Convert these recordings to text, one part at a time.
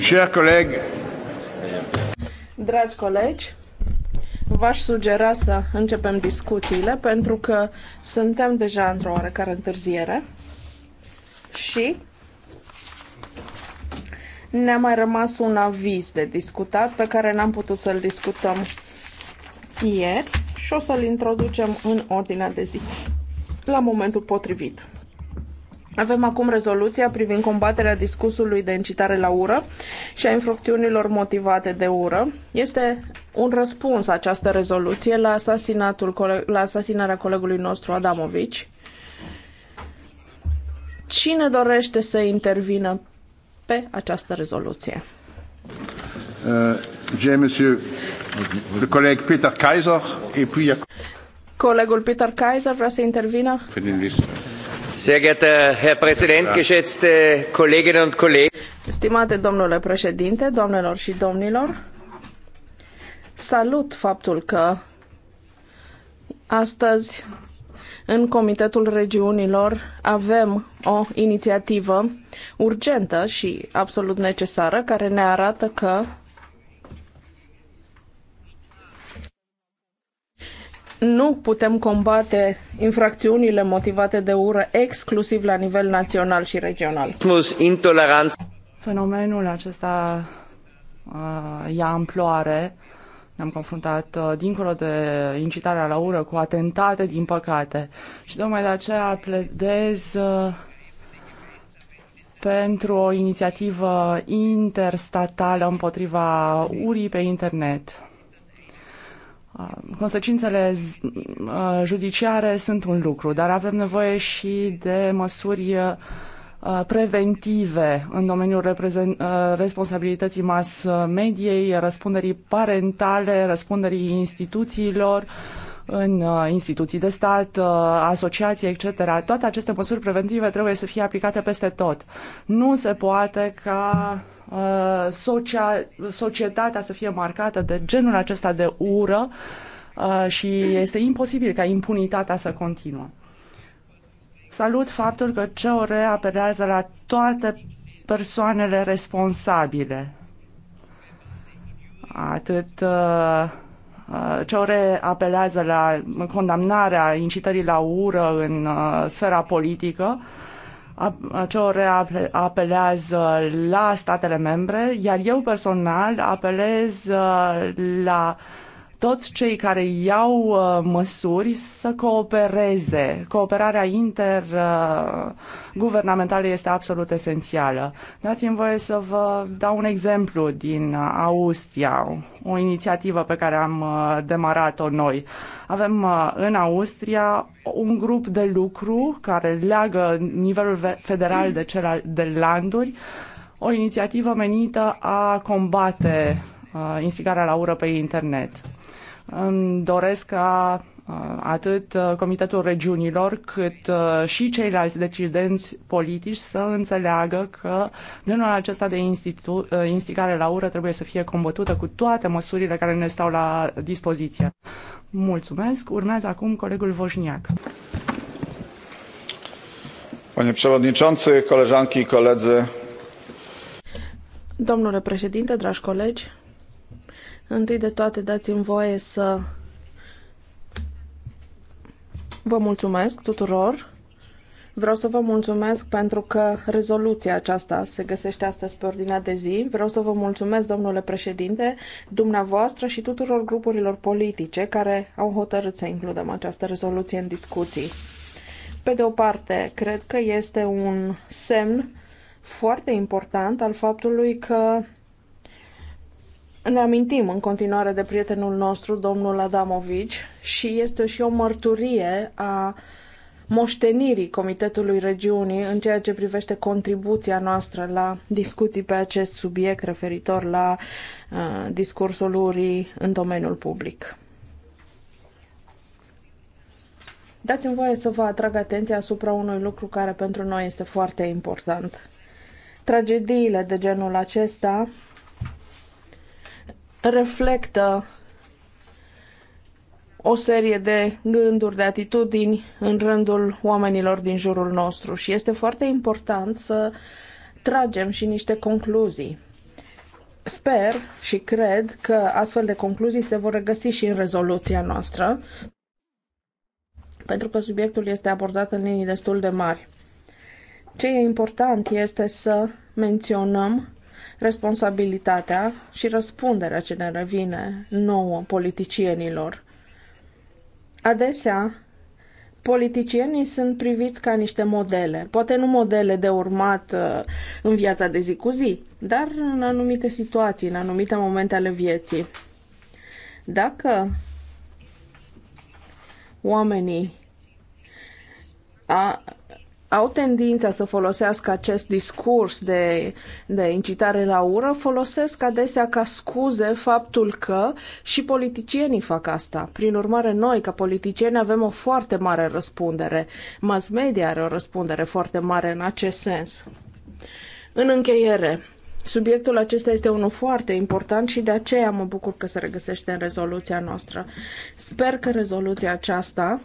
Chers collègues, Dragi colegi, v-aș sugera să începem discuțiile pentru că suntem deja într-o oarecare întârziere și ne-a mai rămas un aviz de discutat pe care n-am putut să-l discutăm ieri și o să-l introducem în ordinea de zi la momentul potrivit. Avem acum rezoluția privind combaterea discursului de incitare la ură și a infracțiunilor motivate de ură. Este un răspuns această rezoluție la, asasinatul, la asasinarea colegului nostru Adamovici. Cine dorește să intervină pe această rezoluție? Uh, coleg Peter Kaiser, Colegul Peter Kaiser vrea să intervină? Sehr geehrter Herr Präsident, geschätzte Kolleginnen und Kollegen. Stimate domnule președinte, doamnelor și domnilor, salut faptul că astăzi în Comitetul Regiunilor avem o inițiativă urgentă și absolut necesară care ne arată că nu putem combate infracțiunile motivate de ură exclusiv la nivel național și regional. Fenomenul acesta uh, ia amploare. Ne-am confruntat uh, dincolo de incitarea la ură cu atentate, din păcate. Și tocmai de aceea pledez uh, pentru o inițiativă interstatală împotriva urii pe internet. Uh, consecințele uh, judiciare sunt un lucru, dar avem nevoie și de măsuri uh, preventive în domeniul responsabilității mass mediei, răspunderii parentale, răspunderii instituțiilor, în instituții de stat, asociații, etc. Toate aceste măsuri preventive trebuie să fie aplicate peste tot. Nu se poate ca Uh, socia, societatea să fie marcată de genul acesta de ură uh, și este imposibil ca impunitatea să continue. Salut faptul că COR apelează la toate persoanele responsabile. Atât uh, COR apelează la condamnarea incitării la ură în sfera politică, COR apelează la statele membre, iar eu personal apelez uh, la uh, toți cei care iau uh, măsuri să coopereze. Cooperarea interguvernamentală uh, este absolut esențială. Dați-mi voie să vă dau un exemplu din Austria, o inițiativă pe care am uh, demarat-o noi. Avem uh, în Austria un grup de lucru care leagă nivelul federal de cel al, de landuri, o inițiativă menită a combate uh, instigarea la ură pe internet. Îmi doresc ca uh, atât uh, Comitetul Regiunilor, cât uh, și ceilalți decidenți politici să înțeleagă că genul acesta de instigare la ură trebuie să fie combătută cu toate măsurile care ne stau la dispoziție. Mulțumesc. Urmează acum colegul Voșniac. Panie Przewodniczący, koleżanki i koledzy. Domnule președinte, dragi colegi, Întâi de toate dați-mi voie să vă mulțumesc tuturor. Vreau să vă mulțumesc pentru că rezoluția aceasta se găsește astăzi pe ordinea de zi. Vreau să vă mulțumesc, domnule președinte, dumneavoastră și tuturor grupurilor politice care au hotărât să includem această rezoluție în discuții. Pe de o parte, cred că este un semn foarte important al faptului că ne amintim în continuare de prietenul nostru, domnul Adamovici, și este și o mărturie a moștenirii Comitetului Regiunii în ceea ce privește contribuția noastră la discuții pe acest subiect referitor la uh, discursul urii în domeniul public. Dați-mi voie să vă atrag atenția asupra unui lucru care pentru noi este foarte important. Tragediile de genul acesta reflectă o serie de gânduri, de atitudini în rândul oamenilor din jurul nostru și este foarte important să tragem și niște concluzii. Sper și cred că astfel de concluzii se vor regăsi și în rezoluția noastră, pentru că subiectul este abordat în linii destul de mari. Ce e important este să menționăm responsabilitatea și răspunderea ce ne revine nouă politicienilor. Adesea, politicienii sunt priviți ca niște modele, poate nu modele de urmat uh, în viața de zi cu zi, dar în anumite situații, în anumite momente ale vieții. Dacă oamenii a, au tendința să folosească acest discurs de, de incitare la ură, folosesc adesea ca scuze faptul că și politicienii fac asta. Prin urmare, noi, ca politicieni, avem o foarte mare răspundere. Mass media are o răspundere foarte mare în acest sens. În încheiere, Subiectul acesta este unul foarte important și de aceea mă bucur că se regăsește în rezoluția noastră. Sper că rezoluția aceasta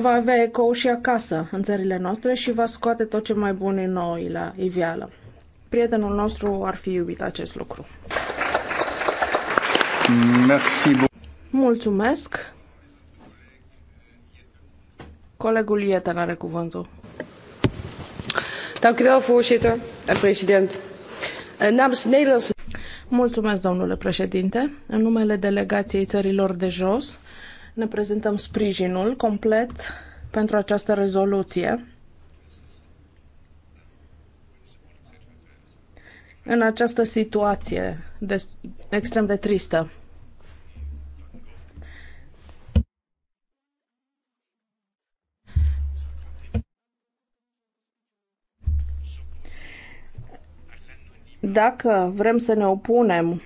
va avea ecou și acasă în țările noastre și va scoate tot ce mai bun în noi la iveală. Prietenul nostru ar fi iubit acest lucru. Merci. Mulțumesc. Colegul Ietan are cuvântul. Dank u wel, voorzitter en president. Eh, namens Nederlandse... Mulțumesc, domnule președinte. În numele delegației țărilor de jos, ne prezentăm sprijinul complet pentru această rezoluție. În această situație de, extrem de tristă. Dacă vrem să ne opunem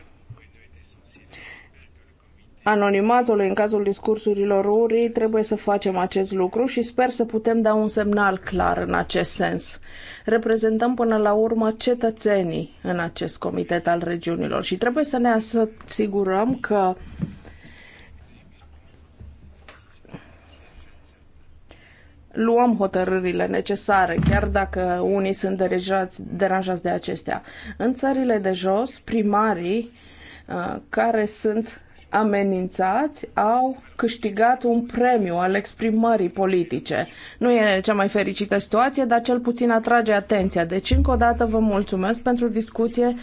anonimatului în cazul discursurilor urii, trebuie să facem acest lucru și sper să putem da un semnal clar în acest sens. Reprezentăm până la urmă cetățenii în acest comitet al regiunilor și trebuie să ne asigurăm că luăm hotărârile necesare, chiar dacă unii sunt deranjați, deranjați de acestea. În țările de jos, primarii uh, care sunt amenințați au câștigat un premiu al exprimării politice. Nu e cea mai fericită situație, dar cel puțin atrage atenția. Deci, încă o dată, vă mulțumesc pentru discuție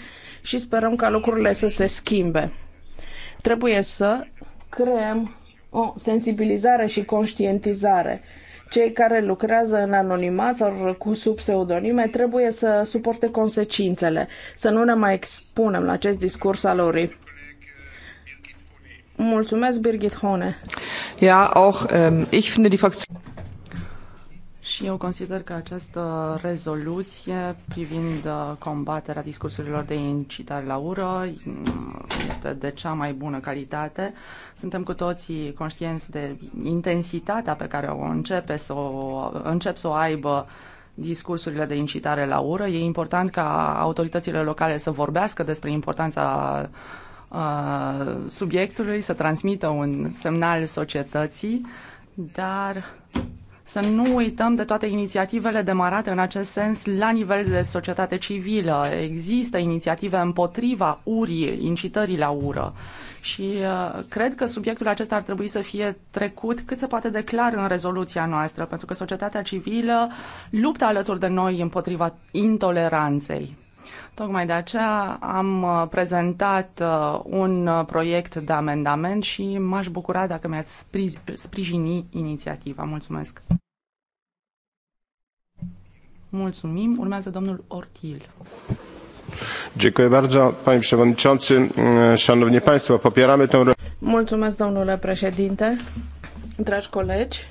și sperăm ca lucrurile să se schimbe. Trebuie să creăm o sensibilizare și conștientizare. Cei care lucrează în anonimat sau cu sub pseudonime trebuie să suporte consecințele, să nu ne mai expunem la acest discurs al orii. Mulțumesc, Birgit Hone. Ja, auch ähm, ich finde die Fraktion... Și eu consider că această rezoluție privind uh, combaterea discursurilor de incitare la ură mm, este de cea mai bună calitate. Suntem cu toții conștienți de intensitatea pe care o începe să o, încep să o aibă discursurile de incitare la ură. E important ca autoritățile locale să vorbească despre importanța uh, Uh, subiectului, să transmită un semnal societății, dar să nu uităm de toate inițiativele demarate în acest sens la nivel de societate civilă. Există inițiative împotriva urii, incitării la ură și uh, cred că subiectul acesta ar trebui să fie trecut cât se poate de clar în rezoluția noastră, pentru că societatea civilă luptă alături de noi împotriva intoleranței. Tocmai de aceea am uh, prezentat uh, un uh, proiect de amendament și m-aș bucura dacă mi-ați sprijini inițiativa. Mulțumesc! Mulțumim. Urmează domnul Ortil. Dziękuję bardzo, panie przewodniczący. Mm, szanowni państwo, popieramy tę... Mulțumesc, domnule președinte, dragi colegi.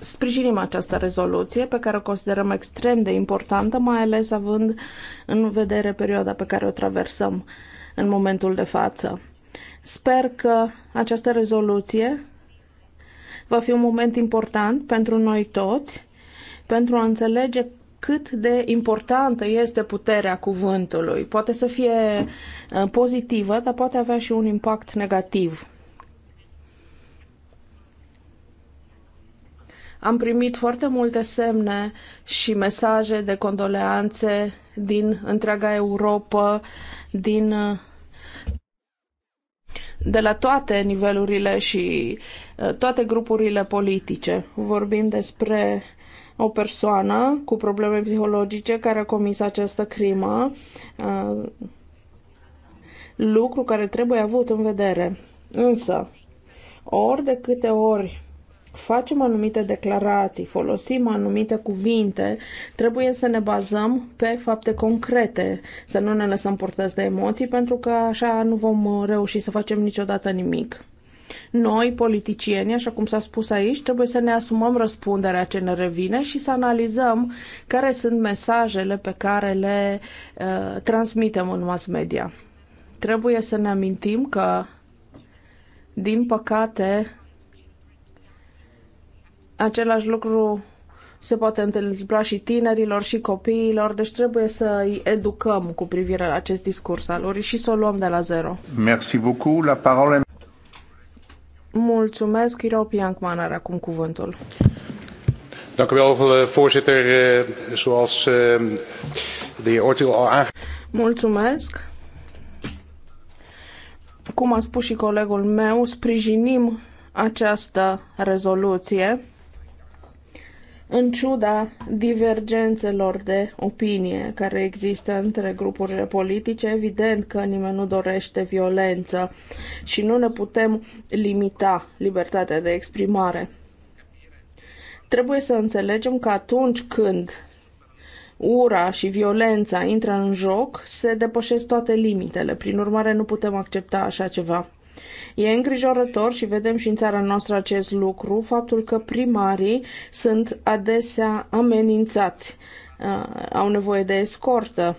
Sprijinim această rezoluție pe care o considerăm extrem de importantă, mai ales având în vedere perioada pe care o traversăm în momentul de față. Sper că această rezoluție va fi un moment important pentru noi toți, pentru a înțelege cât de importantă este puterea cuvântului. Poate să fie uh, pozitivă, dar poate avea și un impact negativ Am primit foarte multe semne și mesaje de condoleanțe din întreaga Europa, din de la toate nivelurile și uh, toate grupurile politice. Vorbim despre o persoană cu probleme psihologice care a comis această crimă, uh, lucru care trebuie avut în vedere. Însă, ori de câte ori facem anumite declarații, folosim anumite cuvinte, trebuie să ne bazăm pe fapte concrete, să nu ne lăsăm purtăți de emoții, pentru că așa nu vom uh, reuși să facem niciodată nimic. Noi, politicieni, așa cum s-a spus aici, trebuie să ne asumăm răspunderea ce ne revine și să analizăm care sunt mesajele pe care le uh, transmitem în mass media. Trebuie să ne amintim că, din păcate, Același lucru se poate întâmpla și tinerilor și copiilor, deci trebuie să îi educăm cu privire la acest discurs al lor și să o luăm de la zero. Merci beaucoup. La parole... Mulțumesc, European Man are acum cuvântul. Dank u wel, eh, voorzitter. Eh, zoals eh, de heer Ortil al Mulțumesc. Cum a spus și colegul meu, sprijinim această rezoluție în ciuda divergențelor de opinie care există între grupurile politice, evident că nimeni nu dorește violență și nu ne putem limita libertatea de exprimare. Trebuie să înțelegem că atunci când ura și violența intră în joc, se depășesc toate limitele. Prin urmare, nu putem accepta așa ceva. E îngrijorător și vedem și în țara noastră acest lucru, faptul că primarii sunt adesea amenințați, uh, au nevoie de escortă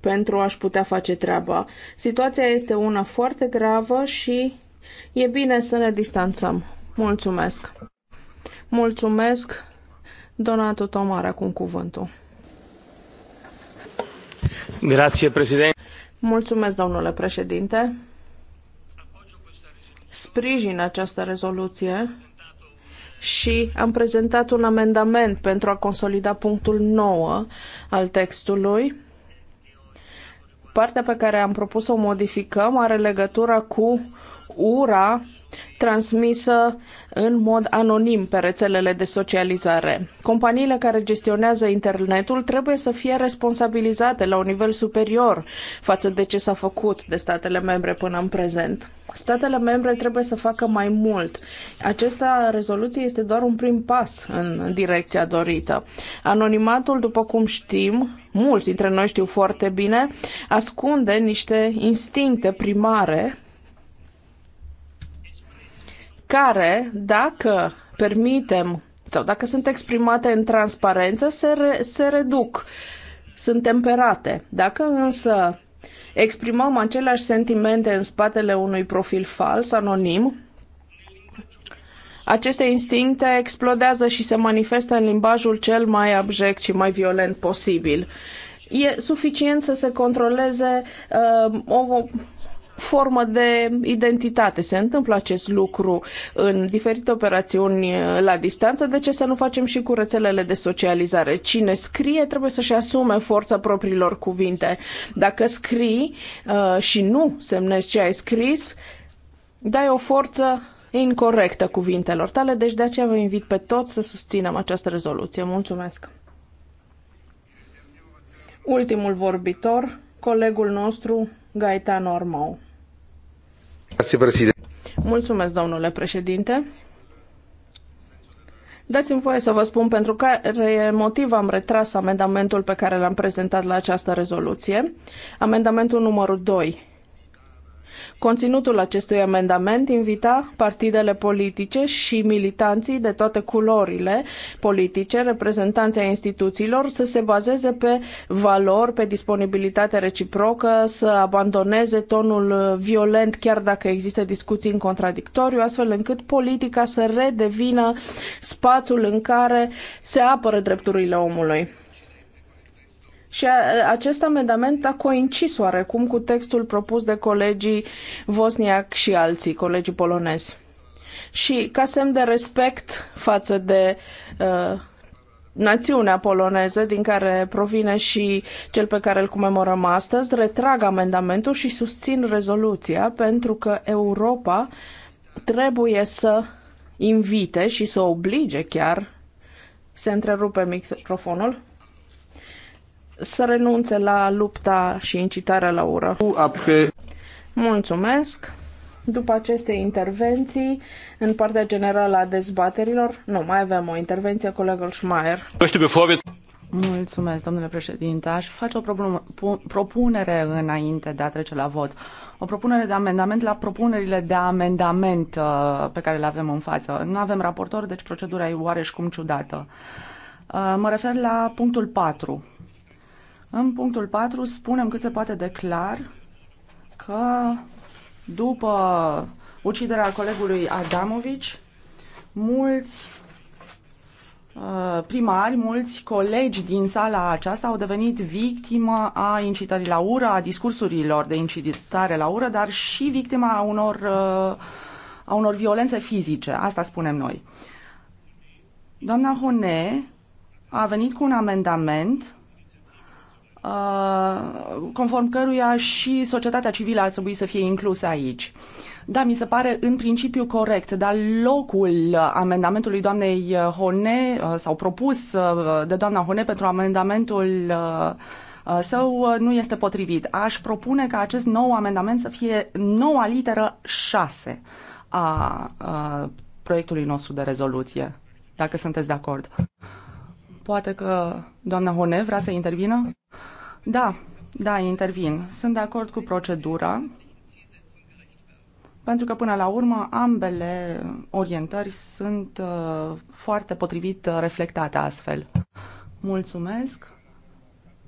pentru a-și putea face treaba. Situația este una foarte gravă și e bine să ne distanțăm. Mulțumesc! Mulțumesc! Donato Tomara, cu cuvântul. Grazie, președinte. Mulțumesc, domnule președinte sprijin această rezoluție și am prezentat un amendament pentru a consolida punctul 9 al textului. Partea pe care am propus să o modificăm are legătură cu ura transmisă în mod anonim pe rețelele de socializare. Companiile care gestionează internetul trebuie să fie responsabilizate la un nivel superior față de ce s-a făcut de statele membre până în prezent. Statele membre trebuie să facă mai mult. Această rezoluție este doar un prim pas în direcția dorită. Anonimatul, după cum știm, mulți dintre noi știu foarte bine, ascunde niște instincte primare care, dacă permitem sau dacă sunt exprimate în transparență, se, re, se reduc, sunt temperate. Dacă însă exprimăm aceleași sentimente în spatele unui profil fals, anonim, aceste instincte explodează și se manifestă în limbajul cel mai abject și mai violent posibil. E suficient să se controleze uh, o formă de identitate. Se întâmplă acest lucru în diferite operațiuni eh, la distanță, de ce să nu facem și cu rețelele de socializare? Cine scrie trebuie să-și asume forța propriilor cuvinte. Dacă scrii eh, și nu semnezi ce ai scris, dai o forță incorrectă cuvintelor tale, deci de aceea vă invit pe toți să susținem această rezoluție. Mulțumesc! Ultimul vorbitor, colegul nostru, Gaetan Ormau. Mulțumesc, domnule președinte. Dați-mi voie să vă spun pentru care motiv am retras amendamentul pe care l-am prezentat la această rezoluție. Amendamentul numărul 2 Conținutul acestui amendament invita partidele politice și militanții de toate culorile politice, reprezentanții instituțiilor, să se bazeze pe valori, pe disponibilitate reciprocă, să abandoneze tonul violent chiar dacă există discuții în contradictoriu, astfel încât politica să redevină spațiul în care se apără drepturile omului. Și a, acest amendament a coincis oarecum cu textul propus de colegii Vosniac și alții, colegii polonezi. Și ca semn de respect față de uh, națiunea poloneză din care provine și cel pe care îl comemorăm astăzi, retrag amendamentul și susțin rezoluția pentru că Europa trebuie să invite și să oblige chiar. Se întrerupe microfonul să renunțe la lupta și incitarea la ură. Mulțumesc! După aceste intervenții, în partea generală a dezbaterilor, nu, mai avem o intervenție, colegul Schmeier. Mulțumesc, domnule președinte. Aș face o problemă, propunere înainte de a trece la vot. O propunere de amendament la propunerile de amendament uh, pe care le avem în față. Nu avem raportor, deci procedura e oareși cum ciudată. Uh, mă refer la punctul 4 în punctul 4 spunem cât se poate de clar că după uciderea colegului Adamovici, mulți uh, primari, mulți colegi din sala aceasta au devenit victimă a incitării la ură, a discursurilor de incitare la ură, dar și victima a unor, uh, a unor violențe fizice. Asta spunem noi. Doamna Hone a venit cu un amendament Uh, conform căruia și societatea civilă ar trebui să fie inclusă aici. Da, mi se pare în principiu corect, dar locul amendamentului doamnei Hone uh, sau propus uh, de doamna Hone pentru amendamentul său nu este potrivit. Aș propune ca acest nou amendament să fie noua literă 6 a proiectului nostru de rezoluție, dacă sunteți de acord. Poate că doamna Hone vrea să intervină? Da, da, intervin. Sunt de acord cu procedura, pentru că până la urmă ambele orientări sunt uh, foarte potrivit uh, reflectate astfel. Mulțumesc.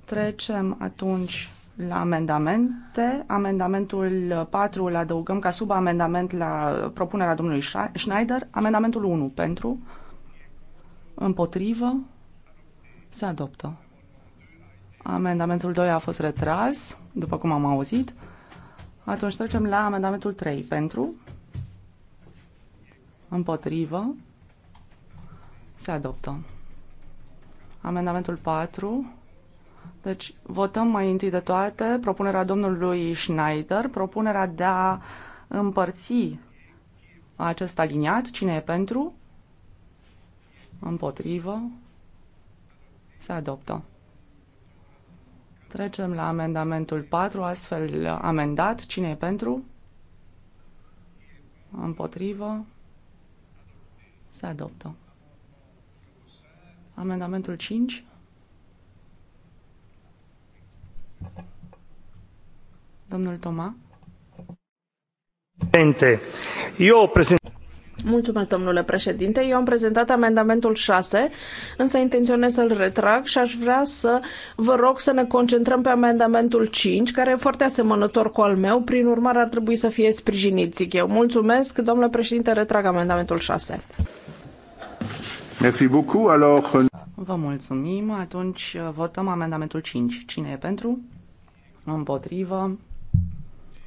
Trecem atunci la amendamente. Amendamentul 4 îl adăugăm ca subamendament la propunerea domnului Schneider. Amendamentul 1 pentru, împotrivă, se adoptă. Amendamentul 2 a fost retras, după cum am auzit. Atunci trecem la amendamentul 3. Pentru? Împotrivă? Se adoptă. Amendamentul 4. Deci votăm mai întâi de toate propunerea domnului Schneider, propunerea de a împărți acest aliniat. Cine e pentru? Împotrivă? Se adoptă. Trecem la amendamentul 4, astfel amendat. Cine e pentru? Împotrivă? Se adoptă. Amendamentul 5? Domnul Toma? Eu prezint. Mulțumesc, domnule președinte. Eu am prezentat amendamentul 6, însă intenționez să-l retrag și aș vrea să vă rog să ne concentrăm pe amendamentul 5, care e foarte asemănător cu al meu, prin urmare ar trebui să fie sprijinit, zic eu. Mulțumesc, domnule președinte, retrag amendamentul 6. Merci beaucoup. Alors... Euh, vă mulțumim. Atunci uh, votăm amendamentul 5. Cine e pentru? Împotrivă?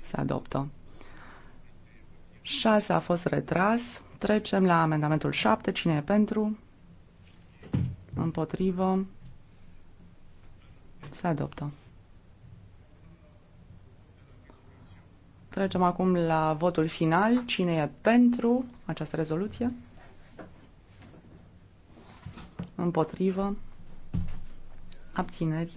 Se adoptă. 6 a fost retras. Trecem la amendamentul 7. Cine e pentru? Împotrivă? Se adoptă. Trecem acum la votul final. Cine e pentru această rezoluție? Împotrivă? Abțineri?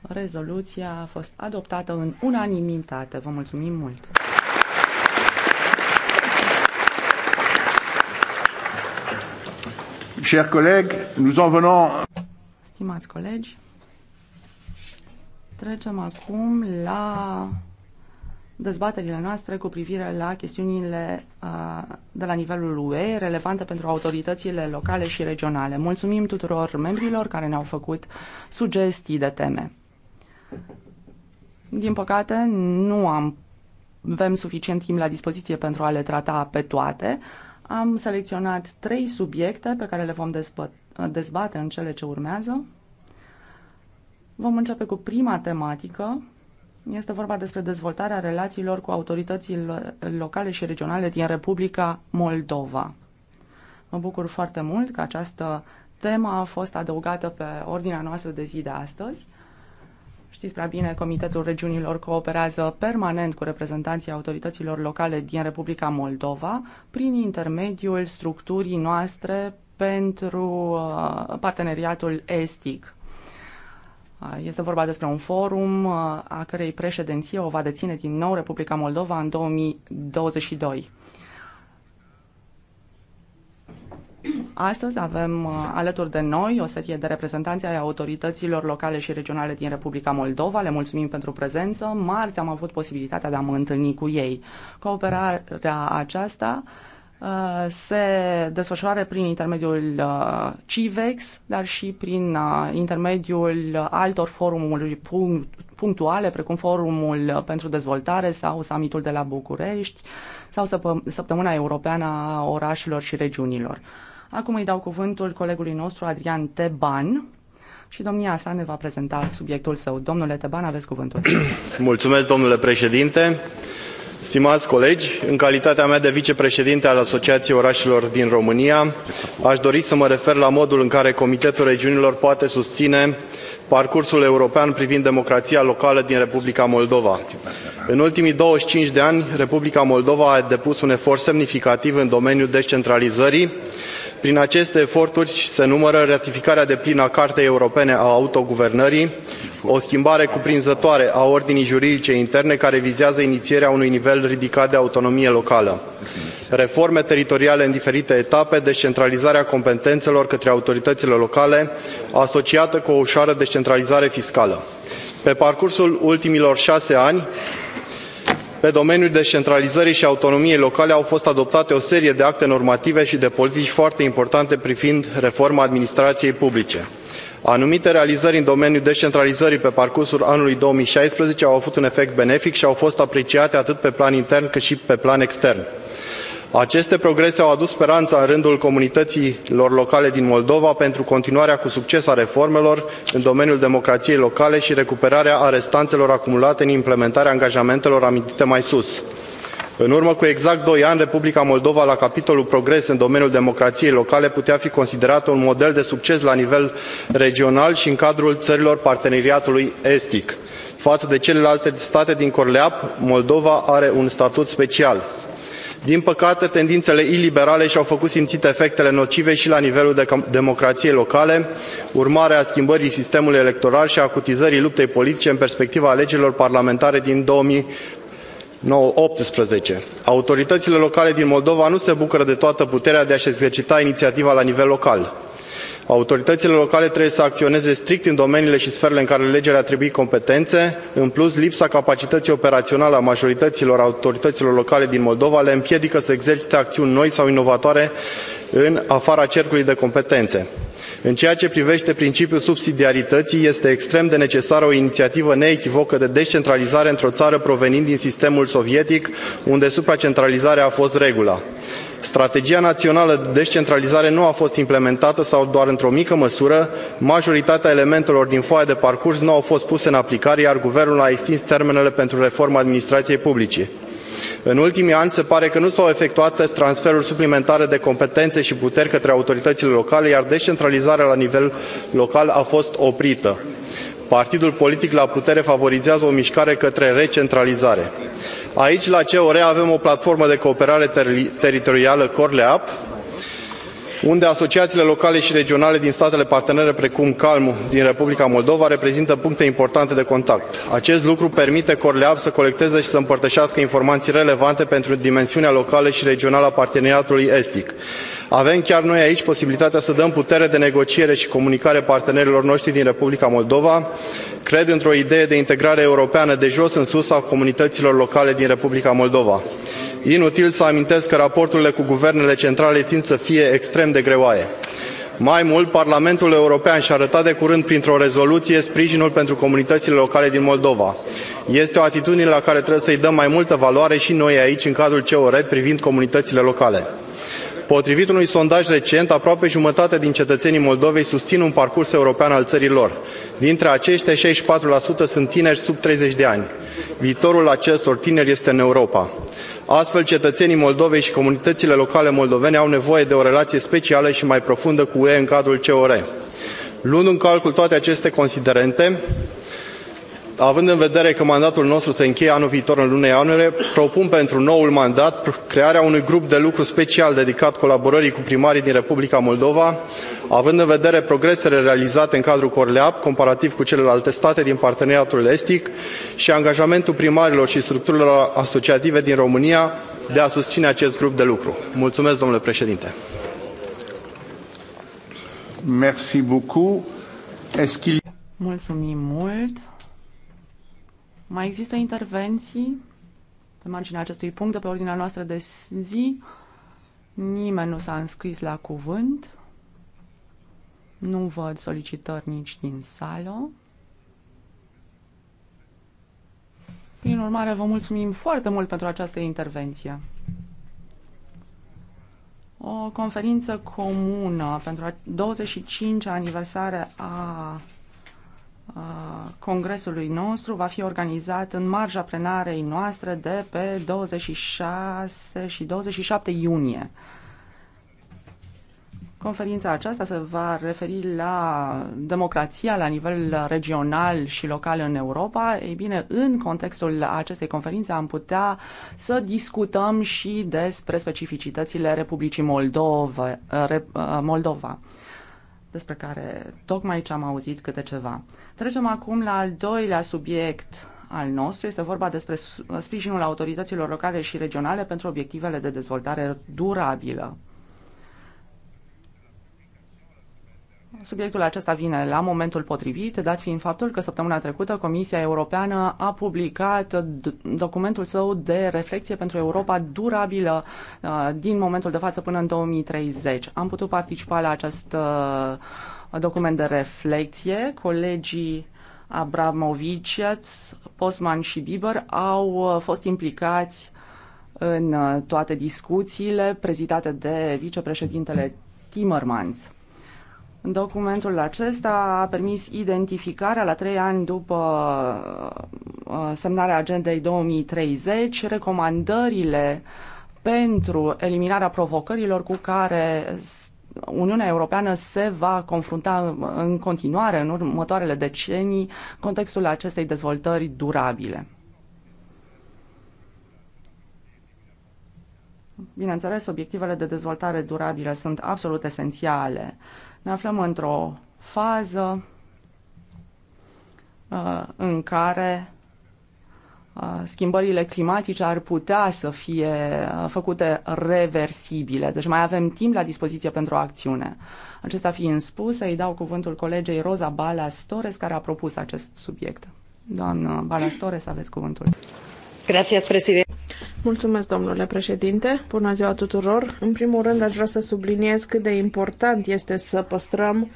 Rezoluția a fost adoptată în unanimitate. Vă mulțumim mult! Chers collègues, nous en venons... Stimați colegi, trecem acum la dezbaterile noastre cu privire la chestiunile uh, de la nivelul UE relevante pentru autoritățile locale și regionale. Mulțumim tuturor membrilor care ne-au făcut sugestii de teme. Din păcate, nu am avem suficient timp la dispoziție pentru a le trata pe toate, am selecționat trei subiecte pe care le vom dezbate în cele ce urmează. Vom începe cu prima tematică. Este vorba despre dezvoltarea relațiilor cu autoritățile locale și regionale din Republica Moldova. Mă bucur foarte mult că această temă a fost adăugată pe ordinea noastră de zi de astăzi. Știți prea bine, Comitetul Regiunilor cooperează permanent cu reprezentanții autorităților locale din Republica Moldova prin intermediul structurii noastre pentru uh, parteneriatul estic. Uh, este vorba despre un forum uh, a cărei președinție o va deține din nou Republica Moldova în 2022. Astăzi avem uh, alături de noi o serie de reprezentanți ai autorităților locale și regionale din Republica Moldova. Le mulțumim pentru prezență. Marți am avut posibilitatea de a mă întâlni cu ei. Cooperarea aceasta uh, se desfășoară prin intermediul uh, CIVEX, dar și prin intermediul altor forumuri punctuale, precum Forumul pentru Dezvoltare sau Summitul de la București sau Săptămâna Europeană a Orașilor și Regiunilor. Acum îi dau cuvântul colegului nostru, Adrian Teban, și domnia sa ne va prezenta subiectul său. Domnule Teban, aveți cuvântul. Mulțumesc, domnule președinte. Stimați colegi, în calitatea mea de vicepreședinte al Asociației Orașelor din România, aș dori să mă refer la modul în care Comitetul Regiunilor poate susține parcursul european privind democrația locală din Republica Moldova. În ultimii 25 de ani, Republica Moldova a depus un efort semnificativ în domeniul descentralizării, prin aceste eforturi se numără ratificarea deplină a Cartei Europene a Autoguvernării, o schimbare cuprinzătoare a ordinii juridice interne care vizează inițierea unui nivel ridicat de autonomie locală, reforme teritoriale în diferite etape, descentralizarea competențelor către autoritățile locale, asociată cu o ușoară descentralizare fiscală. Pe parcursul ultimilor șase ani, pe domeniul descentralizării și autonomiei locale au fost adoptate o serie de acte normative și de politici foarte importante privind reforma administrației publice. Anumite realizări în domeniul descentralizării pe parcursul anului 2016 au avut un efect benefic și au fost apreciate atât pe plan intern cât și pe plan extern. Aceste progrese au adus speranța în rândul comunităților locale din Moldova pentru continuarea cu succes a reformelor în domeniul democrației locale și recuperarea arestanțelor acumulate în implementarea angajamentelor amintite mai sus. În urmă cu exact doi ani, Republica Moldova, la capitolul progres în domeniul democrației locale, putea fi considerată un model de succes la nivel regional și în cadrul țărilor parteneriatului estic. Față de celelalte state din Corleap, Moldova are un statut special din păcate tendințele iliberale și au făcut simțite efectele nocive și la nivelul democrației locale urmare a schimbării sistemului electoral și a acutizării luptei politice în perspectiva alegerilor parlamentare din două mii 2018. Autoritățile locale din Moldova nu se bucură de toată puterea de a-și exercita inițiativa la nivel local autoritățile locale trebuie să acționeze strict în domeniile și sferele în care legea le-a competențe în plus lipsa capacității operaționale a majorităților autorităților locale din moldova le împiedică să exercite acțiuni noi sau inovatoare în afara cercului de competențe. în ceea ce privește principiul subsidiarității este extrem de necesară o inițiativă neechivocă de descentralizare într o țară provenind din sistemul sovietic unde supracentralizarea a fost regula strategia națională de descentralizare nu a fost implementată sau doar într o mică măsură majoritatea elementelor din foaia de parcurs nu au fost puse în aplicare iar guvernul a extins termenele pentru reforma administrației publice. în ultimii ani se pare că nu s au efectuat transferuri suplimentare de competențe și puteri către autoritățile locale iar descentralizarea la nivel local a fost oprită. partidul politic la putere favorizează o mișcare către recentralizare. Aici, la CEOR, avem o platformă de cooperare ter- teritorială CorleAP, unde asociațiile locale și regionale din statele partenere, precum CALM din Republica Moldova, reprezintă puncte importante de contact. Acest lucru permite CorleAP să colecteze și să împărtășească informații relevante pentru dimensiunea locală și regională a parteneriatului estic. Avem chiar noi aici posibilitatea să dăm putere de negociere și comunicare partenerilor noștri din Republica Moldova. Cred într-o idee de integrare europeană de jos în sus a comunităților locale din Republica Moldova. Inutil să amintesc că raporturile cu guvernele centrale tind să fie extrem de greoaie. Mai mult, Parlamentul European și-a arătat de curând printr-o rezoluție sprijinul pentru comunitățile locale din Moldova. Este o atitudine la care trebuie să-i dăm mai multă valoare și noi aici, în cadrul COR, privind comunitățile locale. Potrivit unui sondaj recent, aproape jumătate din cetățenii Moldovei susțin un parcurs european al țării lor. Dintre aceștia, 64% sunt tineri sub 30 de ani. Viitorul acestor tineri este în Europa. Astfel, cetățenii Moldovei și comunitățile locale moldovene au nevoie de o relație specială și mai profundă cu UE în cadrul COR. Luând în calcul toate aceste considerente, având în vedere că mandatul nostru se încheie anul viitor în luna ianuarie propun pentru noul mandat crearea unui grup de lucru special dedicat colaborării cu primarii din republica moldova având în vedere progresele realizate în cadrul Corleap comparativ cu celelalte state din parteneriatul estic și angajamentul primarilor și structurilor asociative din românia de a susține acest grup de lucru. Mulțumesc, domnule președinte. Mulțumim mult. Mai există intervenții pe marginea acestui punct de pe ordinea noastră de zi. Nimeni nu s-a înscris la cuvânt. Nu văd solicitări nici din sală. Prin urmare, vă mulțumim foarte mult pentru această intervenție. O conferință comună pentru a 25 aniversare a congresului nostru va fi organizat în marja plenarei noastre de pe 26 și 27 iunie. Conferința aceasta se va referi la democrația la nivel regional și local în Europa. Ei bine, în contextul acestei conferințe am putea să discutăm și despre specificitățile Republicii Moldova. Moldova despre care tocmai ce am auzit câte ceva. Trecem acum la al doilea subiect al nostru. Este vorba despre sprijinul autorităților locale și regionale pentru obiectivele de dezvoltare durabilă. Subiectul acesta vine la momentul potrivit, dat fiind faptul că săptămâna trecută Comisia Europeană a publicat documentul său de reflexie pentru Europa durabilă uh, din momentul de față până în 2030. Am putut participa la acest uh, document de reflexie. Colegii Abramovici, Postman și Bieber au uh, fost implicați în toate discuțiile prezidate de vicepreședintele Timmermans. Documentul acesta a permis identificarea la trei ani după uh, semnarea agendei 2030, recomandările pentru eliminarea provocărilor cu care Uniunea Europeană se va confrunta în continuare, în următoarele decenii, în contextul acestei dezvoltări durabile. Bineînțeles, obiectivele de dezvoltare durabilă sunt absolut esențiale. Uh, ne aflăm într-o fază uh, în care uh, schimbările climatice ar putea să fie uh, făcute reversibile. Deci mai avem timp la dispoziție pentru o acțiune. Acesta fiind spus, îi dau cuvântul colegei Roza Balas Torres, care a propus acest subiect. Doamnă Balas Torres, aveți cuvântul. Gracias, președinte. Mulțumesc, domnule președinte. Bună ziua tuturor. În primul rând, aș vrea să subliniez cât de important este să păstrăm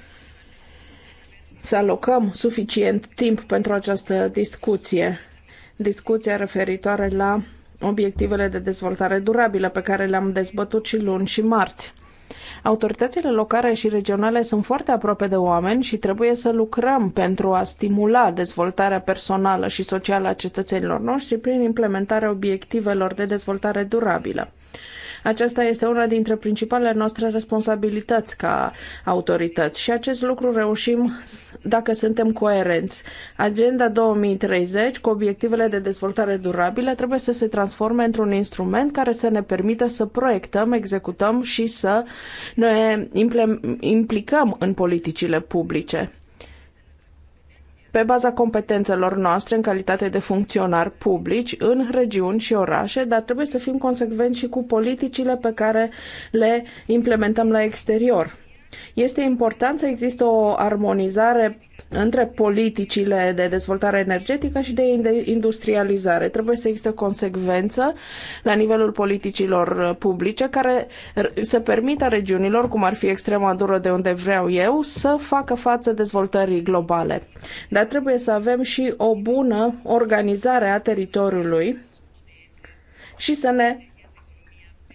să alocăm suficient timp pentru această discuție, discuția referitoare la obiectivele de dezvoltare durabilă pe care le-am dezbătut și luni și marți. Autoritățile locale și regionale sunt foarte aproape de oameni și trebuie să lucrăm pentru a stimula dezvoltarea personală și socială a cetățenilor noștri prin implementarea obiectivelor de dezvoltare durabilă. Aceasta este una dintre principalele noastre responsabilități ca autorități și acest lucru reușim dacă suntem coerenți. Agenda 2030 cu obiectivele de dezvoltare durabilă trebuie să se transforme într-un instrument care să ne permită să proiectăm, executăm și să ne implicăm în politicile publice pe baza competențelor noastre în calitate de funcționari publici în regiuni și orașe, dar trebuie să fim consecvenți și cu politicile pe care le implementăm la exterior. Este important să există o armonizare între politicile de dezvoltare energetică și de industrializare. Trebuie să existe o consecvență la nivelul politicilor publice care să permită regiunilor, cum ar fi extrema dură de unde vreau eu, să facă față dezvoltării globale. Dar trebuie să avem și o bună organizare a teritoriului și să ne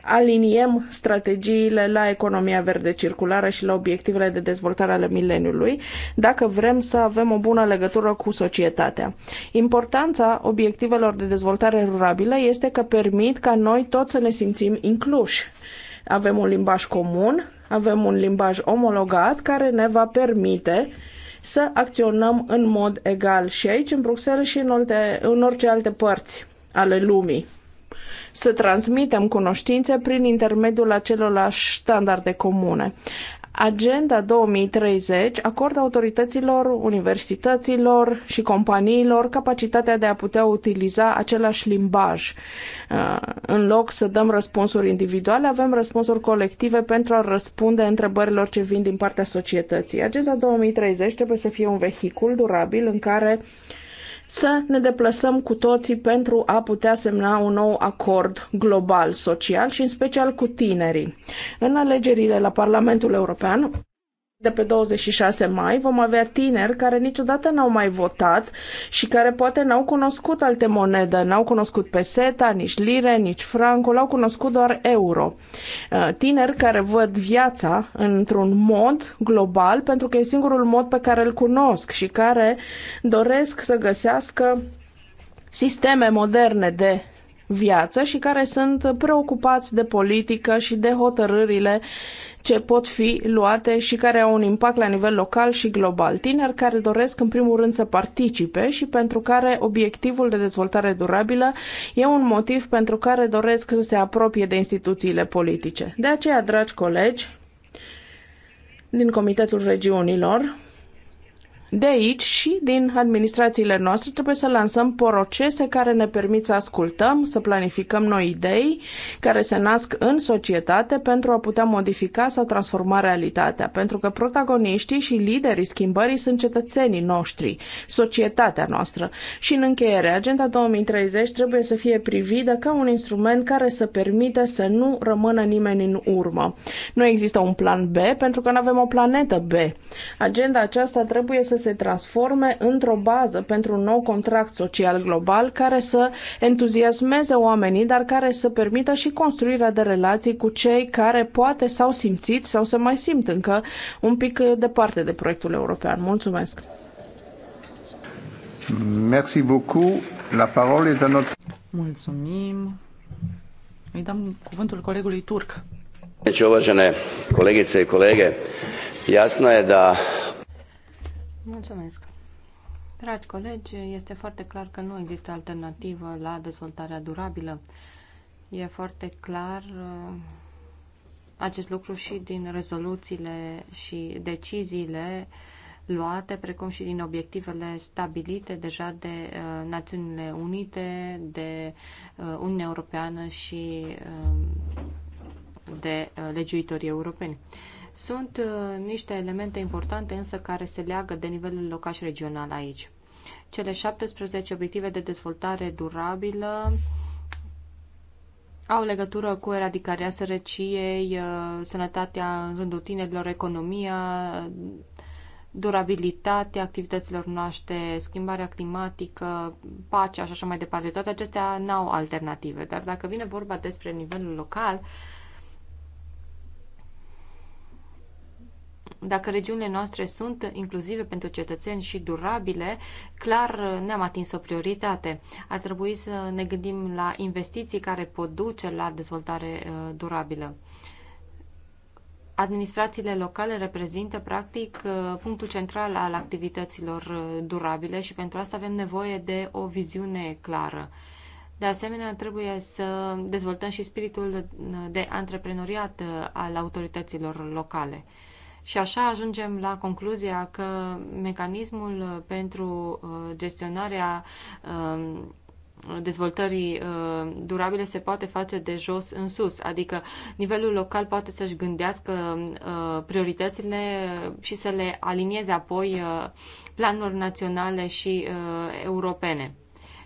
aliniem strategiile la economia verde circulară și la obiectivele de dezvoltare ale mileniului, dacă vrem să avem o bună legătură cu societatea. Importanța obiectivelor de dezvoltare rurabilă este că permit ca noi toți să ne simțim incluși. Avem un limbaj comun, avem un limbaj omologat care ne va permite să acționăm în mod egal și aici, în Bruxelles, și în, alte, în orice alte părți ale lumii să transmitem cunoștințe prin intermediul acelorași standarde comune. Agenda 2030 acordă autorităților, universităților și companiilor capacitatea de a putea utiliza același limbaj. Uh, în loc să dăm răspunsuri individuale, avem răspunsuri colective pentru a răspunde întrebărilor ce vin din partea societății. Agenda 2030 trebuie să fie un vehicul durabil în care să ne deplasăm cu toții pentru a putea semna un nou acord global social și în special cu tinerii. În alegerile la Parlamentul European, de pe 26 mai vom avea tineri care niciodată n-au mai votat și care poate n-au cunoscut alte monede, n-au cunoscut peseta, nici lire, nici francul, au cunoscut doar euro. Uh, tineri care văd viața într-un mod global pentru că e singurul mod pe care îl cunosc și care doresc să găsească sisteme moderne de viață și care sunt preocupați de politică și de hotărârile ce pot fi luate și care au un impact la nivel local și global. Tineri care doresc în primul rând să participe și pentru care obiectivul de dezvoltare durabilă e un motiv pentru care doresc să se apropie de instituțiile politice. De aceea, dragi colegi, din Comitetul Regiunilor, de aici și din administrațiile noastre trebuie să lansăm procese care ne permit să ascultăm, să planificăm noi idei care se nasc în societate pentru a putea modifica sau transforma realitatea, pentru că protagoniștii și liderii schimbării sunt cetățenii noștri, societatea noastră. Și în încheiere, Agenda 2030 trebuie să fie privită ca un instrument care să permită să nu rămână nimeni în urmă. Nu există un plan B pentru că nu avem o planetă B. Agenda aceasta trebuie să se transforme într-o bază pentru un nou contract social global care să entuziasmeze oamenii, dar care să permită și construirea de relații cu cei care poate s-au simțit sau se mai simt încă un pic departe de proiectul european. Mulțumesc! Merci beaucoup. La parole est à notre... Mulțumim. Îi dăm cuvântul colegului turc. Deci, uvažene kolegice i kolege, jasno je da Mulțumesc. Dragi colegi, este foarte clar că nu există alternativă la dezvoltarea durabilă. E foarte clar uh, acest lucru și din rezoluțiile și deciziile luate, precum și din obiectivele stabilite deja de uh, Națiunile Unite, de uh, Uniunea Europeană și de legiuitorii europeni. Sunt uh, niște elemente importante însă care se leagă de nivelul locaș regional aici. Cele 17 obiective de dezvoltare durabilă au legătură cu eradicarea sărăciei, uh, sănătatea în rândul tinerilor, economia, durabilitatea activităților noastre, schimbarea climatică, pacea și așa mai departe. Toate acestea n-au alternative, dar dacă vine vorba despre nivelul local, uh, Dacă regiunile noastre sunt inclusive pentru cetățeni și durabile, clar uh, ne-am atins o prioritate. Ar trebui să ne gândim la investiții care pot duce la dezvoltare uh, durabilă. Administrațiile locale reprezintă, practic, uh, punctul central al activităților durabile și pentru asta avem nevoie de o viziune clară. De asemenea, trebuie să dezvoltăm și spiritul de antreprenoriat al autorităților locale. Și așa ajungem la concluzia că mecanismul uh, pentru uh, gestionarea um, dezvoltării uh, durabile se poate face de jos în sus, adică nivelul local poate să-și gândească prioritățile și să le alinieze apoi planurilor naționale și europene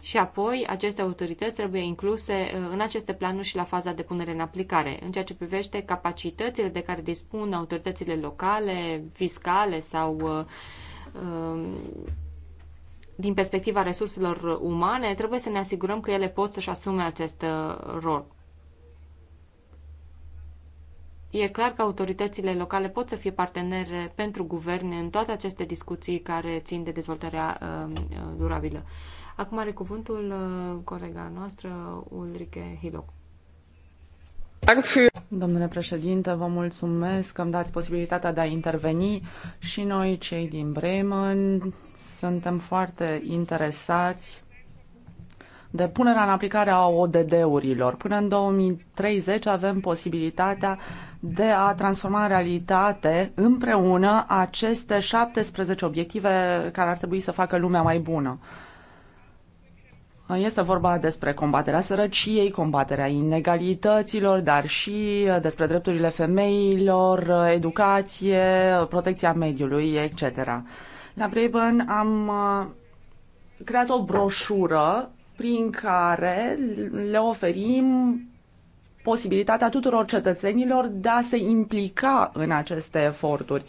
și apoi aceste autorități trebuie incluse uh, în aceste planuri și la faza de punere în aplicare. În ceea ce privește capacitățile de care dispun autoritățile locale, fiscale sau uh, um, din perspectiva resurselor umane, trebuie să ne asigurăm că ele pot să-și asume acest uh, rol. E clar că autoritățile locale pot să fie partenere pentru guverne în toate aceste discuții care țin de dezvoltarea durabilă. Acum are cuvântul uh, colega noastră, Ulrike Hiloc. Domnule președinte, vă mulțumesc că îmi dați posibilitatea de a interveni și noi, cei din Bremen, suntem foarte interesați de punerea în aplicare a ODD-urilor. Până în 2030 avem posibilitatea de a transforma în realitate împreună aceste 17 obiective care ar trebui să facă lumea mai bună. Este vorba despre combaterea sărăciei, combaterea inegalităților, dar și despre drepturile femeilor, educație, protecția mediului, etc. La Braben am uh, creat o broșură prin care le oferim posibilitatea tuturor cetățenilor de a se implica în aceste eforturi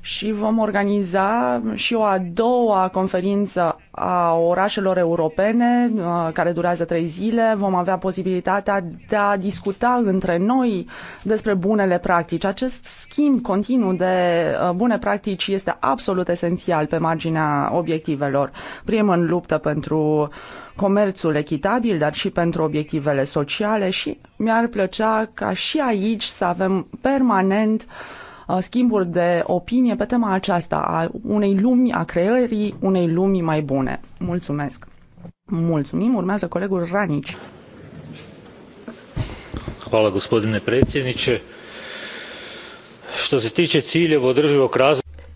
și vom organiza și o a doua conferință a orașelor europene uh, care durează trei zile. Vom avea posibilitatea de a discuta între noi despre bunele practici. Acest schimb continuu de uh, bune practici este absolut esențial pe marginea obiectivelor. Prim în luptă pentru comerțul echitabil, dar și pentru obiectivele sociale și mi-ar plăcea ca și aici să avem permanent uh, Uh, schimburi de opinie pe tema aceasta a unei lumi, a creării unei lumi mai bune. Mulțumesc! Mulțumim! Urmează colegul Ranici. Hvala gospodine predsjedniče. Što se tiče ciljeva održivog razvoja,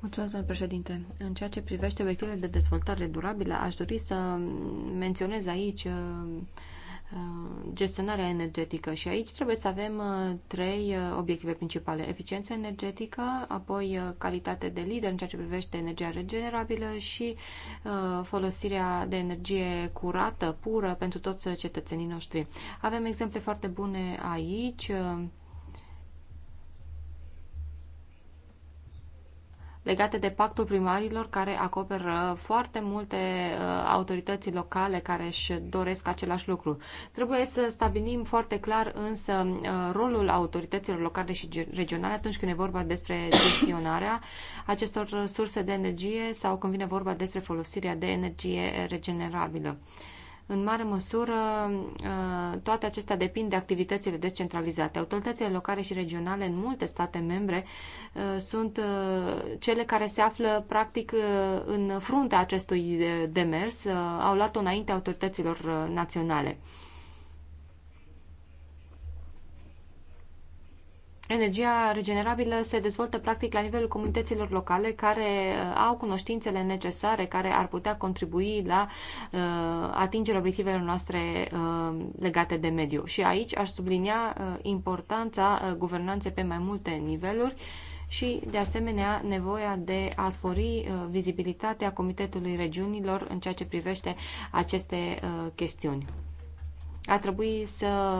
Mulțumesc, domnule președinte. În ceea ce privește obiectivele de dezvoltare durabilă, aș dori să menționez aici uh, Uh, gestionarea energetică și aici trebuie să avem uh, trei uh, obiective principale. Eficiență energetică, apoi calitate de lider în ceea ce privește energia regenerabilă și folosirea de energie curată, pură pentru toți cetățenii noștri. Avem exemple foarte bune aici legate de pactul primarilor care acoperă foarte multe uh, autorități locale care își doresc același lucru. Trebuie să stabilim foarte clar însă uh, rolul autorităților locale și regionale atunci când e vorba despre gestionarea acestor surse de energie sau când vine vorba despre folosirea de energie regenerabilă. În mare măsură, uh, toate acestea depind de activitățile descentralizate. Autoritățile locale și regionale în multe state membre uh, sunt uh, cele care se află practic în fruntea acestui demers, au luat-o înainte autorităților naționale. Energia regenerabilă se dezvoltă practic la nivelul comunităților locale care uh, au cunoștințele necesare, care ar putea contribui la uh, atingerea obiectivelor noastre uh, legate de mediu. Și aici aș sublinia uh, importanța uh, guvernanței pe mai multe niveluri și, de asemenea, nevoia de a spori uh, vizibilitatea Comitetului Regiunilor în ceea ce privește aceste uh, chestiuni. Ar trebui să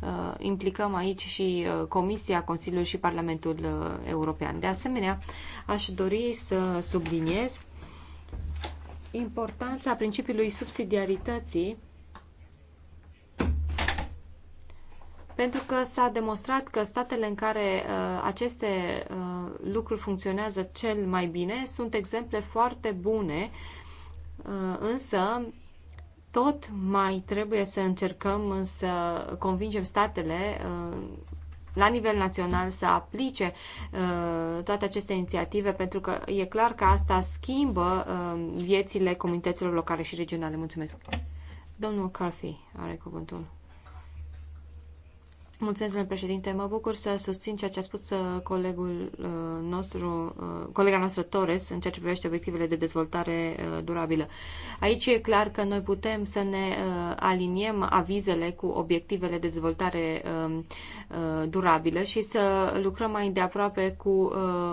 uh, implicăm aici și uh, Comisia, Consiliul și Parlamentul uh, European. De asemenea, aș dori să subliniez importanța principiului subsidiarității pentru că s-a demonstrat că statele în care uh, aceste uh, lucruri funcționează cel mai bine sunt exemple foarte bune, uh, însă tot mai trebuie să încercăm să convingem statele uh, la nivel național să aplice uh, toate aceste inițiative, pentru că e clar că asta schimbă uh, viețile comunităților locale și regionale. Mulțumesc. Domnul Carthy are cuvântul. Mulțumesc, domnule președinte. Mă bucur să susțin ceea ce a spus uh, colegul uh, nostru, uh, colega noastră Torres în ceea ce privește obiectivele de dezvoltare durabilă. Aici e clar că noi putem să ne aliniem avizele cu obiectivele de dezvoltare um, durabilă și să lucrăm mai de aproape cu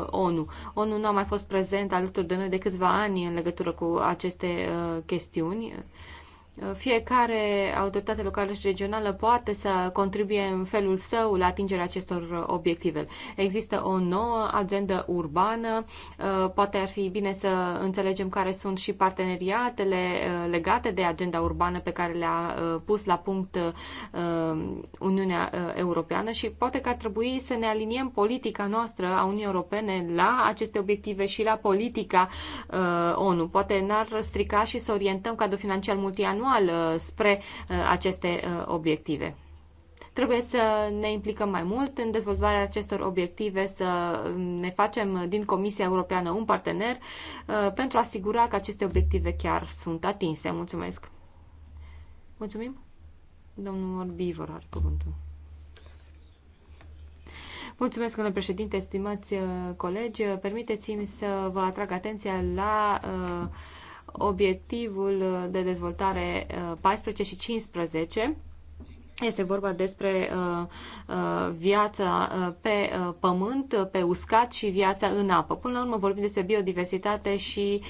ONU. ONU nu a mai fost prezent alături de noi de câțiva ani în legătură cu aceste chestiuni fiecare autoritate locală și regională poate să contribuie în felul său la atingerea acestor obiective. Există o nouă agendă urbană, uh, poate ar fi bine să înțelegem care sunt și parteneriatele uh, legate de agenda urbană pe care le-a uh, pus la punct Uniunea Europeană și poate că ar trebui să ne aliniem politica noastră a Uniunii Europene la aceste obiective și la politica ONU. Poate n-ar strica și să orientăm cadrul financiar multianual anual spre uh, aceste uh, obiective trebuie să ne implicăm mai mult în dezvoltarea acestor obiective, să ne facem din Comisia Europeană un partener uh, pentru a asigura că aceste obiective chiar sunt atinse. Mulțumesc! Mulțumim! Domnul Orbivor are cuvântul. Mulțumesc, domnule președinte, stimați colegi. Permiteți-mi să vă atrag atenția la uh, obiectivul uh, de dezvoltare 14 uh, și 15. Este vorba despre uh, uh, viața uh, pe uh, pământ, pe uscat și viața în apă. Până la urmă vorbim despre biodiversitate și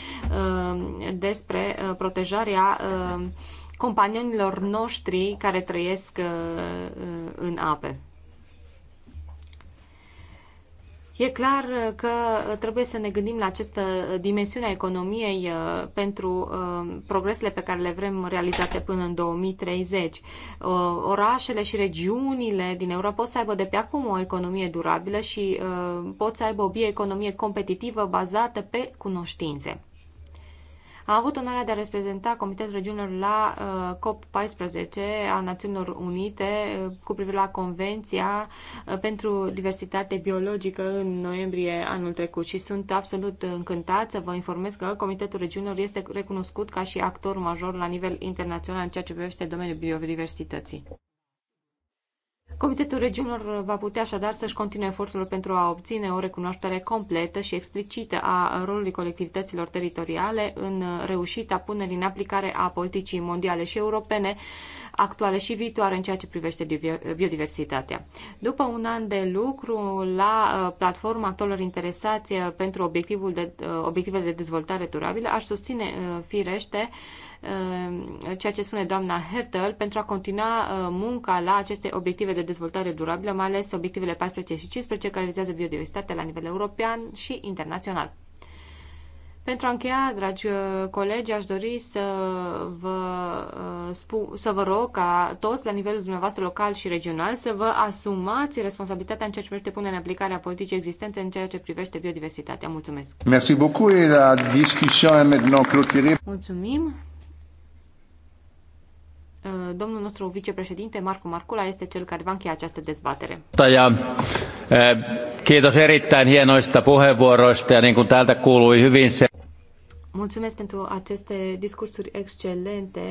uh, despre uh, protejarea uh, companionilor noștri care trăiesc uh, în ape. E clar că trebuie să ne gândim la această dimensiune a economiei uh, pentru uh, progresele pe care le vrem realizate până în 2030. Uh, orașele și regiunile din Europa pot să aibă de pe acum o economie durabilă și pot să aibă o bioeconomie competitivă bazată pe cunoștințe. Am avut onoarea de a reprezenta Comitetul Regiunilor la uh, COP14 a Națiunilor Unite uh, cu privire la Convenția uh, pentru Diversitate Biologică în noiembrie anul trecut și sunt absolut încântat să vă informez că Comitetul Regiunilor este recunoscut ca și actor major la nivel internațional în ceea ce privește domeniul biodiversității. Comitetul Regiunilor va putea așadar să-și continue eforturile pentru a obține o recunoaștere completă și explicită a rolului colectivităților teritoriale în reușita punerii în aplicare a politicii mondiale și europene actuale și viitoare în ceea ce privește biodiversitatea. După un an de lucru la uh, platforma actorilor interesați uh, pentru obiectivul de, uh, obiectivele de dezvoltare durabilă, aș susține firește Uh, ceea ce spune doamna Hertel pentru a continua uh, munca la aceste obiective de dezvoltare durabilă, mai ales obiectivele 14 și 15 care vizează biodiversitatea la nivel european și internațional. Pentru a încheia, dragi uh, colegi, aș dori să vă, să vă rog ca toți, la nivelul dumneavoastră local și regional, să vă asumați responsabilitatea în ceea ce privește punerea în aplicare a politicii existente în ceea ce privește biodiversitatea. Mulțumesc! Merci beaucoup la Mulțumim! Uh, domnul nostru vicepreședinte, Marco Marcula, este cel care va încheia această dezbatere. Ja, eh, kiitos erittäin hienoista puheenvuoroista ja niin kuin täältä kuului hyvin se... Mulțumesc pentru aceste discursuri excelente.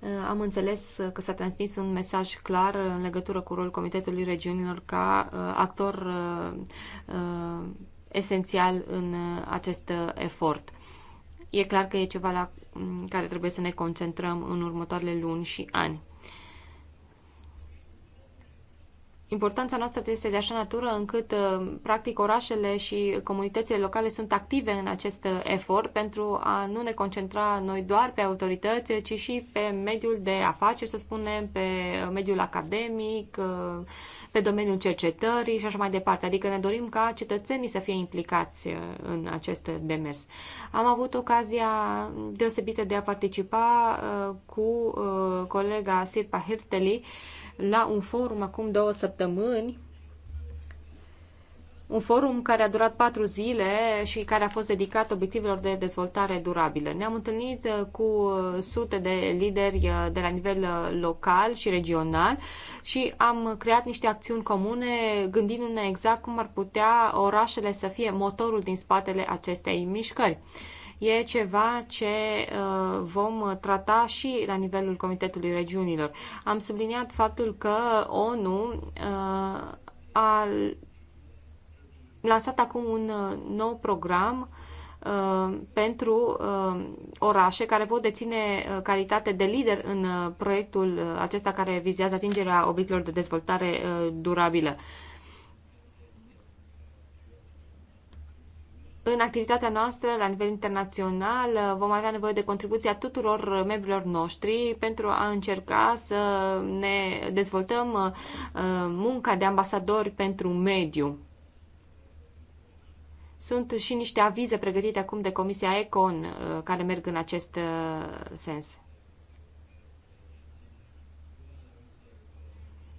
Eh, am înțeles că s-a transmis un mesaj clar în legătură cu rolul Comitetului Regiunilor ca eh, actor esențial în acest efort. E clar că e ceva la care trebuie să ne concentrăm în următoarele luni și ani. Importanța noastră este de așa natură încât, uh, practic, orașele și comunitățile locale sunt active în acest uh, efort pentru a nu ne concentra noi doar pe autorități, ci și pe mediul de afaceri, să spunem, pe uh, mediul academic, pe domeniul cercetării și așa mai departe. Adică ne dorim ca cetățenii să fie implicați în acest demers. Am avut ocazia deosebită de a participa cu colega Sirpa Hirteli, la un forum acum două săptămâni, un forum care a durat patru zile și care a fost dedicat obiectivelor de dezvoltare durabilă. Ne-am întâlnit uh, cu uh, sute de lideri uh, de la nivel local și regional și am creat niște acțiuni comune gândindu-ne exact cum ar putea orașele să fie motorul din spatele acestei mișcări. E ceva ce uh, vom trata și la nivelul Comitetului Regiunilor. Am subliniat faptul că ONU uh, a lansat acum un uh, nou program pentru orașe care pot deține calitate de lider în proiectul acesta care vizează atingerea obiectivelor de dezvoltare durabilă. În activitatea noastră, la nivel internațional, vom avea nevoie de contribuția tuturor membrilor noștri pentru a încerca să ne dezvoltăm uh, munca de ambasadori pentru mediu. Sunt și niște avize pregătite acum de Comisia Econ uh, care merg în acest uh, sens.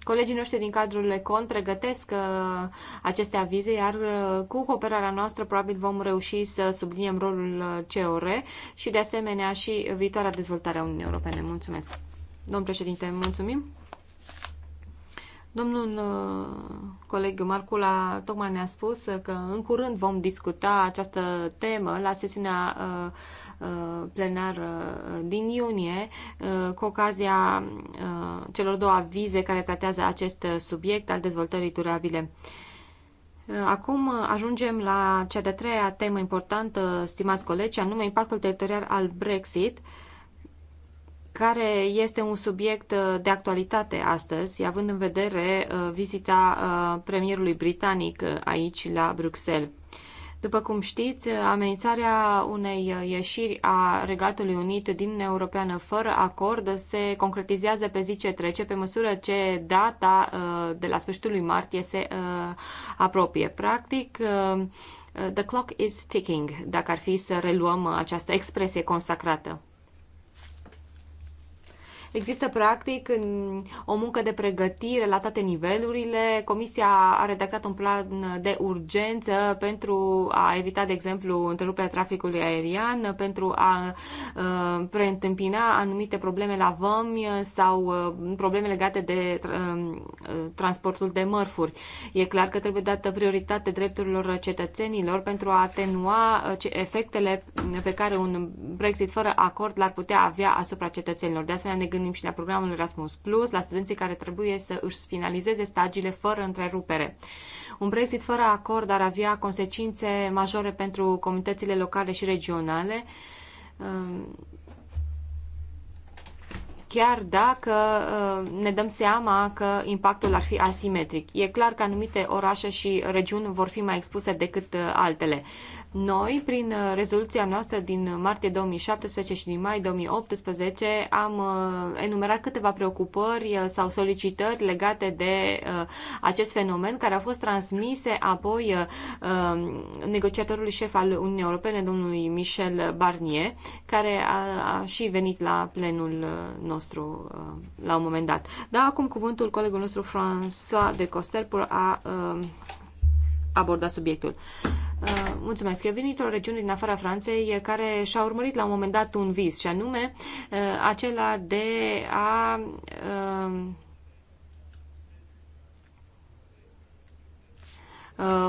Colegii noștri din cadrul ECON pregătesc uh, aceste avize, iar uh, cu cooperarea noastră probabil vom reuși să subliniem rolul uh, COR și de asemenea și viitoarea dezvoltare a Uniunii Europene. Mulțumesc! Domn președinte, mulțumim! Domnul coleg Marcula tocmai ne-a spus că în curând vom discuta această temă la sesiunea uh, Uh, plenar uh, din iunie uh, cu ocazia celor două avize care tratează acest subiect al dezvoltării durabile. Acum ajungem la cea de-a treia temă importantă, stimați colegi, anume impactul teritorial al Brexit, care este un subiect de actualitate astăzi, având în vedere vizita premierului britanic aici la Bruxelles. După cum știți, amenințarea unei ieșiri a Regatului Unit din Europeană fără acord se concretizează pe zi ce trece, pe măsură ce data uh, de la sfârșitul lui martie se uh, apropie. Practic, uh, the clock is ticking, dacă ar fi să reluăm această expresie consacrată. Există practic o muncă de pregătire la toate nivelurile. Comisia a redactat un plan de urgență pentru a evita, de exemplu, întreruperea traficului aerian, pentru a uh, preîntâmpina anumite probleme la vămi sau uh, probleme legate de uh, transportul de mărfuri. E clar că trebuie dată prioritate drepturilor cetățenilor pentru a atenua efectele pe care un Brexit fără acord l-ar putea avea asupra cetățenilor. De asemenea, ne gândim gândim și la programul Erasmus Plus, la studenții care trebuie să își finalizeze stagiile fără întrerupere. Un Brexit fără acord ar avea consecințe majore pentru comunitățile locale și regionale, um, chiar dacă uh, ne dăm seama că impactul ar fi asimetric. E clar că anumite orașe și regiuni vor fi mai expuse decât uh, altele. Noi, prin uh, rezoluția noastră din martie 2017 și din mai 2018, am uh, enumerat câteva preocupări uh, sau solicitări legate de acest fenomen, care au fost transmise apoi um, negociatorului șef al Uniunii Europene, domnului Michel Barnier, care a, și venit la plenul nostru la un moment dat. Da, acum cuvântul colegul nostru François de Coster a um, aborda subiectul. Uh, mulțumesc. Eu vin într-o regiune din afara Franței care și-a urmărit la un moment dat un vis și anume uh, acela de a uh,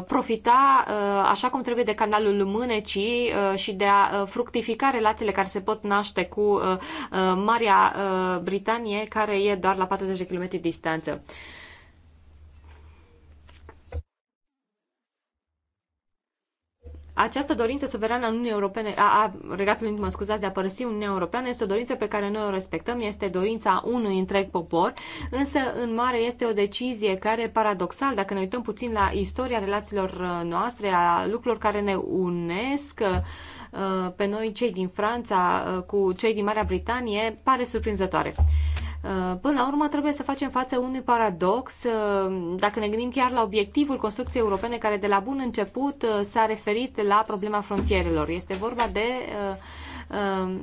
profita așa cum trebuie de canalul mânecii și de a fructifica relațiile care se pot naște cu Marea Britanie, care e doar la 40 de km distanță. Această dorință suverană a Uniunii Europene, a, a Regatului Unit, mă scuzați, de a părăsi Uniunea Europeană este o dorință pe care noi o respectăm, este dorința unui întreg popor, însă în mare este o decizie care, paradoxal, dacă ne uităm puțin la istoria relațiilor uh, noastre, a lucrurilor care ne unesc, uh, pe noi cei din Franța uh, cu cei din Marea Britanie pare surprinzătoare. Uh, până la urmă trebuie să facem față unui paradox, uh, dacă ne gândim chiar la obiectivul construcției europene care de la bun început uh, s-a referit la problema frontierelor. Este vorba de um,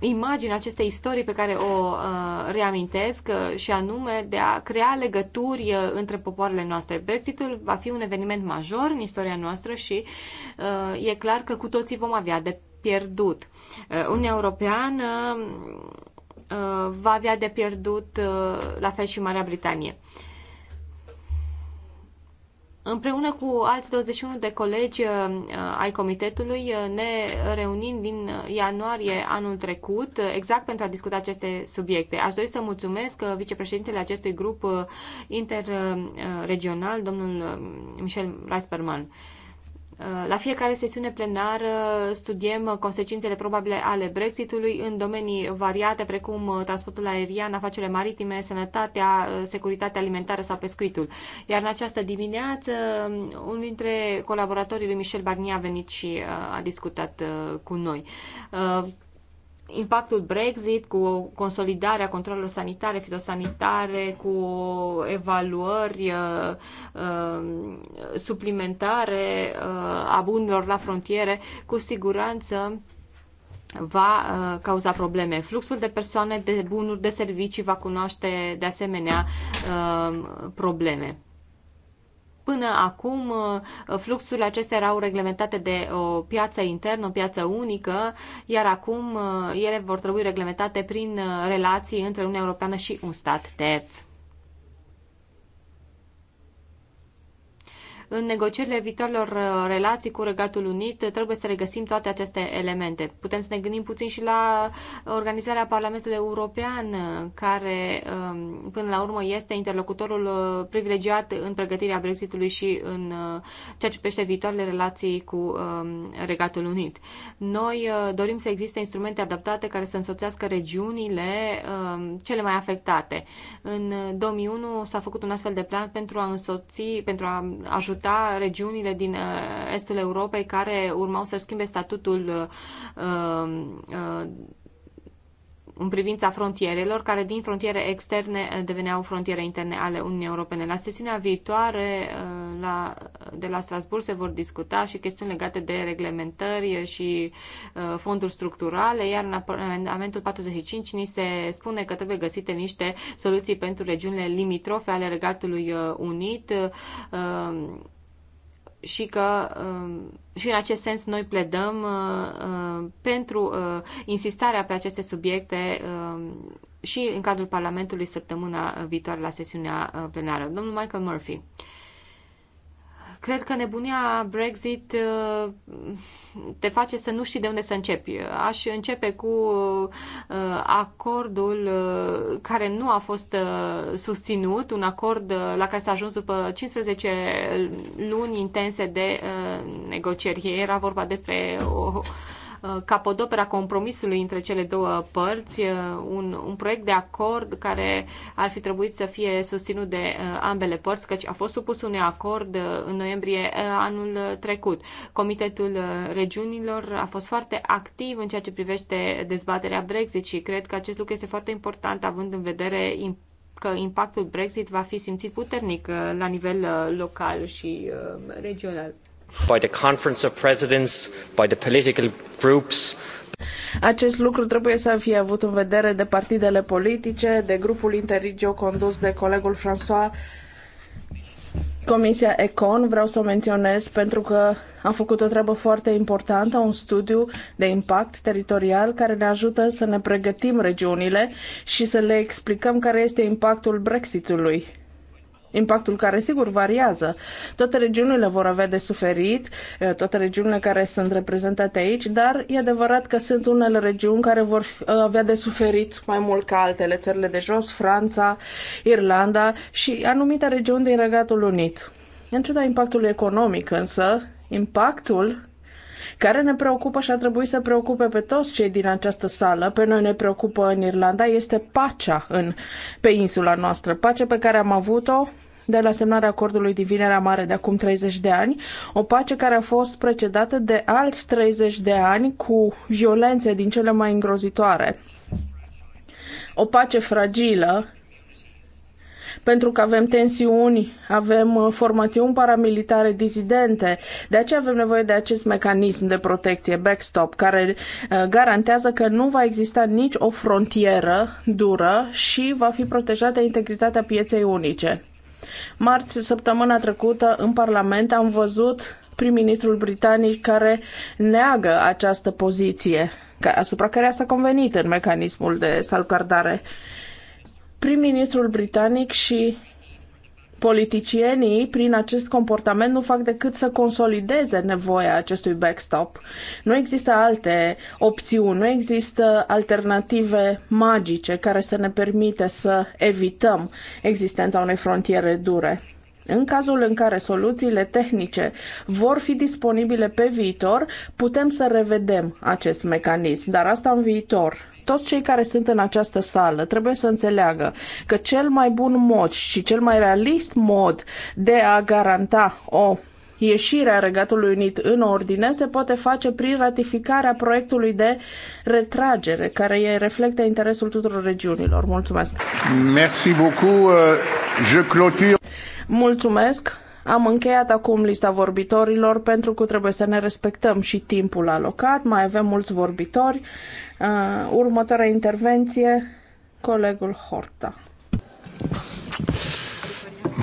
imaginea acestei istorii pe care o uh, reamintesc uh, și anume de a crea legături uh, între popoarele noastre. Brexitul va fi un eveniment major în istoria noastră și uh, e clar că cu toții vom avea de pierdut. Uh, Uniunea Europeană uh, Uh, va avea de pierdut uh, la fel și Marea Britanie. Împreună cu alți 21 de colegi uh, ai comitetului ne reunim din ianuarie anul trecut exact pentru a discuta aceste subiecte. Aș dori să mulțumesc vicepreședintele acestui grup interregional, domnul Michel Reisperman. Uh, la fiecare sesiune plenară studiem consecințele probabile ale Brexitului în domenii variate precum uh, transportul aerian, afacerile maritime, sănătatea, uh, securitatea alimentară sau pescuitul. Iar în această dimineață, um, unul dintre colaboratorii lui Michel Barnier a venit și a discutat cu noi impactul Brexit, cu consolidarea controlelor sanitare, fitosanitare, cu evaluări uh, uh, suplimentare uh, a bunurilor la frontiere, cu siguranță va uh, cauza probleme. Fluxul de persoane, de bunuri, de servicii va cunoaște de asemenea uh, probleme. Până acum, uh, fluxurile acestea erau reglementate de o piață internă, o piață unică, iar acum uh, ele vor trebui reglementate prin uh, relații între Uniunea Europeană și un stat terț. în negocierile viitorilor uh, relații cu Regatul Unit uh, trebuie să regăsim toate aceste elemente. Putem să ne gândim puțin și la uh, organizarea Parlamentului European, care um, până la urmă este interlocutorul privilegiat în pregătirea Brexitului și în ceea ce pește viitoarele relații cu um, Regatul Unit. Noi dorim să existe instrumente adaptate care să însoțească regiunile um, cele mai afectate. În 2001 s-a făcut un astfel de plan pentru a însoți, pentru a ajuta ajuta regiunile din uh, estul Europei care urmau să schimbe statutul uh, uh, în privința frontierelor, care din frontiere externe eh, deveneau frontiere interne ale Uniunii Europene. La sesiunea viitoare eh, la, de la Strasburg se vor discuta și chestiuni legate de reglementări și uh, fonduri structurale, iar în amendamentul 45 ni se spune că trebuie găsite niște soluții pentru regiunile limitrofe ale Regatului Unit. Uh, și că um, și în acest sens noi pledăm uh, uh, pentru uh, insistarea pe aceste subiecte um, și în cadrul Parlamentului săptămâna viitoare la sesiunea plenară. Domnul Michael Murphy. Cred că nebunia Brexit uh, te face să nu știi de unde să începi. Aș începe cu uh, acordul uh, care nu a fost susținut, un acord la care s-a ajuns după 15 luni intense de negocieri. Era vorba despre o Uh, capodopera compromisului între cele două părți, uh, un, un proiect de acord care ar fi trebuit să fie susținut de uh, ambele părți, căci a fost supus unui acord în noiembrie anul trecut. Comitetul regiunilor a fost foarte activ în ceea ce privește dezbaterea Brexit și cred că acest lucru este foarte important având în vedere că impactul Brexit va fi simțit puternic la nivel local și regional by the Conference of Presidents, by the political groups. Acest lucru trebuie să fie avut în vedere de partidele politice, de grupul Interregio condus de colegul François Comisia Econ, vreau să o menționez pentru că am făcut o treabă foarte importantă, un studiu de impact teritorial care ne ajută să ne pregătim regiunile și să le explicăm care este impactul Brexitului impactul care sigur variază. Toate regiunile vor avea de suferit, eh, toate regiunile care sunt reprezentate aici, dar e adevărat că sunt unele regiuni care vor eh, avea de suferit mai mult ca altele, țările de jos, Franța, Irlanda și anumite regiuni din Regatul Unit. În ciuda impactului economic însă, impactul care ne preocupă și ar trebui să preocupe pe toți cei din această sală, pe noi ne preocupă în Irlanda, este pacea în, pe insula noastră, pace pe care am avut-o de la semnarea acordului din Vinerea Mare de acum 30 de ani, o pace care a fost precedată de alți 30 de ani cu violențe din cele mai îngrozitoare. O pace fragilă pentru că avem tensiuni, avem uh, formațiuni paramilitare dizidente. De aceea avem nevoie de acest mecanism de protecție, backstop, care uh, garantează că nu va exista nici o frontieră dură și va fi protejată integritatea pieței unice. Marți, săptămâna trecută, în Parlament am văzut prim-ministrul britanic care neagă această poziție asupra care s-a convenit în mecanismul de salvgardare Prim-ministrul britanic și politicienii, prin acest comportament, nu fac decât să consolideze nevoia acestui backstop. Nu există alte opțiuni, nu există alternative magice care să ne permite să evităm existența unei frontiere dure. În cazul în care soluțiile tehnice vor fi disponibile pe viitor, putem să revedem acest mecanism, dar asta în viitor, toți cei care sunt în această sală trebuie să înțeleagă că cel mai bun mod și cel mai realist mod de a garanta o ieșirea Regatului Unit în ordine se poate face prin ratificarea proiectului de retragere, care reflectă interesul tuturor regiunilor. Mulțumesc! Merci beaucoup. Euh, je clôture. Mulțumesc! Am încheiat acum lista vorbitorilor pentru că trebuie să ne respectăm și timpul alocat. Mai avem mulți vorbitori. Uh, următoarea intervenție, colegul Horta.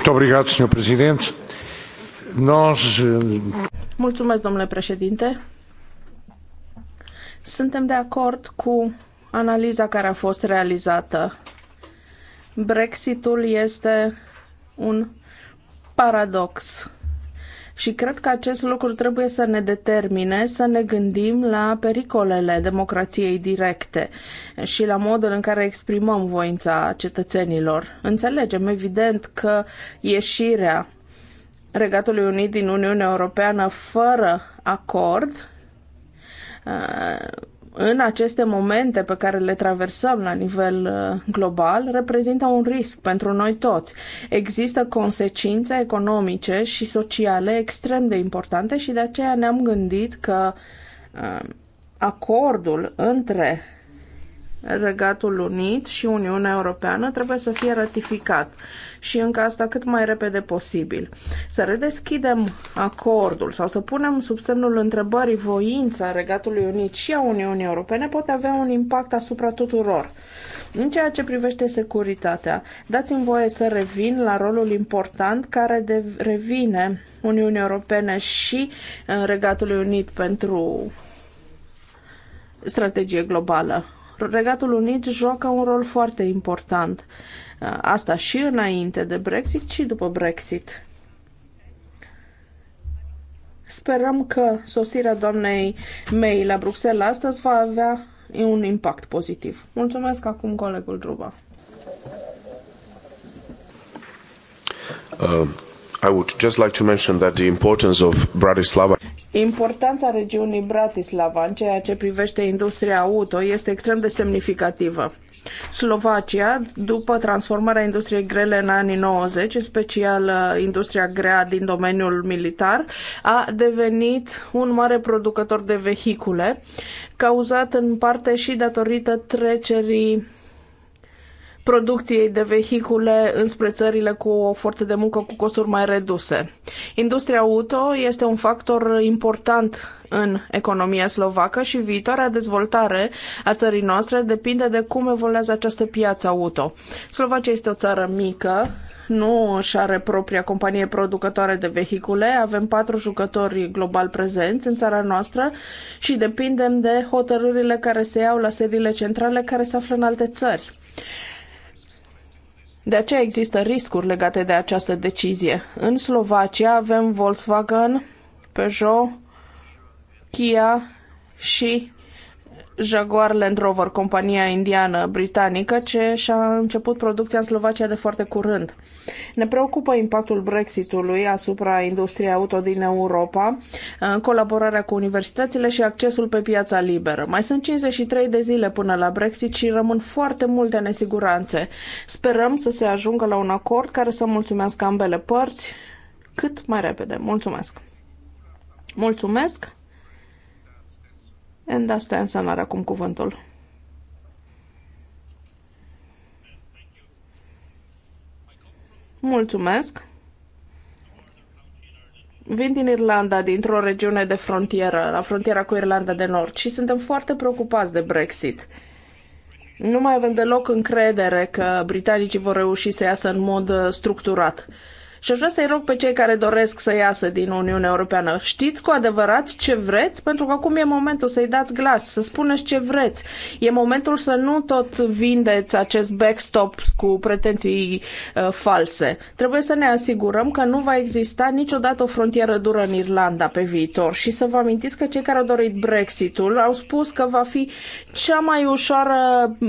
Eh, Mulțumesc, domnule președinte. Suntem de acord cu analiza care a fost realizată. Brexitul este un paradox. Și cred că acest lucru trebuie să ne determine să ne gândim la pericolele democrației directe și la modul în care exprimăm voința cetățenilor. Înțelegem, evident, că ieșirea Regatului Unit din Uniunea Europeană fără acord în aceste momente pe care le traversăm la nivel uh, global reprezintă un risc pentru noi toți. Există consecințe economice și sociale extrem de importante și de aceea ne-am gândit că uh, acordul între Regatul Unit și Uniunea Europeană trebuie să fie ratificat și încă asta cât mai repede posibil. Să redeschidem acordul sau să punem sub semnul întrebării voința Regatului Unit și a Uniunii Europene pot avea un impact asupra tuturor. În ceea ce privește securitatea, dați-mi voie să revin la rolul important care de- revine Uniunii Europene și uh, Regatului Unit pentru strategie globală. Regatul Unit joacă un rol foarte important. Uh, asta și înainte de Brexit și după Brexit. Sperăm că sosirea doamnei May la Bruxelles astăzi va avea un impact pozitiv. Mulțumesc acum colegul Druba. Uh, I would just like to mention that the importance of Bratislava Importanța regiunii Bratislava în ceea ce privește industria auto este extrem de semnificativă. Slovacia, după transformarea industriei grele în anii 90, în special uh, industria grea din domeniul militar, a devenit un mare producător de vehicule, cauzat în parte și datorită trecerii producției de vehicule înspre țările cu o forță de muncă cu costuri mai reduse. Industria auto este un factor important în economia slovacă și viitoarea dezvoltare a țării noastre depinde de cum evoluează această piață auto. Slovacia este o țară mică, nu își are propria companie producătoare de vehicule, avem patru jucători global prezenți în țara noastră și depindem de hotărârile care se iau la sediile centrale care se află în alte țări. De aceea există riscuri legate de această decizie. În Slovacia avem Volkswagen, Peugeot, Kia și Jaguar Land Rover, compania indiană britanică, ce și-a început producția în Slovacia de foarte curând. Ne preocupă impactul Brexitului asupra industriei auto din Europa, colaborarea cu universitățile și accesul pe piața liberă. Mai sunt 53 de zile până la Brexit și rămân foarte multe nesiguranțe. Sperăm să se ajungă la un acord care să mulțumească ambele părți cât mai repede. Mulțumesc! Mulțumesc! Enda Stenson are acum cuvântul. Mulțumesc! Vin din Irlanda, dintr-o regiune de frontieră, la frontiera cu Irlanda de Nord și suntem foarte preocupați de Brexit. Nu mai avem deloc încredere că britanicii vor reuși să iasă în mod structurat și aș vrea să-i rog pe cei care doresc să iasă din Uniunea Europeană. Știți cu adevărat ce vreți? Pentru că acum e momentul să-i dați glas, să spuneți ce vreți. E momentul să nu tot vindeți acest backstop cu pretenții uh, false. Trebuie să ne asigurăm că nu va exista niciodată o frontieră dură în Irlanda pe viitor. Și să vă amintiți că cei care au dorit Brexitul au spus că va fi cea mai ușoară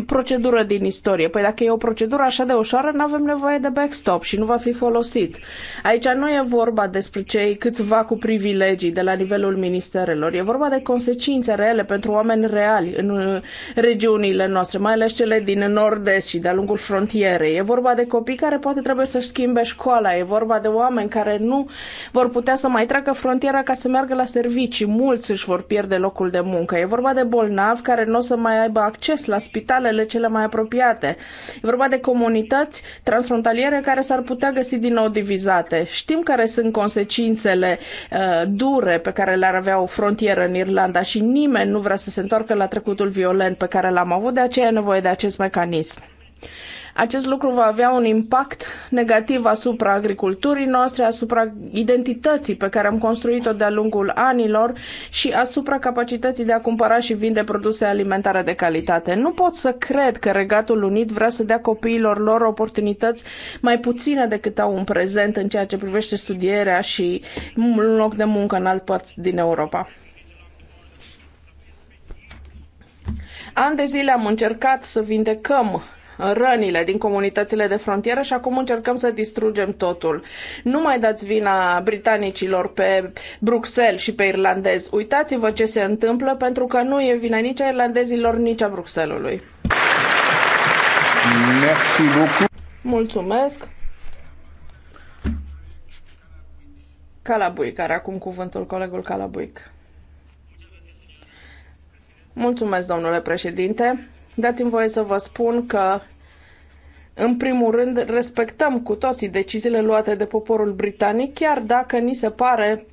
procedură din istorie. Păi dacă e o procedură așa de ușoară, nu avem nevoie de backstop și nu va fi folosit. Aici nu e vorba despre cei câțiva cu privilegii de la nivelul ministerelor, e vorba de consecințe reale pentru oameni reali în uh, regiunile noastre, mai ales cele din nord-est și de-a lungul frontierei. E vorba de copii care poate trebuie să-și schimbe școala, e vorba de oameni care nu vor putea să mai treacă frontiera ca să meargă la servicii, mulți își vor pierde locul de muncă. E vorba de bolnavi care nu o să mai aibă acces la spitalele cele mai apropiate. E vorba de comunități transfrontaliere care s-ar putea găsi din nou vizate. Știm care sunt consecințele uh, dure pe care le-ar avea o frontieră în Irlanda și nimeni nu vrea să se întoarcă la trecutul violent pe care l-am avut, de aceea e nevoie de acest mecanism. Acest lucru va avea un impact negativ asupra agriculturii noastre, asupra identității pe care am construit-o de-a lungul anilor și asupra capacității de a cumpăra și vinde produse alimentare de calitate. Nu pot să cred că Regatul Unit vrea să dea copiilor lor oportunități mai puține decât au în prezent în ceea ce privește studierea și un loc de muncă în alt părți din Europa. Ani de zile am încercat să vindecăm rănile din comunitățile de frontieră și acum încercăm să distrugem totul. Nu mai dați vina britanicilor pe Bruxelles și pe irlandezi. Uitați-vă ce se întâmplă pentru că nu e vina nici a irlandezilor, nici a Bruxellesului. Mulțumesc. Calabuic are acum cuvântul colegul Calabuic. Mulțumesc, domnule președinte. Dați-mi voie să vă spun că, în primul rând, respectăm cu toții deciziile luate de poporul britanic, chiar dacă ni se pare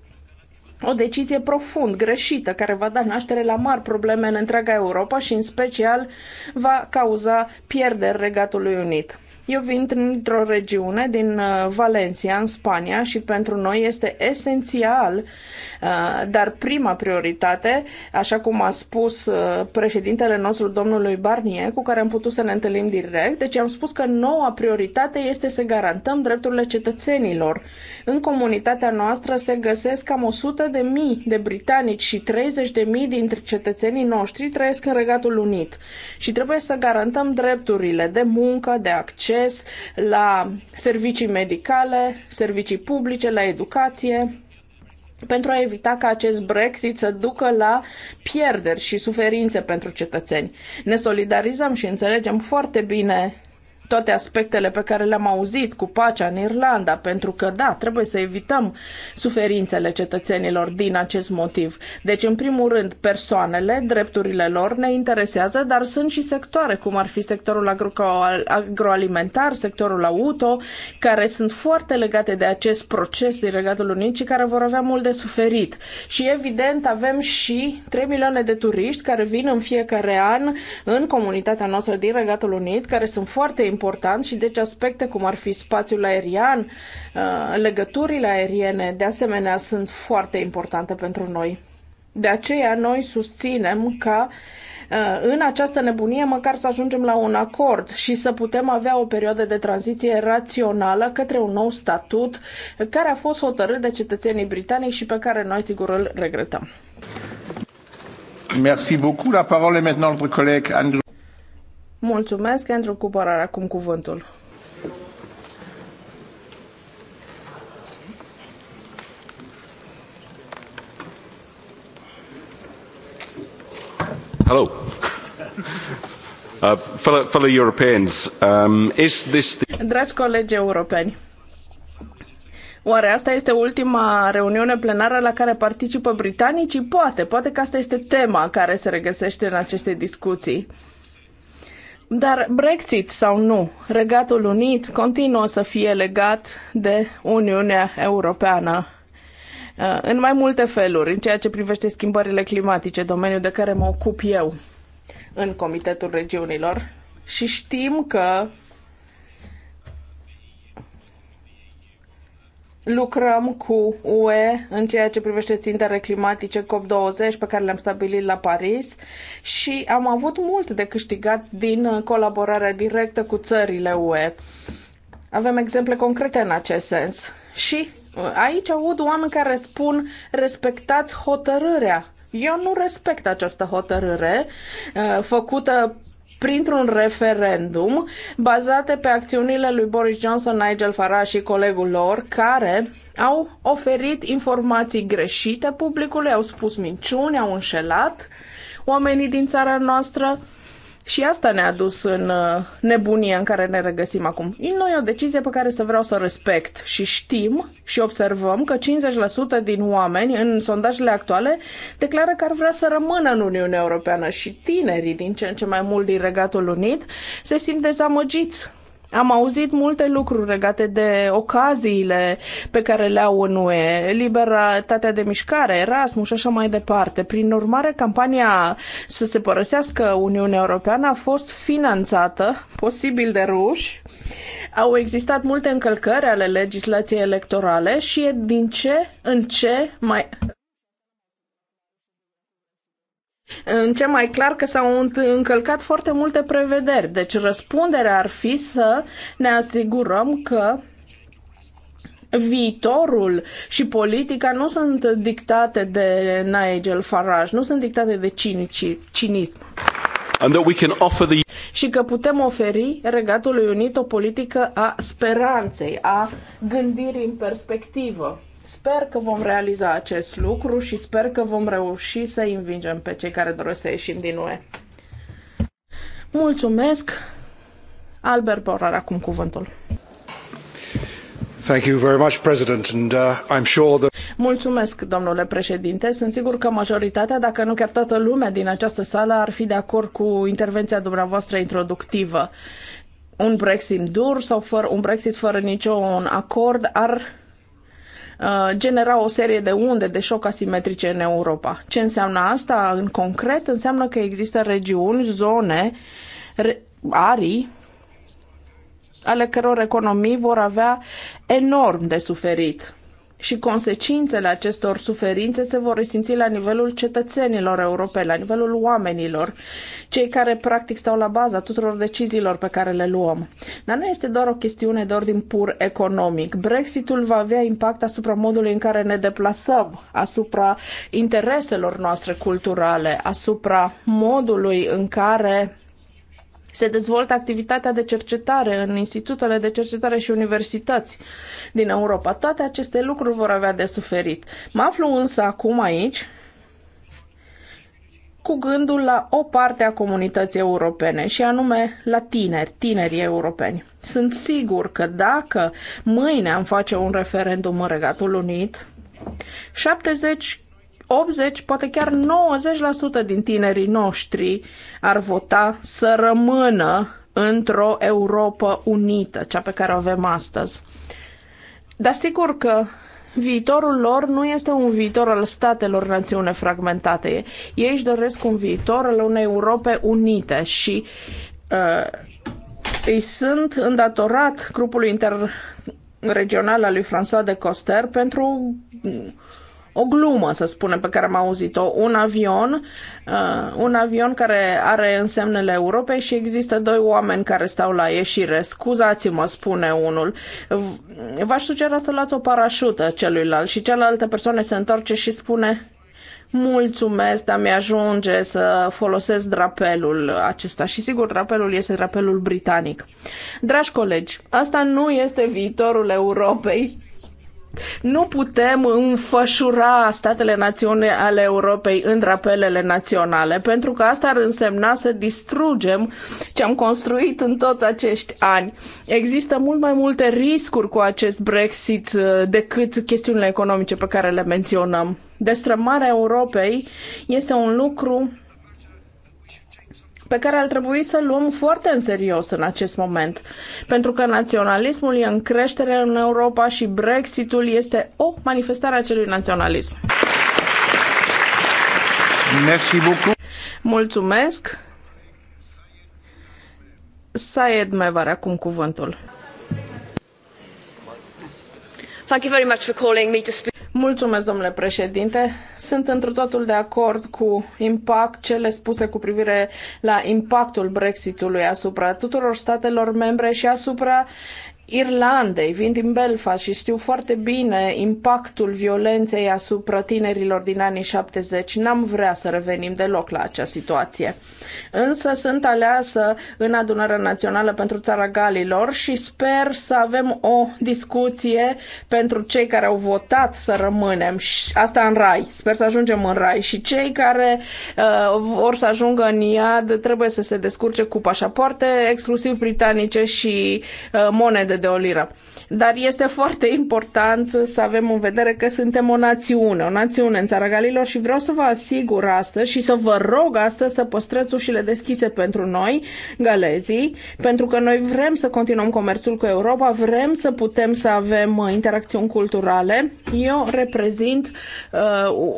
o decizie profund greșită care va da naștere la mari probleme în întreaga Europa și în special va cauza pierderi Regatului Unit. Eu vin într o regiune din uh, Valencia, în Spania, și pentru noi este esențial, uh, dar prima prioritate, așa cum a spus uh, președintele nostru, domnului Barnier, cu care am putut să ne întâlnim direct, deci am spus că noua prioritate este să garantăm drepturile cetățenilor. În comunitatea noastră se găsesc cam 100 de mii de britanici și 30 de mii dintre cetățenii noștri trăiesc în Regatul Unit și trebuie să garantăm drepturile de muncă, de acces, acces la servicii medicale, servicii publice, la educație, pentru a evita ca acest Brexit să ducă la pierderi și suferințe pentru cetățeni. Ne solidarizăm și înțelegem foarte bine toate aspectele pe care le-am auzit cu pacea în Irlanda, pentru că, da, trebuie să evităm suferințele cetățenilor din acest motiv. Deci, în primul rând, persoanele, drepturile lor ne interesează, dar sunt și sectoare, cum ar fi sectorul agro- agroalimentar, sectorul auto, care sunt foarte legate de acest proces din Regatul Unit și care vor avea mult de suferit. Și, evident, avem și 3 milioane de turiști care vin în fiecare an în comunitatea noastră din Regatul Unit, care sunt foarte importante important și deci aspecte cum ar fi spațiul aerian, uh, legăturile aeriene, de asemenea, sunt foarte importante pentru noi. De aceea noi susținem ca uh, în această nebunie măcar să ajungem la un acord și să putem avea o perioadă de tranziție rațională către un nou statut care a fost hotărât de cetățenii britanici și pe care noi sigur îl regretăm. Merci beaucoup. La parole maintenant notre collègue Andrew. Mulțumesc, Andrew Cooper are acum cuvântul. Hello. Uh, fellow, fellow Europeans, um, is this the... Dragi colegi europeni, Oare asta este ultima reuniune plenară la care participă britanicii? Poate, poate că asta este tema care se regăsește în aceste discuții. Dar Brexit sau nu, Regatul Unit continuă să fie legat de Uniunea Europeană uh, în mai multe feluri, în ceea ce privește schimbările climatice, domeniul de care mă ocup eu în Comitetul Regiunilor. Și știm că lucrăm cu UE în ceea ce privește țintele climatice COP20 pe care le-am stabilit la Paris și am avut mult de câștigat din uh, colaborarea directă cu țările UE. Avem exemple concrete în acest sens. Și uh, aici aud oameni care spun respectați hotărârea eu nu respect această hotărâre uh, făcută printr-un referendum bazate pe acțiunile lui Boris Johnson, Nigel Farage și colegul lor, care au oferit informații greșite publicului, au spus minciuni, au înșelat oamenii din țara noastră și asta ne-a dus în uh, nebunia în care ne regăsim acum. În e o decizie pe care să vreau să o respect și știm și observăm că 50% din oameni în sondajele actuale declară că ar vrea să rămână în Uniunea Europeană și tinerii din ce în ce mai mult din Regatul Unit se simt dezamăgiți am auzit multe lucruri legate de ocaziile pe care le au în UE, libertatea de mișcare, Erasmus și așa mai departe. Prin urmare, campania să se părăsească Uniunea Europeană a fost finanțată, posibil de ruși. Au existat multe încălcări ale legislației electorale și e din ce în ce mai în ce mai clar că s-au încălcat foarte multe prevederi. Deci răspunderea ar fi să ne asigurăm că viitorul și politica nu sunt dictate de Nigel Farage, nu sunt dictate de cinism. And that we can offer the... Și că putem oferi Regatului Unit o politică a speranței, a gândirii în perspectivă. Sper că vom realiza acest lucru și sper că vom reuși să învingem pe cei care doresc să ieșim din UE. Mulțumesc! Albert Borar, acum cuvântul. Thank you very much, President, and uh, I'm sure that... Mulțumesc, domnule președinte. Sunt sigur că majoritatea, dacă nu chiar toată lumea din această sală, ar fi de acord cu intervenția dumneavoastră introductivă. Un Brexit dur sau fără, un Brexit fără niciun acord ar Uh, genera o serie de unde de șoc asimetrice în Europa. Ce înseamnă asta în concret? Înseamnă că există regiuni, zone, re- arii ale căror economii vor avea enorm de suferit și consecințele acestor suferințe se vor resimți la nivelul cetățenilor europeni, la nivelul oamenilor, cei care practic stau la baza tuturor deciziilor pe care le luăm. Dar nu este doar o chestiune de ordin pur economic. Brexitul va avea impact asupra modului în care ne deplasăm, asupra intereselor noastre culturale, asupra modului în care se dezvoltă activitatea de cercetare în institutele de cercetare și universități din Europa. Toate aceste lucruri vor avea de suferit. Mă aflu însă acum aici cu gândul la o parte a comunității europene și anume la tineri, tinerii europeni. Sunt sigur că dacă mâine am face un referendum în Regatul Unit, 70 80, poate chiar 90% din tinerii noștri ar vota să rămână într-o Europa unită, cea pe care o avem astăzi. Dar sigur că viitorul lor nu este un viitor al statelor națiune fragmentate. Ei își doresc un viitor al unei Europe unite și uh, îi sunt îndatorat grupului interregional al lui François de Coster pentru o glumă, să spunem, pe care am auzit-o, un avion, uh, un avion care are însemnele Europei și există doi oameni care stau la ieșire. Scuzați-mă, spune unul. V-aș sugera să luați o parașută celuilalt și cealaltă persoană se întoarce și spune mulțumesc, dar mi-ajunge să folosesc drapelul acesta. Și sigur, drapelul este drapelul britanic. Dragi colegi, asta nu este viitorul Europei. Nu putem înfășura statele națiune ale Europei în drapelele naționale, pentru că asta ar însemna să distrugem ce am construit în toți acești ani. Există mult mai multe riscuri cu acest Brexit uh, decât chestiunile economice pe care le menționăm. Destrămarea Europei este un lucru pe care ar trebui să-l luăm foarte în serios în acest moment. Pentru că naționalismul e în creștere în Europa și Brexitul este o manifestare a acelui naționalism. Merci beaucoup. Mulțumesc. Saed mai are acum cuvântul. Thank you very much for calling me to speak. Mulțumesc, domnule președinte. Sunt într totul de acord cu impact cele spuse cu privire la impactul Brexitului asupra tuturor statelor membre și asupra Irlandei, vin din Belfast și știu foarte bine impactul violenței asupra tinerilor din anii 70. N-am vrea să revenim deloc la acea situație. Însă sunt aleasă în adunarea națională pentru țara Galilor și sper să avem o discuție pentru cei care au votat să rămânem. Și asta în rai. Sper să ajungem în rai. Și cei care uh, vor să ajungă în iad trebuie să se descurce cu pașapoarte exclusiv britanice și uh, monede miliarde de o liră. Dar este foarte important să avem în vedere că suntem o națiune, o națiune în țara Galilor și vreau să vă asigur astăzi și să vă rog astăzi să păstrați ușile deschise pentru noi, galezii, pentru că noi vrem să continuăm comerțul cu Europa, vrem să putem să avem interacțiuni culturale. Eu reprezint uh,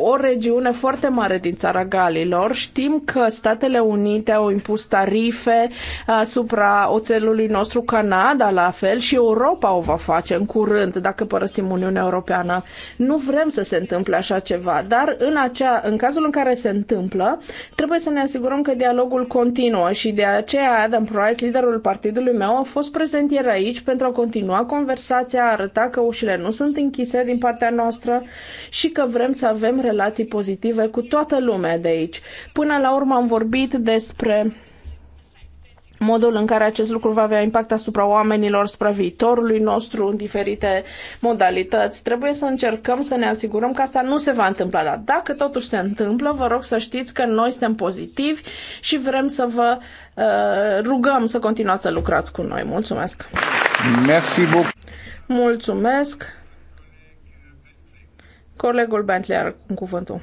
o regiune foarte mare din țara Galilor. Știm că Statele Unite au impus tarife asupra oțelului nostru Canada, la fel, și Europa o va face în curând dacă părăsim Uniunea Europeană. Nu vrem să se întâmple așa ceva, dar în, acea, în cazul în care se întâmplă, trebuie să ne asigurăm că dialogul continuă și de aceea Adam Price, liderul partidului meu, a fost prezent ieri aici pentru a continua conversația, a arăta că ușile nu sunt închise din partea noastră și că vrem să avem relații pozitive cu toată lumea de aici. Până la urmă am vorbit despre modul în care acest lucru va avea impact asupra oamenilor, asupra viitorului nostru, în diferite modalități. Trebuie să încercăm să ne asigurăm că asta nu se va întâmpla, dar dacă totuși se întâmplă, vă rog să știți că noi suntem pozitivi și vrem să vă uh, rugăm să continuați să lucrați cu noi. Mulțumesc! Merci beaucoup. Mulțumesc! Colegul Bentley are cuvântul.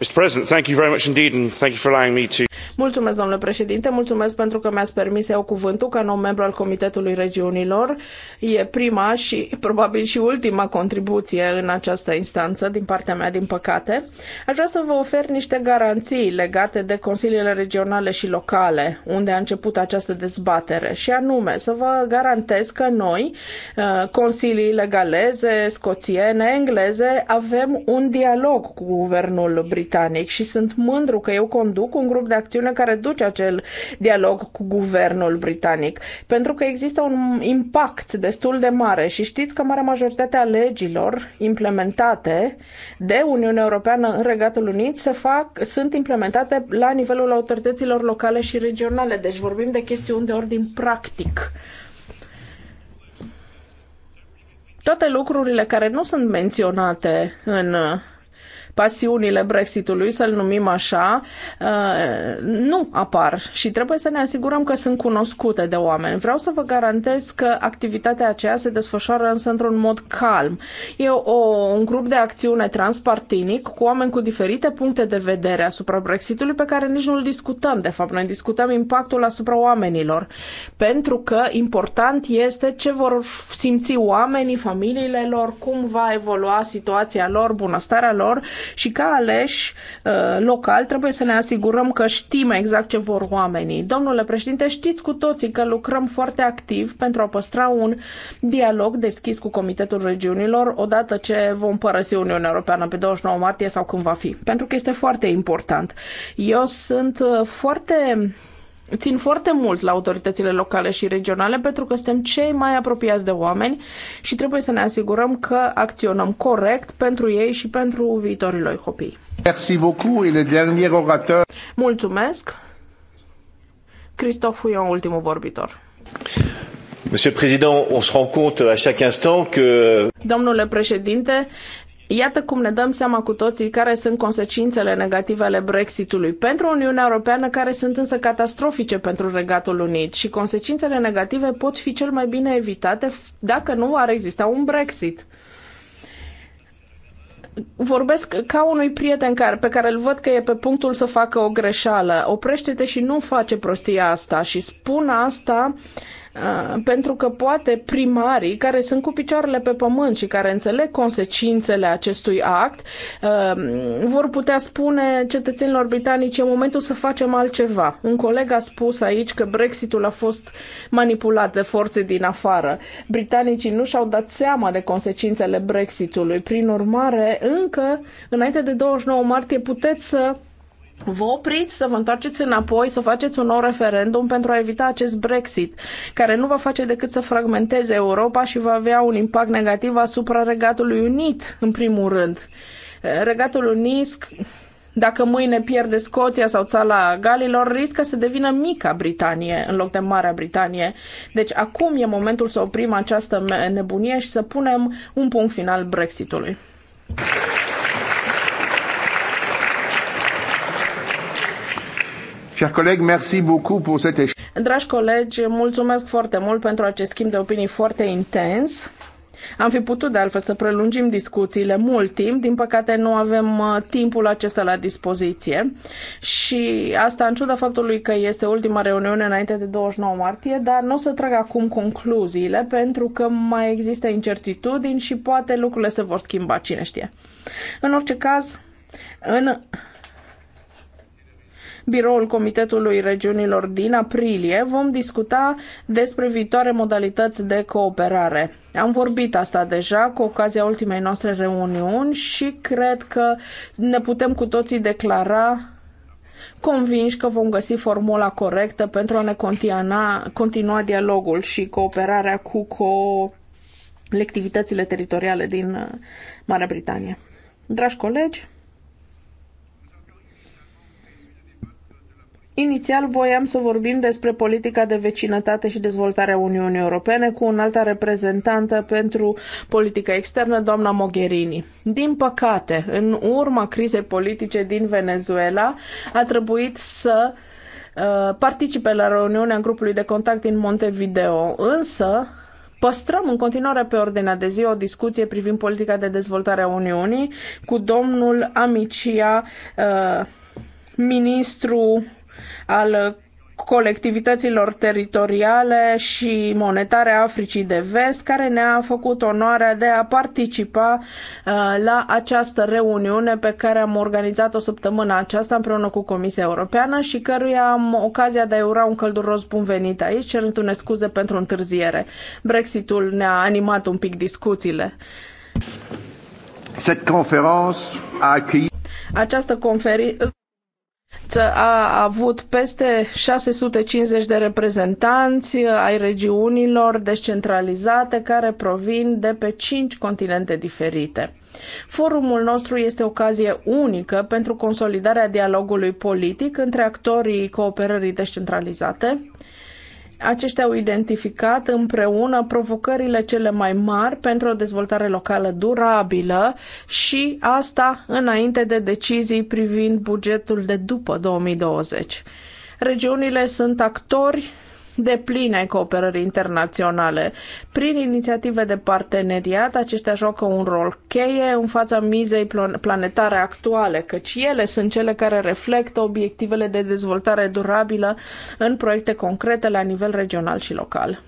Mr. President, thank you very much indeed and thank you for allowing me to Mulțumesc, domnule președinte, mulțumesc pentru că mi-ați permis să iau cuvântul ca nou membru al Comitetului Regiunilor. E prima și probabil și ultima contribuție în această instanță din partea mea, din păcate. Aș vrea să vă ofer niște garanții legate de consiliile regionale și locale, unde a început această dezbatere, și anume să vă garantez că noi, uh, consiliile galeze, scoțiene, engleze, avem un dialog cu guvernul britanic și sunt mândru că eu conduc un grup de acțiune chestiune care duce acel dialog cu guvernul britanic, pentru că există un impact destul de mare și știți că marea majoritate a legilor implementate de Uniunea Europeană în Regatul Unit se fac, sunt implementate la nivelul autorităților locale și regionale, deci vorbim de chestiuni de ordin practic toate lucrurile care nu sunt menționate în pasiunile Brexitului, să-l numim așa, uh, nu apar și trebuie să ne asigurăm că sunt cunoscute de oameni. Vreau să vă garantez că activitatea aceea se desfășoară însă într-un mod calm. E o, un grup de acțiune transpartinic cu oameni cu diferite puncte de vedere asupra Brexitului pe care nici nu-l discutăm. De fapt, noi discutăm impactul asupra oamenilor. Pentru că important este ce vor simți oamenii, familiile lor, cum va evolua situația lor, bunăstarea lor și ca aleși uh, local trebuie să ne asigurăm că știm exact ce vor oamenii. Domnule președinte, știți cu toții că lucrăm foarte activ pentru a păstra un dialog deschis cu Comitetul Regiunilor odată ce vom părăsi Uniunea Europeană pe 29 martie sau când va fi. Pentru că este foarte important. Eu sunt uh, foarte țin foarte mult la autoritățile locale și regionale pentru că suntem cei mai apropiați de oameni și trebuie să ne asigurăm că acționăm corect pentru ei și pentru viitorii lor copii. Merci beaucoup et le dernier orateur. Mulțumesc. Christophe Fouillon, ultimul vorbitor. Monsieur le Président, on se rend compte à chaque instant que... Domnule președinte, Iată cum ne dăm seama cu toții care sunt consecințele negative ale Brexitului pentru Uniunea Europeană, care sunt însă catastrofice pentru Regatul Unit și consecințele negative pot fi cel mai bine evitate dacă nu ar exista un Brexit vorbesc ca unui prieten care, pe care îl văd că e pe punctul să facă o greșeală. Oprește-te și nu face prostia asta și spun asta Ah, pentru că poate primarii care sunt cu picioarele pe pământ și care înțeleg consecințele acestui act ah, vor putea spune cetățenilor britanici e momentul să facem altceva. Un coleg a spus aici că Brexitul a fost manipulat de forțe din afară. Britanicii nu și-au dat seama de consecințele Brexitului. Prin urmare, încă înainte de 29 martie puteți să Vă opriți să vă întoarceți înapoi, să faceți un nou referendum pentru a evita acest Brexit, care nu va face decât să fragmenteze Europa și va avea un impact negativ asupra Regatului Unit, în primul rând. Regatul Unisc, dacă mâine pierde Scoția sau țala Galilor, riscă să devină mica Britanie în loc de Marea Britanie. Deci acum e momentul să oprim această nebunie și să punem un punct final Brexitului. Chers collègues, merci beaucoup pour cet échange. Dragi colegi, mulțumesc foarte mult pentru acest schimb de opinii foarte intens. Am fi putut de altfel să prelungim discuțiile mult timp, din păcate nu avem uh, timpul acesta la dispoziție și asta în ciuda faptului că este ultima reuniune înainte de 29 martie, dar nu o să trag acum concluziile pentru că mai există incertitudini și poate lucrurile se vor schimba, cine știe. În orice caz, în biroul Comitetului Regiunilor din aprilie, vom discuta despre viitoare modalități de cooperare. Am vorbit asta deja cu ocazia ultimei noastre reuniuni și cred că ne putem cu toții declara convinși că vom găsi formula corectă pentru a ne continua, continua dialogul și cooperarea cu colectivitățile teritoriale din uh, Marea Britanie. Dragi colegi, Inițial voiam să vorbim despre politica de vecinătate și dezvoltarea Uniunii Europene cu înalta reprezentantă pentru politica externă, doamna Mogherini. Din păcate, în urma crizei politice din Venezuela, a trebuit să uh, participe la reuniunea grupului de contact din Montevideo, însă Păstrăm în continuare pe ordinea de zi o discuție privind politica de dezvoltare a Uniunii cu domnul Amicia, uh, ministru al colectivităților teritoriale și monetare a Africii de Vest, care ne-a făcut onoarea de a participa uh, la această reuniune pe care am organizat-o săptămâna aceasta împreună cu Comisia Europeană și căruia am ocazia de a ura un călduros bun venit aici, cerându-ne scuze pentru întârziere. Brexitul ne-a animat un pic discuțiile. Această conferință a avut peste 650 de reprezentanți ai regiunilor descentralizate care provin de pe 5 continente diferite. Forumul nostru este ocazie unică pentru consolidarea dialogului politic între actorii cooperării descentralizate, aceștia au identificat împreună provocările cele mai mari pentru o dezvoltare locală durabilă și asta înainte de decizii privind bugetul de după 2020. Regiunile sunt actori de pline ai cooperării internaționale. Prin inițiative de parteneriat, aceștia joacă un rol cheie în fața mizei planetare actuale, căci ele sunt cele care reflectă obiectivele de dezvoltare durabilă în proiecte concrete la nivel regional și local.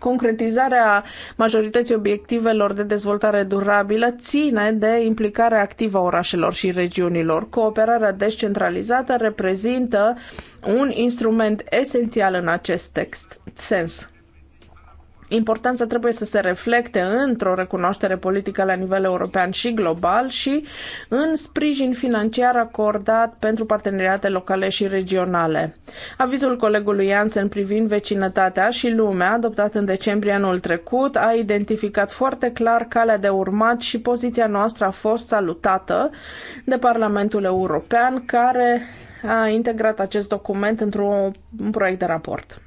Concretizarea majorității obiectivelor de dezvoltare durabilă ține de implicarea activă a orașelor și regiunilor. Cooperarea descentralizată reprezintă un instrument esențial în acest text, sens importanța trebuie să se reflecte într-o recunoaștere politică la nivel european și global și în sprijin financiar acordat pentru parteneriate locale și regionale. Avizul colegului Jansen privind vecinătatea și lumea, adoptat în decembrie anul trecut, a identificat foarte clar calea de urmat și poziția noastră a fost salutată de Parlamentul European, care a integrat acest document într-un proiect de raport.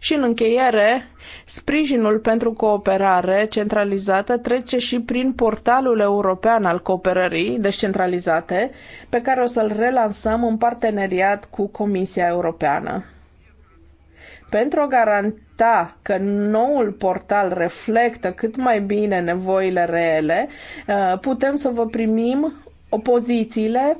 Și în încheiere, sprijinul pentru cooperare centralizată trece și prin portalul european al cooperării descentralizate, pe care o să-l relansăm în parteneriat cu Comisia Europeană. Pentru a garanta că noul portal reflectă cât mai bine nevoile reele, uh, putem să vă primim opozițiile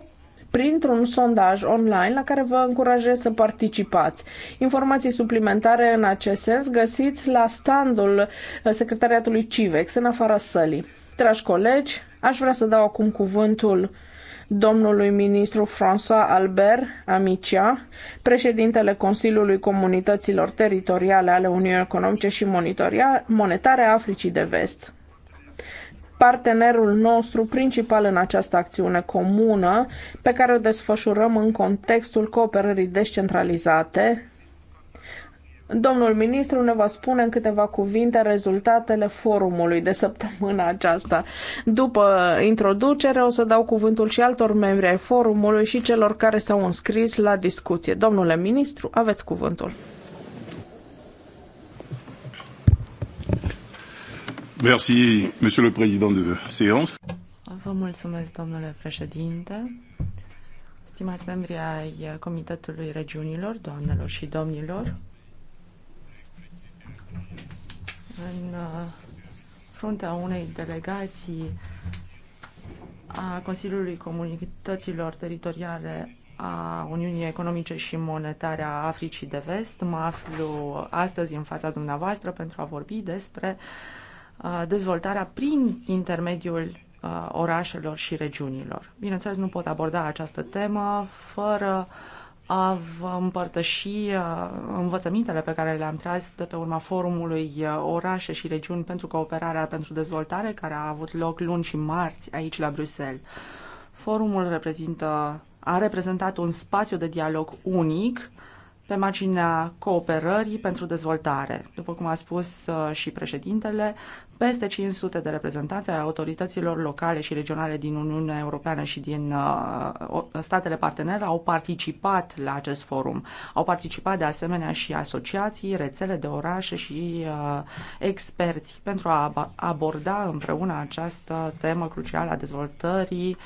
printr-un sondaj online la care vă încurajez să participați. Informații suplimentare în acest sens găsiți la standul Secretariatului CIVEX în afara sălii. Dragi colegi, aș vrea să dau acum cuvântul domnului ministru François Albert Amicia, președintele Consiliului Comunităților Teritoriale ale Uniunii Economice și Monetare a Africii de Vest partenerul nostru principal în această acțiune comună pe care o desfășurăm în contextul cooperării descentralizate. Domnul ministru ne va spune în câteva cuvinte rezultatele forumului de săptămâna aceasta. După introducere o să dau cuvântul și altor membri ai forumului și celor care s-au înscris la discuție. Domnule ministru, aveți cuvântul. Merci, Monsieur le Président de séance. Vă mulțumesc, domnule președinte, stimați membri ai Comitetului Regiunilor, doamnelor și domnilor. În uh, fruntea unei delegații a Consiliului Comunităților Teritoriale a Uniunii Economice și Monetare a Africii de Vest. Mă aflu astăzi în fața dumneavoastră pentru a vorbi despre uh, Uh, dezvoltarea prin intermediul uh, orașelor și regiunilor. Bineînțeles, nu pot aborda această temă fără a vă împărtăși uh, învățămintele pe care le-am tras de pe urma forumului Orașe și Regiuni pentru Cooperarea pentru Dezvoltare, care a avut loc luni și marți aici la Bruxelles. Forumul reprezintă, a reprezentat un spațiu de dialog unic pe marginea cooperării pentru dezvoltare. După cum a spus și președintele, peste 500 de reprezentanți ai autorităților locale și regionale din Uniunea Europeană și din uh, statele partenere au participat la acest forum. Au participat de asemenea și asociații, rețele de orașe și uh, experți pentru a aborda împreună această temă crucială a dezvoltării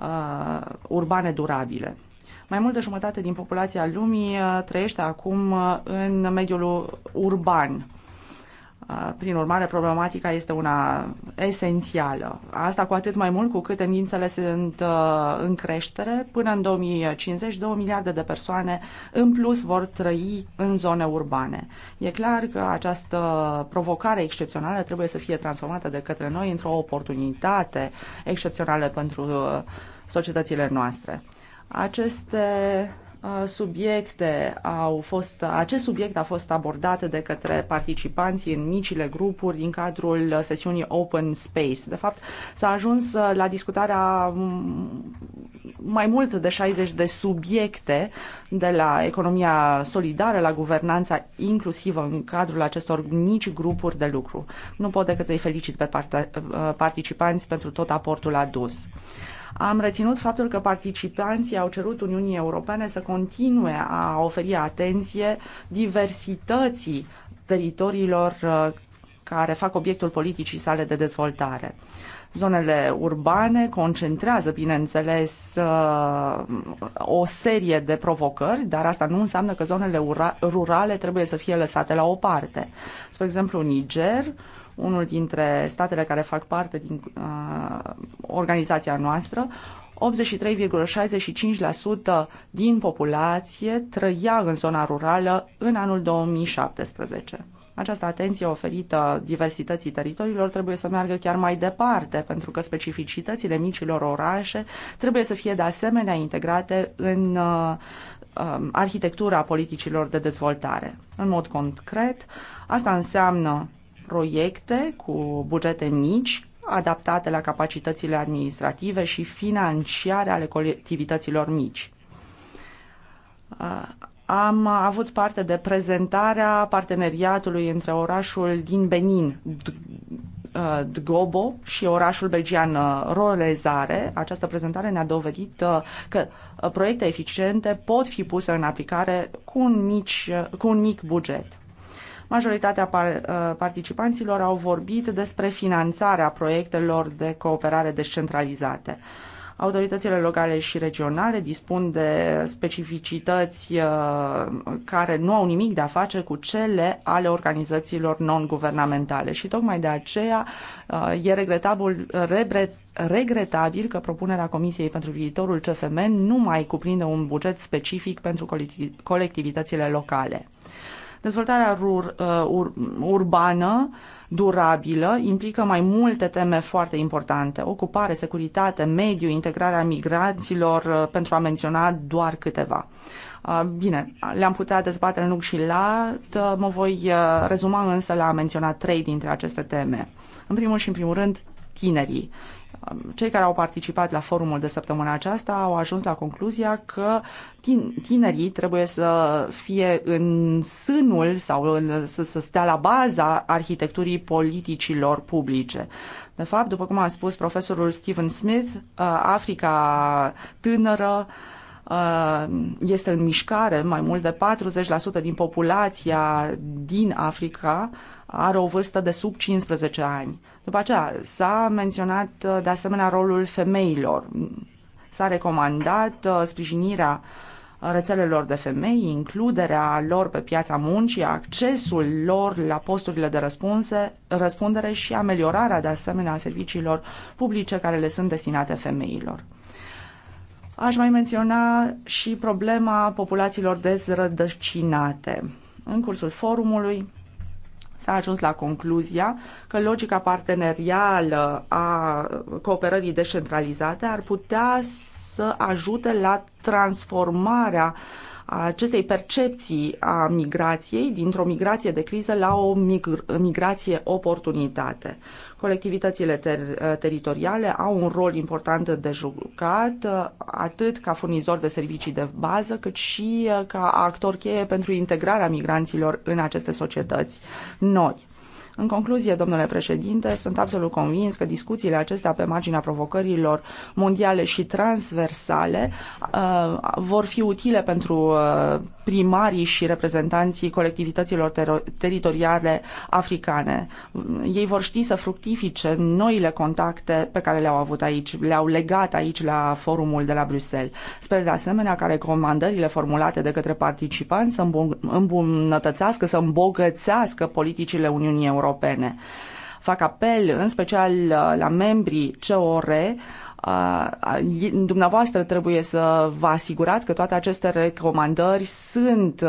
uh, urbane durabile. Mai mult de jumătate din populația lumii trăiește acum în mediul urban prin urmare, problematica este una esențială. Asta cu atât mai mult cu cât tendințele sunt uh, în creștere. Până în 2050, 2 miliarde de persoane în plus vor trăi în zone urbane. E clar că această provocare excepțională trebuie să fie transformată de către noi într-o oportunitate excepțională pentru uh, societățile noastre. Aceste Uh, subiecte au fost, acest subiect a fost abordat de către participanții în micile grupuri din cadrul sesiunii Open Space. De fapt, s-a ajuns uh, la discutarea mm, mai mult de 60 de subiecte de la economia solidară la guvernanța inclusivă în cadrul acestor mici grupuri de lucru. Nu pot decât să-i felicit pe uh, participanți pentru tot aportul adus am reținut faptul că participanții au cerut Uniunii Europene să continue a oferi atenție diversității teritoriilor uh, care fac obiectul politicii sale de dezvoltare. Zonele urbane concentrează, bineînțeles, uh, o serie de provocări, dar asta nu înseamnă că zonele rurale trebuie să fie lăsate la o parte. Spre exemplu, Niger, unul dintre statele care fac parte din uh, organizația noastră, 83,65% din populație trăia în zona rurală în anul 2017. Această atenție oferită diversității teritoriilor trebuie să meargă chiar mai departe, pentru că specificitățile micilor orașe trebuie să fie de asemenea integrate în uh, um, arhitectura politicilor de dezvoltare. În mod concret, asta înseamnă proiecte cu bugete mici, adaptate la capacitățile administrative și financiare ale colectivităților mici. Am avut parte de prezentarea parteneriatului între orașul din Benin, Dgobo și orașul belgian Rolezare. Această prezentare ne-a dovedit că proiecte eficiente pot fi puse în aplicare cu un, mici, cu un mic buget. Majoritatea uh, participanților au vorbit despre finanțarea proiectelor de cooperare descentralizate. Autoritățile locale și regionale dispun de specificități uh, care nu au nimic de a face cu cele ale organizațiilor non-guvernamentale și tocmai de aceea uh, e regretabil, regretabil că propunerea Comisiei pentru viitorul CFM nu mai cuprinde un buget specific pentru colectivitățile locale. Dezvoltarea rur, uh, ur, urbană durabilă implică mai multe teme foarte importante. Ocupare, securitate, mediu, integrarea migranților, uh, pentru a menționa doar câteva. Uh, bine, le-am putea dezbate în lung și lat, mă voi rezuma însă la a menționa trei dintre aceste teme. În primul și în primul rând, tinerii. Cei care au participat la forumul de săptămâna aceasta au ajuns la concluzia că tinerii trebuie să fie în sânul sau să, să stea la baza arhitecturii politicilor publice. De fapt, după cum a spus profesorul Stephen Smith, uh, Africa tânără uh, este în mișcare, mai mult de 40% din populația din Africa are o vârstă de sub 15 ani. După aceea s-a menționat uh, de asemenea rolul femeilor. S-a recomandat uh, sprijinirea rețelelor de femei, includerea lor pe piața muncii, accesul lor la posturile de răspunse, răspundere și ameliorarea de asemenea serviciilor publice care le sunt destinate femeilor. Aș mai menționa și problema populațiilor dezrădăcinate. În cursul forumului s-a ajuns la concluzia că logica partenerială a cooperării descentralizate ar putea să ajute la transformarea acestei percepții a migrației dintr-o migrație de criză la o migrație oportunitate. Colectivitățile ter- uh, teritoriale au un rol important de jucat, uh, atât ca furnizor de servicii de bază, cât și uh, ca actor cheie pentru integrarea migranților în aceste societăți noi. În concluzie, domnule președinte, sunt absolut convins că discuțiile acestea pe marginea provocărilor mondiale și transversale uh, vor fi utile pentru uh, primarii și reprezentanții colectivităților teritoriale africane. Ei vor ști să fructifice noile contacte pe care le-au avut aici, le-au legat aici la forumul de la Bruxelles. Sper de asemenea ca recomandările formulate de către participanți să îmbunătățească, să îmbogățească politicile Uniunii Europene. Fac apel în special uh, la membrii COR Dumneavoastră trebuie să vă asigurați că toate aceste recomandări sunt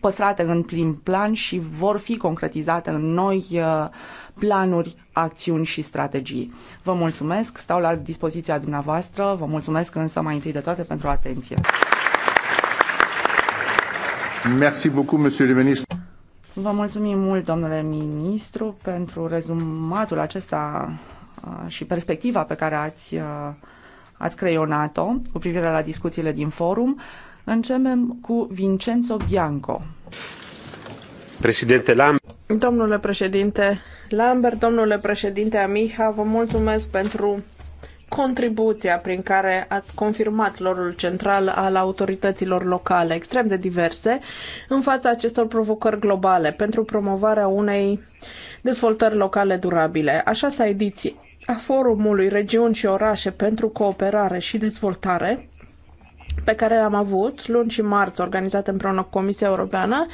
păstrate în prim plan și vor fi concretizate în noi planuri, acțiuni și strategii. Vă mulțumesc, stau la dispoziția dumneavoastră, vă mulțumesc însă mai întâi de toate pentru atenție. Merci beaucoup, monsieur le ministre. Vă mulțumim mult, domnule ministru, pentru rezumatul acesta Uh, și perspectiva pe care ați, uh, ați creionat-o cu privire la discuțiile din forum. Începem cu Vincenzo Bianco. Președinte Lam. Domnule președinte Lambert, domnule președinte Amiha, vă mulțumesc pentru contribuția prin care ați confirmat rolul central al autorităților locale, extrem de diverse, în fața acestor provocări globale pentru promovarea unei dezvoltări locale durabile. A șasea ediție a Forumului Regiuni și Orașe pentru Cooperare și Dezvoltare pe care l-am avut luni și marți, organizat împreună cu Comisia Europeană,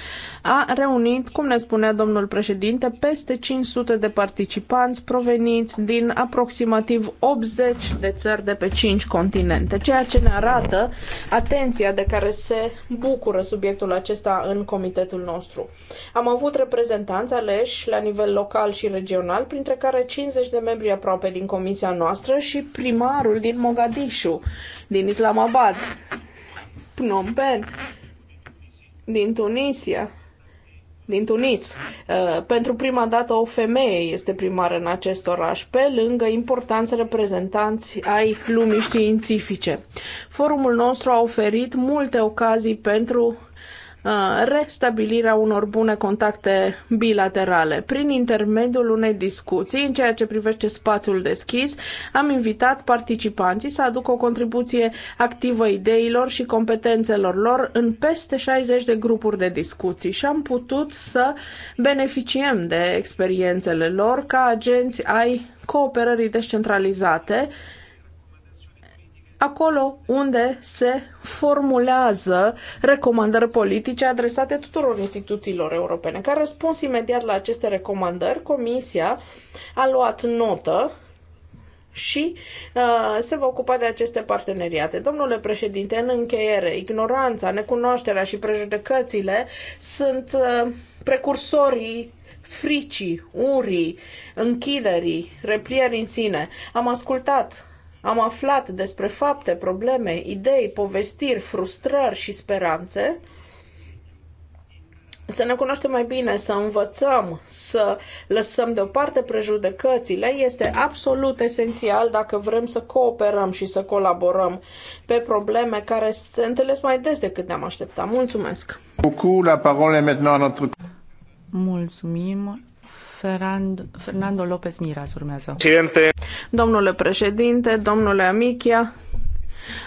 a reunit, cum ne spunea domnul președinte, peste 500 de participanți proveniți din aproximativ 80 de țări de pe 5 continente, ceea ce ne arată atenția de care se bucură subiectul acesta în comitetul nostru. Am avut reprezentanți aleși la nivel local și regional, printre care 50 de membri aproape din comisia noastră și primarul din Mogadishu, din Islamabad Phnom Penh, din Tunisia, din Tunis. Uh, pentru prima dată o femeie este primară în acest oraș, pe lângă importanți reprezentanți ai lumii științifice. Forumul nostru a oferit multe ocazii pentru Uh, restabilirea unor bune contacte bilaterale. Prin intermediul unei discuții, în ceea ce privește spațiul deschis, am invitat participanții să aducă o contribuție activă ideilor și competențelor lor în peste 60 de grupuri de discuții și am putut să beneficiem de experiențele lor ca agenți ai cooperării descentralizate acolo unde se formulează recomandări politice adresate tuturor instituțiilor europene. Ca răspuns imediat la aceste recomandări, Comisia a luat notă și uh, se va ocupa de aceste parteneriate. Domnule președinte, în încheiere, ignoranța, necunoașterea și prejudecățile sunt uh, precursorii fricii, urii, închiderii, replieri în sine. Am ascultat am aflat despre fapte, probleme, idei, povestiri, frustrări și speranțe. Să ne cunoaștem mai bine, să învățăm, să lăsăm deoparte prejudecățile este absolut esențial dacă vrem să cooperăm și să colaborăm pe probleme care se întâlnesc mai des decât ne-am așteptat. Mulțumesc! Mulțumim! Fernando López Miras urmează. Presidente. Domnule președinte, domnule Amichia,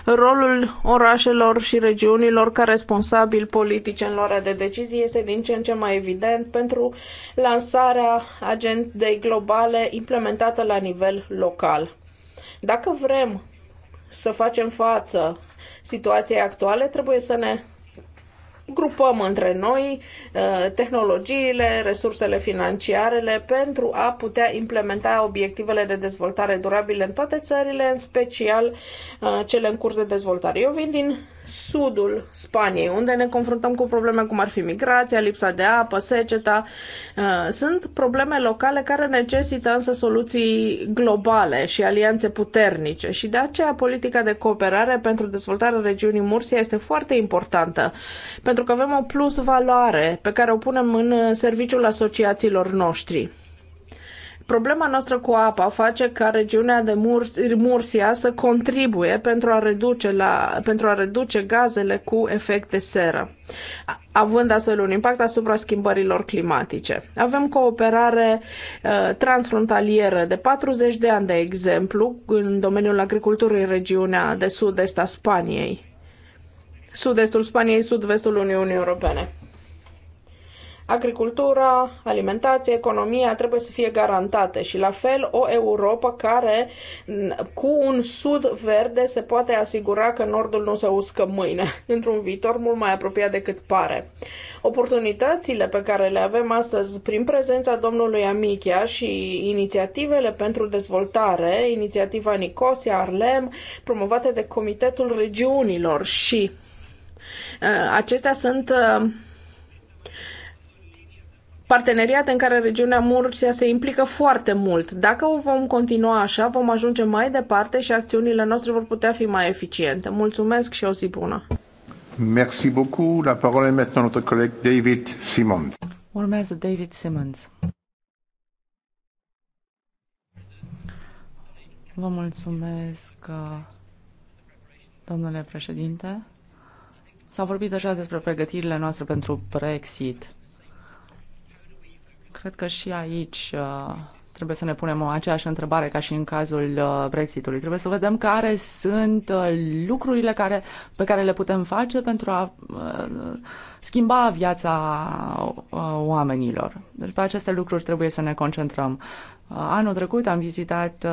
Rolul orașelor și regiunilor ca responsabil politici în luarea de decizii este din ce în ce mai evident pentru lansarea agendei globale implementată la nivel local. Dacă vrem să facem față situației actuale, trebuie să ne grupăm între noi uh, tehnologiile, resursele financiarele pentru a putea implementa obiectivele de dezvoltare durabile în toate țările, în special uh, cele în curs de dezvoltare. Eu vin din sudul Spaniei, unde ne confruntăm cu probleme cum ar fi migrația, lipsa de apă, seceta. Uh, sunt probleme locale care necesită însă soluții globale și alianțe puternice și de aceea politica de cooperare pentru dezvoltarea regiunii Mursia este foarte importantă, pentru că avem o plus valoare pe care o punem în serviciul asociațiilor noștri. Problema noastră cu apa face ca regiunea de Mur- Mursia să contribuie pentru a, reduce la, pentru a reduce gazele cu efect de seră, având astfel un impact asupra schimbărilor climatice. Avem cooperare uh, transfrontalieră de 40 de ani, de exemplu, în domeniul agriculturii în regiunea de sud-est a Spaniei, sud-estul Spaniei, sud-vestul Uniunii Europene agricultura, alimentația, economia trebuie să fie garantate și la fel o Europa care cu un sud verde se poate asigura că nordul nu se uscă mâine, într-un viitor mult mai apropiat decât pare. Oportunitățile pe care le avem astăzi prin prezența domnului Amichia și inițiativele pentru dezvoltare, inițiativa Nicosia, Arlem, promovate de Comitetul Regiunilor și uh, acestea sunt uh, parteneriat în care regiunea Murcia se implică foarte mult. Dacă o vom continua așa, vom ajunge mai departe și acțiunile noastre vor putea fi mai eficiente. Mulțumesc și o zi bună! Merci beaucoup. La parole est maintenant notre collègue David Simmons. Urmează David Simmons. Vă mulțumesc, uh, domnule președinte. S-a vorbit deja despre pregătirile noastre pentru Brexit. Cred că și aici uh, trebuie să ne punem o aceeași întrebare ca și în cazul uh, Brexitului. Trebuie să vedem care sunt uh, lucrurile care, pe care le putem face pentru a schimba viața oamenilor. Deci pe aceste lucruri trebuie să ne concentrăm. Anul trecut am vizitat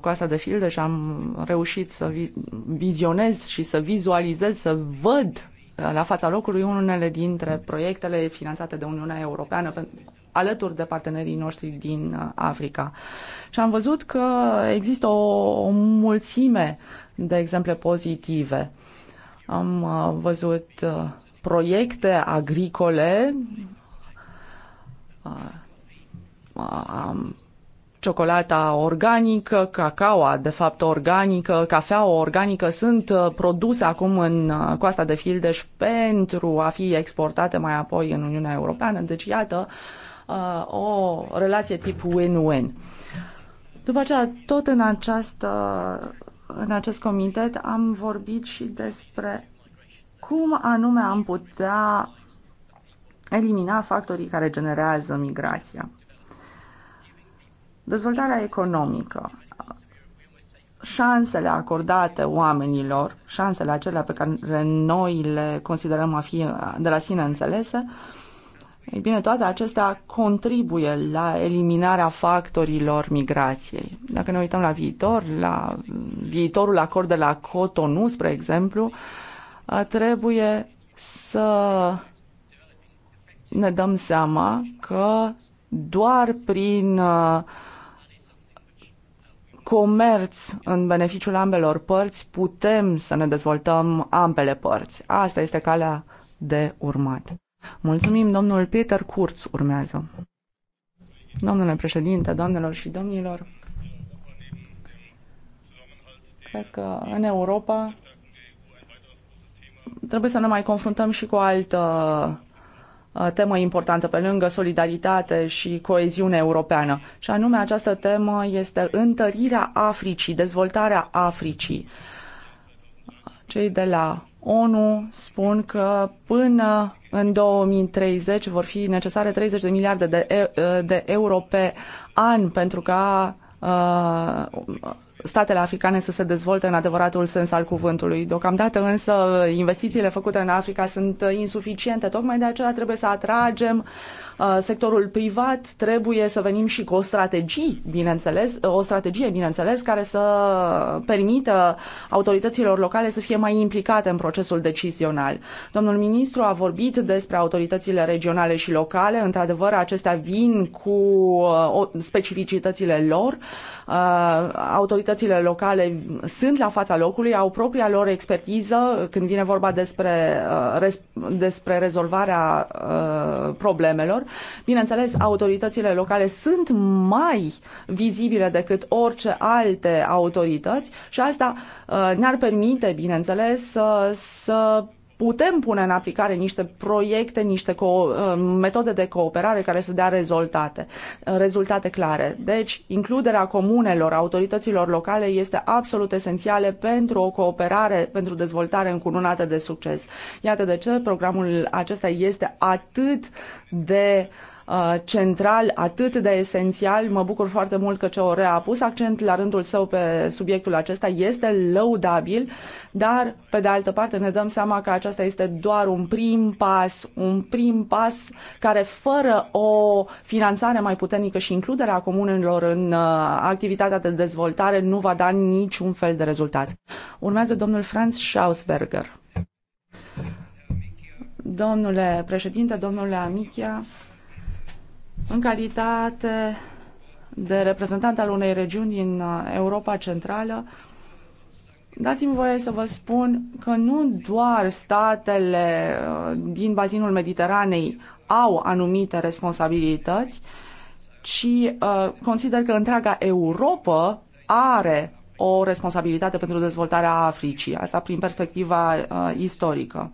Coasta de Filde și am reușit să vi- vizionez și să vizualizez, să văd la fața locului unele dintre proiectele finanțate de Uniunea Europeană alături de partenerii noștri din uh, Africa. Și am văzut că există o, o mulțime de exemple pozitive. Am uh, văzut uh, proiecte agricole, ciocolata organică, cacaoa de fapt organică, cafea organică sunt produse acum în coasta de Fildeș pentru a fi exportate mai apoi în Uniunea Europeană. Deci iată uh, o relație tip win-win. După aceea, tot în, această, în acest comitet am vorbit și despre cum anume am putea elimina factorii care generează migrația. Dezvoltarea economică, șansele acordate oamenilor, șansele acelea pe care noi le considerăm a fi de la sine înțelese, uh, ei bine, toate acestea contribuie la eliminarea factorilor migrației. Dacă ne uităm la viitor, la viitorul acord de la Cotonou, spre exemplu, trebuie să ne dăm seama că doar prin comerț în beneficiul ambelor părți putem să ne dezvoltăm ambele părți. Asta este calea de urmat. Mulțumim, domnul Peter Kurz urmează. Domnule președinte, doamnelor și domnilor, cred că în Europa trebuie să ne mai confruntăm și cu o altă uh, temă importantă pe lângă solidaritate și coeziune europeană. Și anume această temă este întărirea Africii, dezvoltarea Africii. Cei de la ONU spun că până în 2030 vor fi necesare 30 de miliarde de, de euro pe an pentru ca uh, statele africane să se dezvolte în adevăratul sens al cuvântului. Deocamdată însă investițiile făcute în Africa sunt insuficiente, tocmai de aceea trebuie să atragem uh, sectorul privat, trebuie să venim și cu o strategie, bineînțeles, o strategie, bineînțeles, care să permită autorităților locale să fie mai implicate în procesul decizional. Domnul ministru a vorbit despre autoritățile regionale și locale, într-adevăr acestea vin cu uh, specificitățile lor, uh, Autorități autoritățile locale sunt la fața locului, au propria lor expertiză când vine vorba despre, uh, despre rezolvarea uh, problemelor. Bineînțeles, autoritățile locale sunt mai vizibile decât orice alte autorități și asta uh, ne-ar permite, bineînțeles, să, să putem pune în aplicare niște proiecte, niște uh, metode de cooperare care să dea rezultate, uh, rezultate clare. Deci, includerea comunelor, autorităților locale este absolut esențială pentru o cooperare, pentru dezvoltare încununată de succes. Iată de ce programul acesta este atât de uh, Uh, central atât de esențial. Mă bucur foarte mult că COR a pus accent la rândul său pe subiectul acesta. Este lăudabil, dar pe de altă parte ne dăm seama că aceasta este doar un prim pas, un prim pas care fără o finanțare mai puternică și includerea comunelor în uh, activitatea de dezvoltare nu va da niciun fel de rezultat. Urmează domnul Franz Schausberger. Domnule președinte, domnule Amichia, în calitate de reprezentant al unei regiuni din uh, Europa Centrală, dați-mi voie să vă spun că nu doar statele uh, din bazinul Mediteranei au anumite responsabilități, ci uh, consider că întreaga Europa are o responsabilitate pentru dezvoltarea Africii, asta prin perspectiva uh, istorică.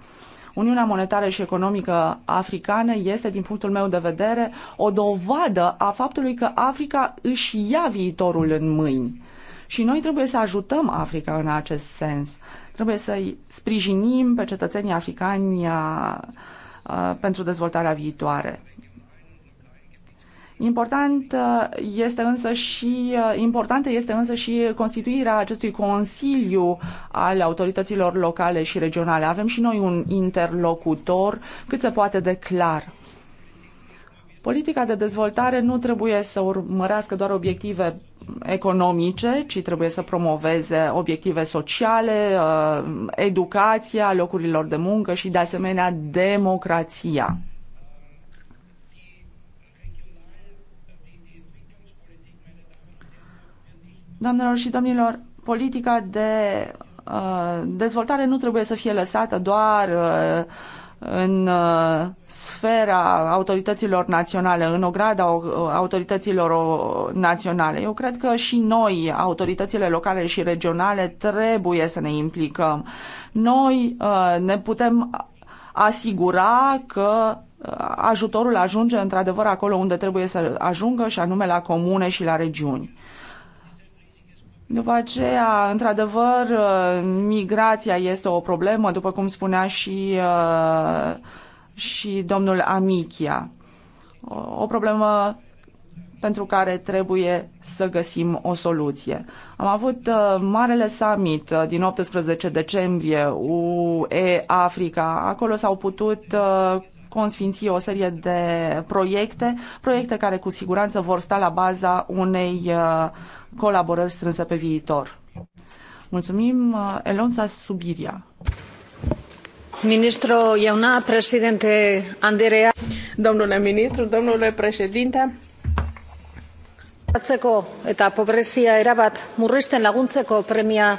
Uniunea Monetară și Economică Africană este, din punctul meu de vedere, o dovadă a faptului că Africa își ia viitorul în mâini. Și noi trebuie să ajutăm Africa în acest sens. Trebuie să-i sprijinim pe cetățenii africani uh, pentru dezvoltarea viitoare. Important uh, este însă și, uh, importantă este însă și constituirea acestui Consiliu al autorităților locale și regionale. Avem și noi un interlocutor cât se poate de clar. Politica de dezvoltare nu trebuie să urmărească doar obiective economice, ci trebuie să promoveze obiective sociale, uh, educația locurilor de muncă și, de asemenea, democrația. Doamnelor și domnilor, politica de uh, dezvoltare nu trebuie să fie lăsată doar uh, în uh, sfera autorităților naționale, în ograda uh, autorităților uh, naționale. Eu cred că și noi, autoritățile locale și regionale, trebuie să ne implicăm. Noi uh, ne putem asigura că uh, ajutorul ajunge într-adevăr acolo unde trebuie să ajungă și anume la comune și la regiuni. După aceea, într-adevăr, uh, migrația este o problemă, după cum spunea și, uh, și domnul Amichia. O problemă pentru care trebuie să găsim o soluție. Am avut uh, marele summit din 18 decembrie UE Africa. Acolo s-au putut consfinți o serie de proiecte, proiecte care cu siguranță vor sta la baza unei uh, colaborări strânse pe viitor. Mulțumim, uh, Elonza Subiria. Ministru Iona, președinte Andreea. Domnule ministru, domnule președinte, Atzeko eta pobrezia erabat murrizten laguntzeko premia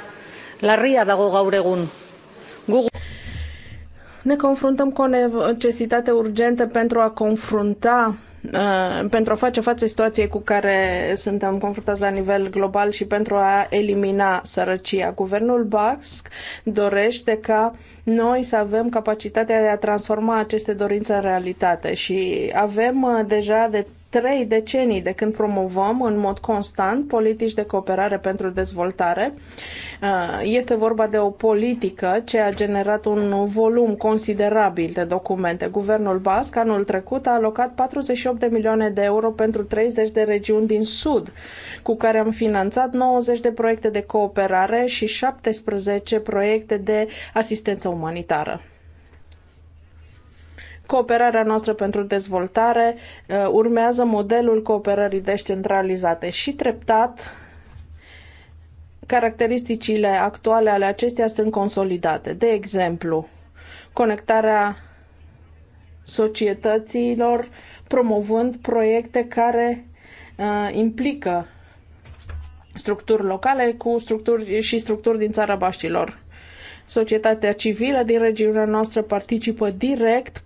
larria dago gaur egun. Google ne confruntăm cu o necesitate urgentă pentru a confrunta uh, pentru a face față situației cu care suntem confruntați la nivel global și pentru a elimina sărăcia. Guvernul Basc dorește ca noi să avem capacitatea de a transforma aceste dorințe în realitate și avem uh, deja de trei decenii de când promovăm în mod constant politici de cooperare pentru dezvoltare. Uh, este vorba de o politică ce a generat un volum considerabil de documente. Guvernul Basc anul trecut a alocat 48 de milioane de euro pentru 30 de regiuni din sud, cu care am finanțat 90 de proiecte de cooperare și 17 proiecte de asistență umanitară. Cooperarea noastră pentru dezvoltare uh, urmează modelul cooperării descentralizate și treptat caracteristicile actuale ale acesteia sunt consolidate. De exemplu, conectarea societăților promovând proiecte care uh, implică structuri locale cu structuri și structuri din țara Baștilor. Societatea civilă din regiunea noastră participă direct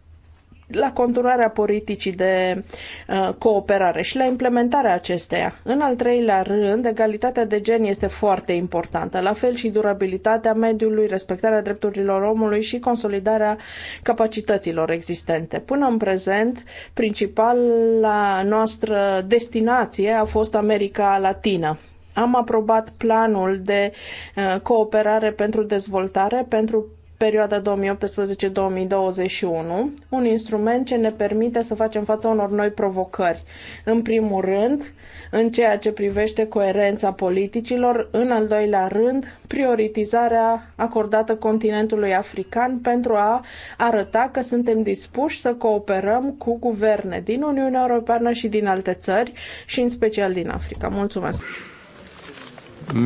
la conturarea politicii de uh, cooperare și la implementarea acesteia. În al treilea rând, egalitatea de gen este foarte importantă, la fel și durabilitatea mediului, respectarea drepturilor omului și consolidarea capacităților existente. Până în prezent, principala noastră destinație a fost America Latină. Am aprobat planul de uh, cooperare pentru dezvoltare pentru perioada 2018-2021, un instrument ce ne permite să facem față unor noi provocări. În primul rând, în ceea ce privește coerența politicilor, în al doilea rând, prioritizarea acordată continentului african pentru a arăta că suntem dispuși să cooperăm cu guverne din Uniunea Europeană și din alte țări și în special din Africa. Mulțumesc!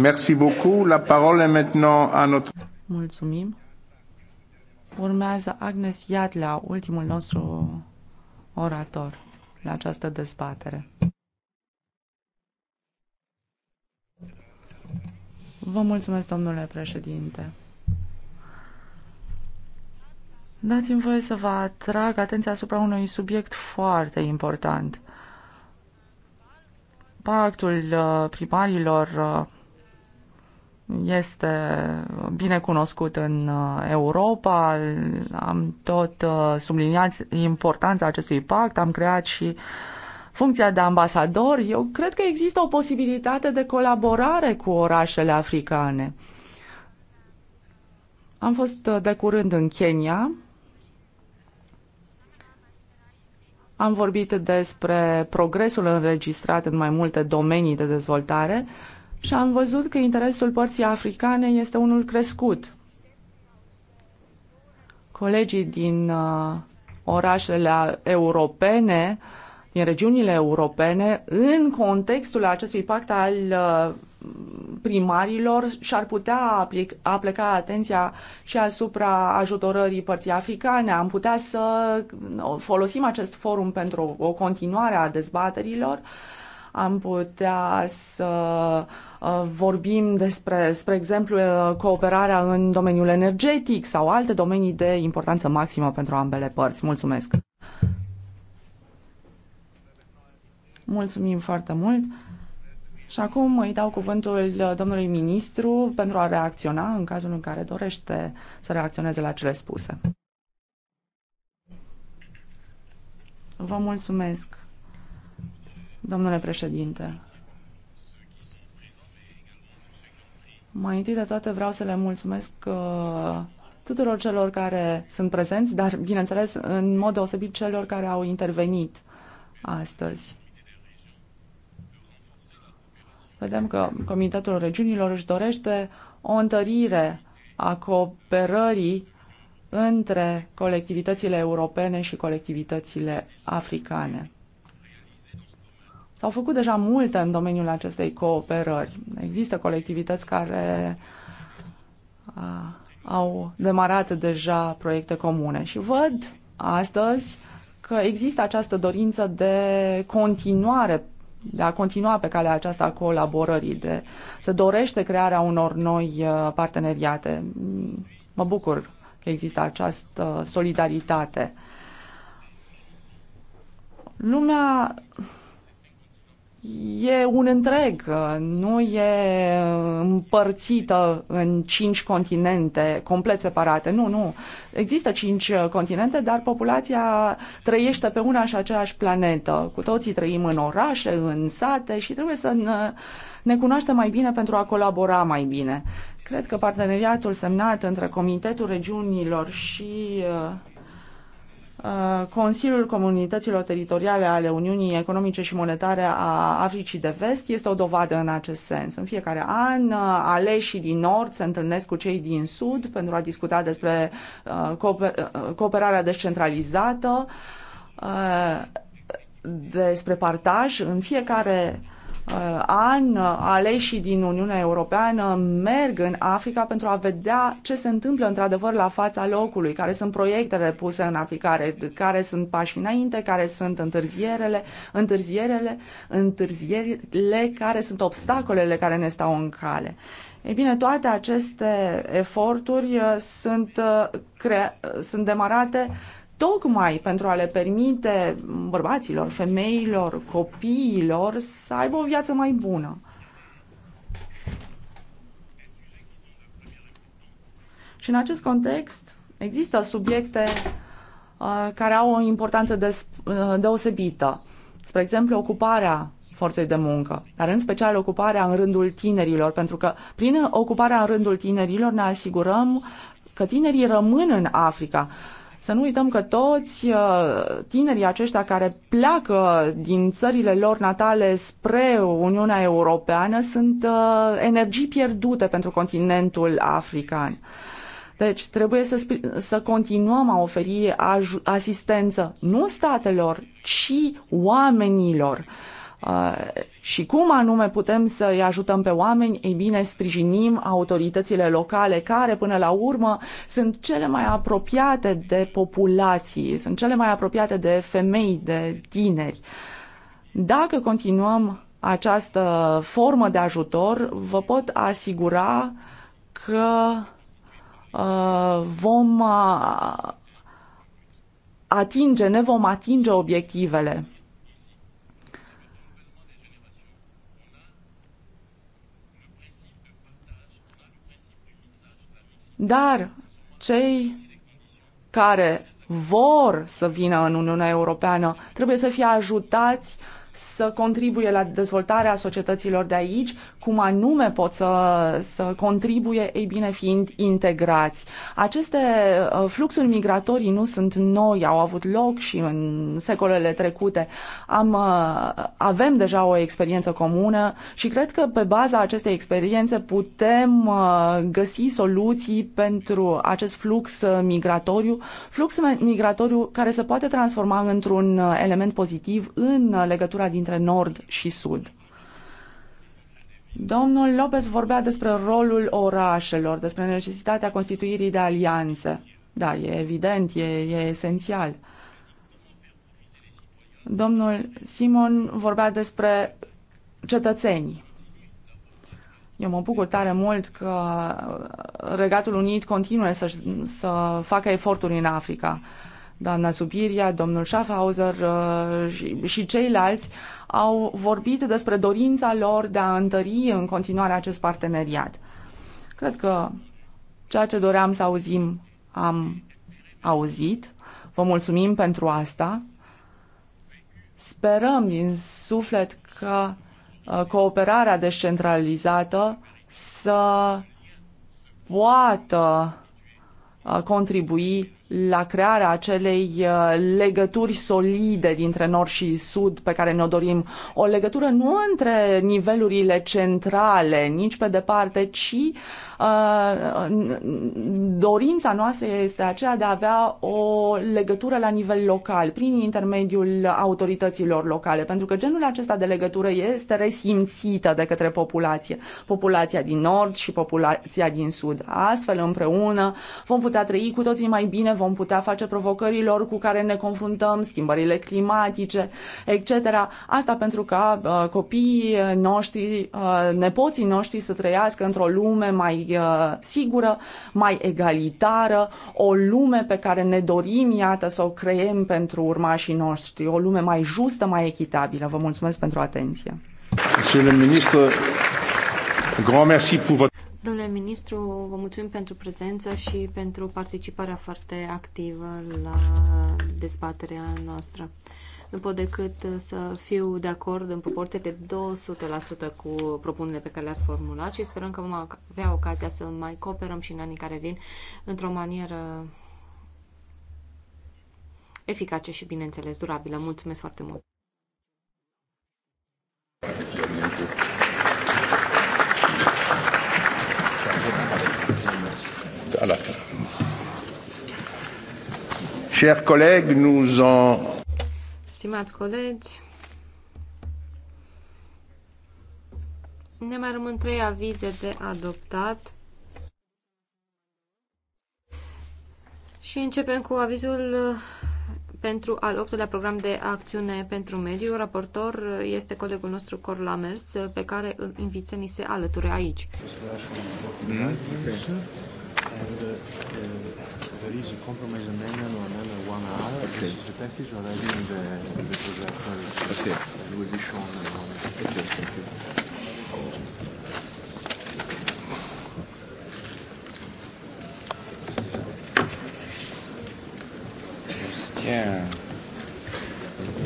Merci beaucoup. La parole est maintenant à notre... Mulțumim. Urmează Agnes la ultimul nostru orator la această dezbatere. Vă mulțumesc, domnule președinte. Dați-mi voie să vă atrag atenția asupra unui subiect foarte important. Pactul uh, primarilor uh, este bine cunoscut în uh, Europa. Am tot uh, subliniat importanța acestui pact, am creat și funcția de ambasador. Eu cred că există o posibilitate de colaborare cu orașele africane. Am fost uh, de curând în Kenya. Am vorbit despre progresul înregistrat în mai multe domenii de dezvoltare și am văzut că interesul părții africane este unul crescut. Colegii din uh, orașele europene, din regiunile europene, în contextul acestui pact al uh, primarilor și-ar putea apleca atenția și asupra ajutorării părții africane. Am putea să folosim acest forum pentru o continuare a dezbaterilor uh, am putea să uh, vorbim despre, spre exemplu, uh, cooperarea în domeniul energetic sau alte domenii de importanță maximă pentru ambele părți. Mulțumesc! Mulțumim foarte mult! Și acum îi dau cuvântul uh, domnului ministru pentru a reacționa în cazul în care dorește să reacționeze la cele spuse. Vă mulțumesc! Domnule președinte, mai întâi de toate vreau să le mulțumesc că uh, tuturor celor care sunt prezenți, dar, bineînțeles, în mod deosebit celor care au intervenit astăzi. Vedem că Comitetul Regiunilor își dorește o întărire a cooperării între colectivitățile europene și colectivitățile africane. S-au făcut deja multe în domeniul acestei cooperări. Există colectivități care a, au demarat deja proiecte comune și văd astăzi că există această dorință de continuare de a continua pe calea aceasta a colaborării, de, se dorește crearea unor noi parteneriate. Mă bucur că există această solidaritate. Lumea e un întreg, nu e împărțită în cinci continente complet separate. Nu, nu. Există cinci continente, dar populația trăiește pe una și aceeași planetă. Cu toții trăim în orașe, în sate și trebuie să ne, ne cunoaștem mai bine pentru a colabora mai bine. Cred că parteneriatul semnat între Comitetul Regiunilor și uh, Uh, Consiliul Comunităților Teritoriale ale Uniunii Economice și Monetare a Africii de Vest este o dovadă în acest sens. În fiecare an, uh, aleșii din Nord se întâlnesc cu cei din Sud pentru a discuta despre uh, cooperarea descentralizată, despre partaj. În fiecare Uh, an uh, aleșii din Uniunea Europeană merg în Africa pentru a vedea ce se întâmplă într-adevăr la fața locului, care sunt proiectele puse în aplicare, care sunt pașii înainte, care sunt întârzierele, întârzierele, întârzierile, care sunt obstacolele care ne stau în cale. Ei bine, toate aceste eforturi uh, sunt, cre- sunt demarate uh, tocmai pentru a le permite bărbaților, femeilor, copiilor să aibă o viață mai bună. Și în acest context există subiecte uh, care au o importanță des, uh, deosebită. Spre exemplu, ocuparea forței de muncă, dar în special ocuparea în rândul tinerilor, pentru că prin ocuparea în rândul tinerilor ne asigurăm că tinerii rămân în Africa. Uh, să nu uităm că toți uh, tinerii aceștia care pleacă din țările lor natale spre Uniunea Europeană sunt uh, energii pierdute pentru continentul african. Deci trebuie să, să continuăm a oferi asistență nu statelor, ci oamenilor. Uh, Uh, și cum anume putem să îi ajutăm pe oameni? Ei bine, sprijinim autoritățile locale care, până la urmă, sunt cele mai apropiate de populații, sunt cele mai apropiate de femei, de tineri. Dacă continuăm această formă de ajutor, vă pot asigura că uh, vom uh, atinge, ne vom atinge obiectivele. Dar cei care vor să vină în Uniunea Europeană trebuie să fie ajutați uh, să contribuie la dezvoltarea societăților de aici, cum anume pot să, să contribuie, ei bine, fiind integrați. Aceste uh, fluxuri migratorii nu sunt noi, au avut loc și în secolele trecute. Am, uh, avem deja o experiență comună și cred că pe baza acestei experiențe putem uh, găsi soluții pentru acest flux migratoriu, flux migratoriu care se poate transforma într-un element pozitiv în legătură legătura dintre nord și sud. Domnul Lopez vorbea despre rolul orașelor, despre necesitatea constituirii de alianțe. Da, e evident, e, e esențial. Domnul Simon vorbea despre cetățenii. Eu mă bucur tare mult că Regatul Unit continuă să, să facă eforturi în Africa doamna Subiria, domnul Schaffhauser uh, și, și ceilalți au vorbit despre dorința lor de a întări în continuare acest parteneriat. Cred că ceea ce doream să auzim am auzit. Vă mulțumim pentru asta. Sperăm din suflet că uh, cooperarea descentralizată să poată uh, contribui la crearea acelei uh, legături solide dintre nord și sud pe care ne-o dorim. O legătură nu între nivelurile centrale, nici pe departe, ci uh, dorința noastră este aceea de a avea o legătură la nivel local, prin intermediul autorităților locale, pentru că genul acesta de legătură este resimțită de către populație, populația din nord și populația din sud. Astfel, împreună, vom putea trăi cu toții mai bine vom putea face provocărilor cu care ne confruntăm, schimbările climatice, etc. Asta pentru ca uh, copiii noștri, uh, nepoții noștri să trăiască într-o lume mai uh, sigură, mai egalitară, o lume pe care ne dorim, iată, să o creem pentru urmașii noștri, o lume mai justă, mai echitabilă. Vă mulțumesc pentru atenție. Monsieur le ministre, grand merci pour votre... Domnule ministru, vă mulțumim pentru prezență și pentru participarea foarte activă la dezbaterea noastră. Nu pot decât să fiu de acord în proporție de 200% cu propunerile pe care le-ați formulat și sperăm că vom avea ocazia să mai cooperăm și în anii care vin într-o manieră eficace și, bineînțeles, durabilă. Mulțumesc foarte mult! Chers collègues, nous en... Stimați colegi, ne mai rămân trei avize de adoptat. Și începem cu avizul uh, pentru al optulea program de acțiune pentru mediu. Raportor uh, este colegul nostru Cor Lamers, uh, pe care îl invit să ni se alăture aici. Mm -hmm there is a compromise amendment or amendment one hour. Okay. This is the already in the, in the projector. Okay. It will be shown in Okay, thank you. Yeah.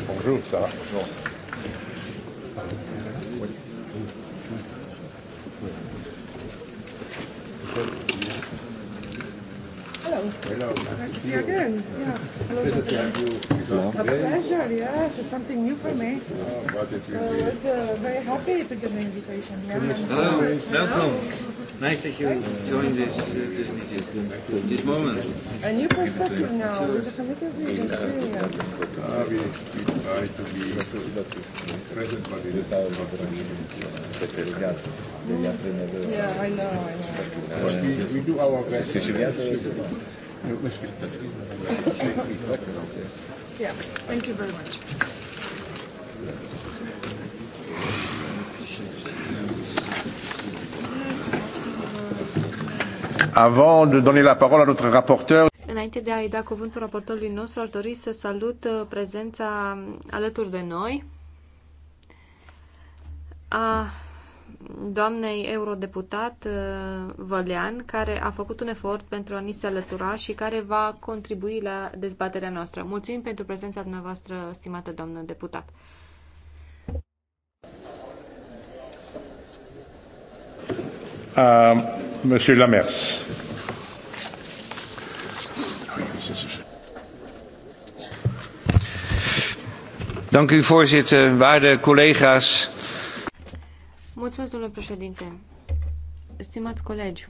Bonjour, ça va Bonjour. Hello. Nice to see you again. Yeah. Hello, gentlemen. A pleasure, yes. It's something new for me. So I was uh, very happy to get the invitation. Yeah, Hello. Welcome. Nice that you joined this, uh, this meeting, this moment. A new perspective now with the committee experience. Uh, we, we try to be present, but it is not mm. Yeah, I know, I know. we, we do our best. Yeah, thank you very much. Avant de donner la parole à notre rapporteur, Înainte de a-i da cuvântul raportorului nostru, ar dori să salut uh, prezența alături de noi a doamnei eurodeputat uh, Vălean, care a făcut un efort pentru a ni se alătura și care va contribui la dezbaterea noastră. Mulțumim pentru prezența dumneavoastră, stimată doamnă deputat. Uh, Monsieur Lamers. Dank u, voorzitter. Waarde collega's. Mulțumesc, domnule președinte. Stimați colegi,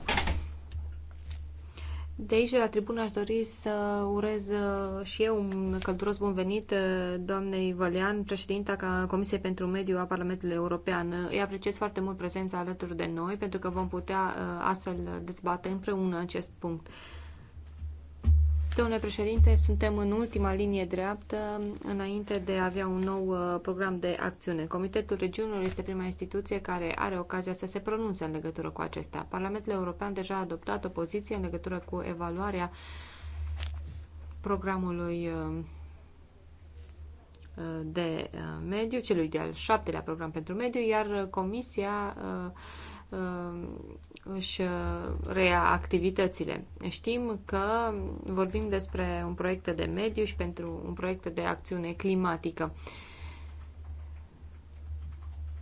de aici, de la tribună, aș dori să urez uh, și eu un călduros bun venit uh, doamnei Vălean, președinta Comisiei pentru Mediu a Parlamentului European. Îi apreciez foarte mult prezența alături de noi, pentru că vom putea uh, astfel dezbate împreună acest punct. Domnule președinte, suntem în ultima linie dreaptă înainte de a avea un nou uh, program de acțiune. Comitetul Regiunilor este prima instituție care are ocazia să se pronunțe în legătură cu acesta. Parlamentul European deja a adoptat o poziție în legătură cu evaluarea programului uh, uh, de mediu, celui de-al șaptelea program pentru mediu, iar Comisia își uh, reia activitățile. Știm că vorbim despre un proiect de mediu și pentru un proiect de acțiune climatică.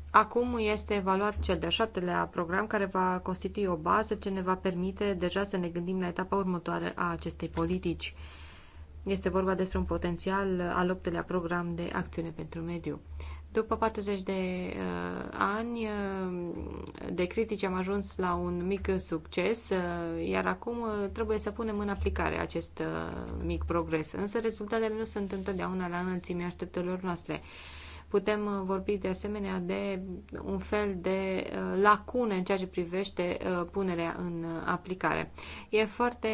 Acum este evaluat cel de-al șaptelea program care va constitui o bază ce ne va permite deja să ne gândim la etapa următoare a acestei politici. Este vorba despre un potențial al optelea program de acțiune pentru mediu. După 40 de uh, ani uh, de critici am ajuns la un mic succes, uh, iar acum uh, trebuie să punem în aplicare acest uh, mic progres. Însă rezultatele nu sunt întotdeauna la înălțimea așteptărilor noastre. Putem uh, vorbi de asemenea de un fel de uh, lacune în ceea ce privește uh, punerea în aplicare. E foarte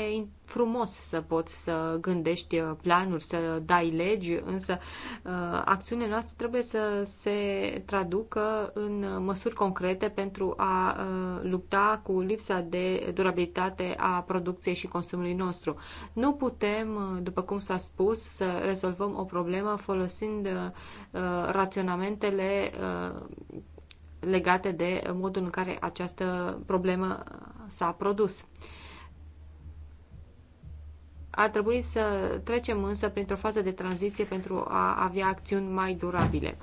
frumos să poți să gândești uh, planuri, să dai legi, însă uh, acțiunile noastre trebuie să se traducă în măsuri concrete pentru a uh, lupta cu lipsa de durabilitate a producției și consumului nostru. Nu putem, după cum s-a spus, să rezolvăm o problemă folosind raționamentele legate de modul în care această problemă s-a produs. Ar trebui să trecem însă printr-o fază de tranziție pentru a avea acțiuni mai durabile.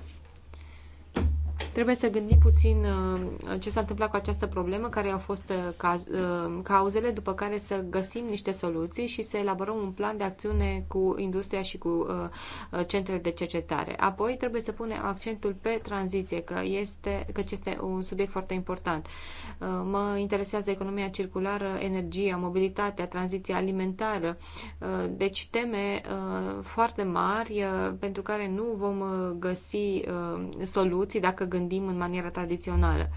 Trebuie să gândim puțin uh, ce s-a întâmplat cu această problemă, care au fost uh, uh, cauzele, după care să găsim niște soluții și să elaborăm un plan de acțiune cu industria și cu centrele de cercetare. Apoi trebuie să punem accentul pe tranziție, că este, că este un subiect foarte important. Mă interesează economia circulară, energia, mobilitatea, tranziția alimentară, deci teme foarte mari pentru care nu vom găsi soluții dacă gândim gândim în maniera tradițională.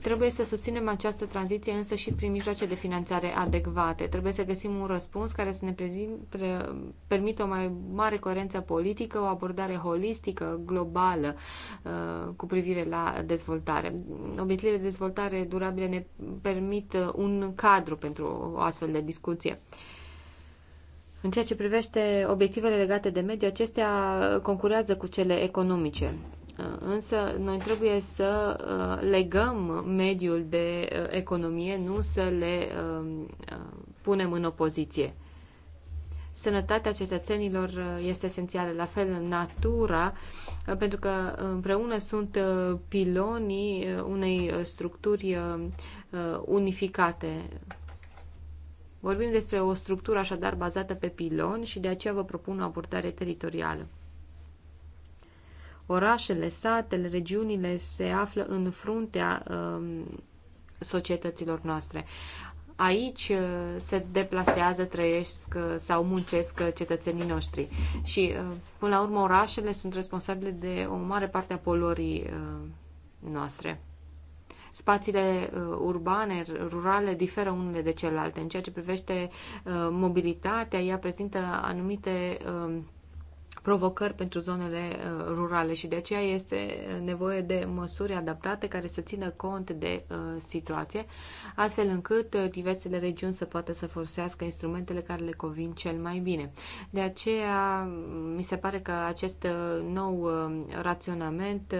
Trebuie să susținem această tranziție însă și prin mijloace de finanțare adecvate. Trebuie să găsim un răspuns care să ne prezim, pre, permită o mai mare coerență politică, o abordare holistică, globală, uh, cu privire la dezvoltare. Obiectivele de dezvoltare durabile ne permit uh, un cadru pentru o astfel de discuție. În ceea ce privește obiectivele legate de mediu, acestea concurează cu cele economice. Uh, însă noi trebuie să uh, legăm mediul de uh, economie, nu să le um, punem în opoziție. Sănătatea cetățenilor este esențială, la fel natura, pentru că împreună sunt pilonii unei structuri unificate. Vorbim despre o structură așadar bazată pe pilon și de aceea vă propun o abordare teritorială. Orașele, satele, regiunile se află în fruntea um, societăților noastre. Aici uh, se deplasează, trăiesc uh, sau muncesc uh, cetățenii noștri. Și, până la urmă, orașele sunt responsabile de o mare parte a poluării noastre spațiile urbane, rurale diferă unele de celelalte. În ceea ce privește mobilitatea, ea prezintă anumite um, provocări pentru zonele uh, rurale și de aceea este uh, nevoie de măsuri adaptate care să țină cont de uh, situație, astfel încât diversele regiuni să poată să folosească instrumentele care le convin cel mai bine. De aceea, mm, mi se pare că acest nou raționament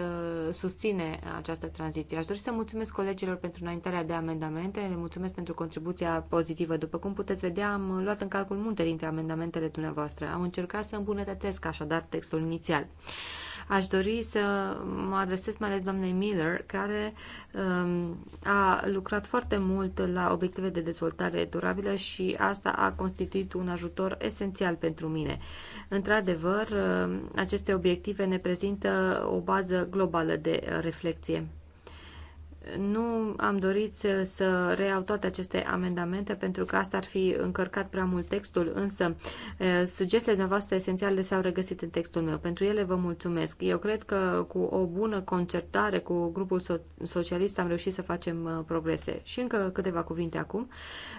susține această tranziție. Aș dori să mulțumesc colegilor pentru înaintarea de amendamente, le mulțumesc pentru contribuția pozitivă. După cum puteți vedea, am luat în calcul multe dintre amendamentele dumneavoastră. Am încercat să îmbunătățesc așadar textul inițial. Aș dori să mă adresez mai ales doamnei Miller, care um, a lucrat foarte mult la obiective de dezvoltare durabilă și asta a constituit un ajutor esențial pentru mine. Într-adevăr, um, aceste obiective ne prezintă o bază globală de reflexie. Nu am dorit să reiau toate aceste amendamente pentru că asta ar fi încărcat prea mult textul, însă sugestiile noastre esențiale s-au regăsit în textul meu. Pentru ele vă mulțumesc. Eu cred că cu o bună concertare cu grupul socialist am reușit să facem uh, progrese. Și încă câteva cuvinte acum.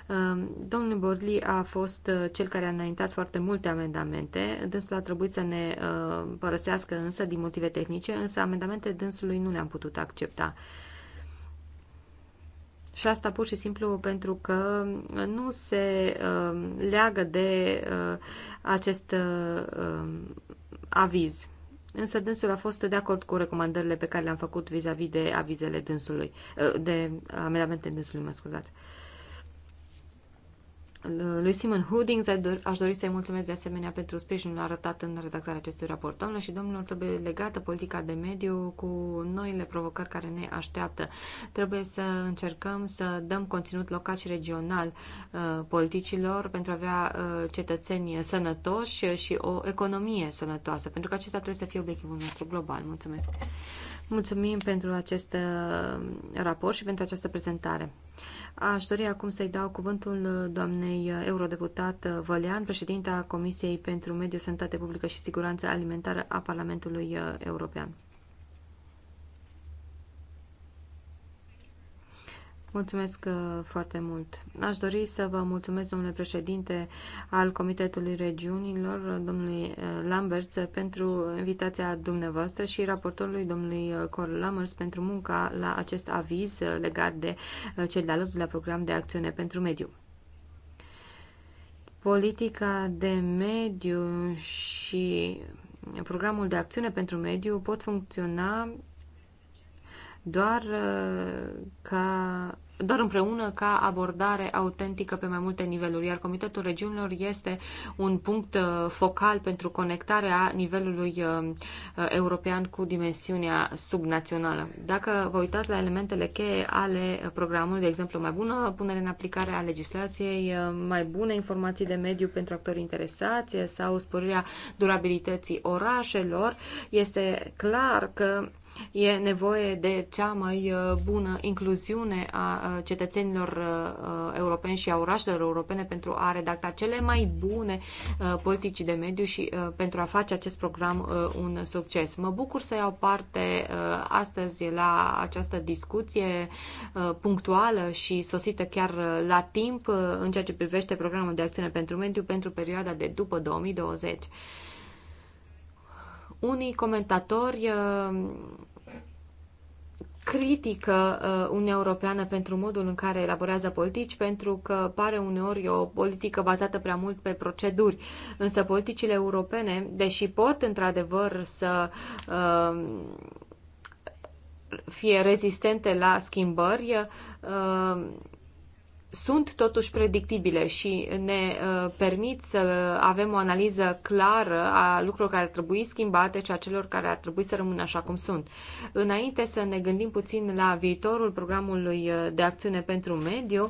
Uh, domnul Borli a fost uh, cel care a înaintat foarte multe amendamente. Dânsul a trebuit să ne părăsească însă din motive tehnice, însă amendamente dânsului nu le-am putut accepta. Și asta pur și simplu pentru că nu se um, leagă de uh, acest um, aviz. Însă dânsul a fost de acord cu recomandările pe care le-am făcut vis-a-vis -vis de avizele dânsului, uh, de amendamente dânsului, mă scuzați lui Simon Hoodings aș dori să-i mulțumesc de asemenea pentru sprijinul arătat în redactarea acestui raport. Doamne și domnilor, trebuie legată politica de mediu cu noile provocări care ne așteaptă. Trebuie să încercăm să dăm conținut local și regional uh, politicilor pentru a avea uh, cetățeni sănătoși și o economie sănătoasă, pentru că acesta trebuie să fie obiectivul nostru global. Mulțumesc! Mulțumim pentru acest uh, raport și pentru această prezentare. Aș dori acum să-i dau cuvântul uh, doamnei uh, eurodeputat Vălean, președinta Comisiei pentru Mediu, Sănătate Publică și Siguranță Alimentară a Parlamentului European. Mulțumesc uh, foarte mult. Aș dori să vă mulțumesc, domnule președinte al Comitetului Regiunilor, domnului uh, Lambert, pentru invitația dumneavoastră și raportorului domnului uh, Cor Lammers pentru munca la acest aviz legat de cel de-al doilea program de acțiune pentru mediu. Politica de mediu și programul de acțiune pentru mediu pot funcționa doar ca doar împreună ca abordare autentică pe mai multe niveluri, iar Comitetul Regiunilor este un punct uh, focal pentru conectarea nivelului uh, uh, european cu dimensiunea subnațională. Dacă vă uitați la elementele cheie ale programului, de exemplu, mai bună punere în aplicare a legislației, mai bune informații de mediu pentru actorii interesați sau sporirea durabilității orașelor, este clar că E nevoie de cea mai uh, bună incluziune a uh, cetățenilor uh, europeni și a orașelor europene pentru a redacta cele mai bune politici de mediu și pentru a face acest program un succes. Mă bucur să iau parte astăzi la această discuție punctuală și sosită chiar la timp în ceea ce privește programul de acțiune pentru mediu pentru perioada de după 2020. Unii comentatori uh, critică uh, Uniunea Europeană pentru modul în care elaborează politici, pentru că pare uneori o politică bazată prea mult pe proceduri. Însă politicile europene, deși pot într-adevăr să uh, fie rezistente la schimbări, sunt totuși predictibile și ne uh, permit să avem o analiză clară a lucrurilor care ar trebui schimbate și a celor care ar trebui să rămână așa cum sunt. Înainte să ne gândim puțin la viitorul programului uh, de acțiune pentru mediu,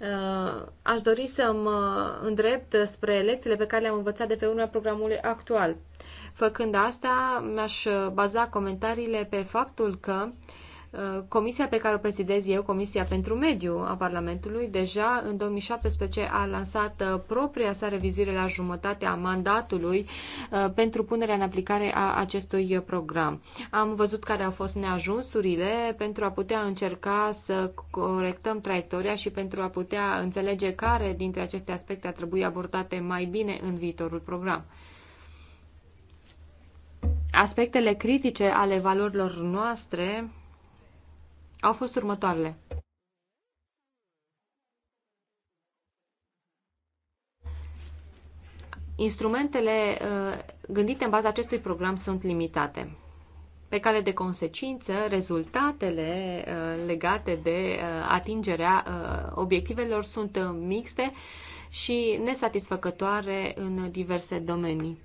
uh, aș dori să mă îndrept spre lecțiile pe care le-am învățat de pe urma programului actual. Făcând asta, mi-aș baza comentariile pe faptul că uh, Uh, comisia pe care o prezidez eu, Comisia pentru Mediu a Parlamentului, deja în 2017 a lansat uh, propria sa revizuire la jumătatea mandatului uh, pentru punerea în aplicare a acestui program. Am văzut care au fost neajunsurile pentru a putea încerca să corectăm traiectoria și pentru a putea înțelege care dintre aceste aspecte ar trebui abordate mai bine în viitorul program aspectele critice ale valorilor noastre au fost următoarele. Instrumentele uh, gândite în baza acestui program sunt limitate. Pe cale de consecință, rezultatele uh, legate de uh, atingerea obiectivelor sunt mixte și nesatisfăcătoare în diverse domenii.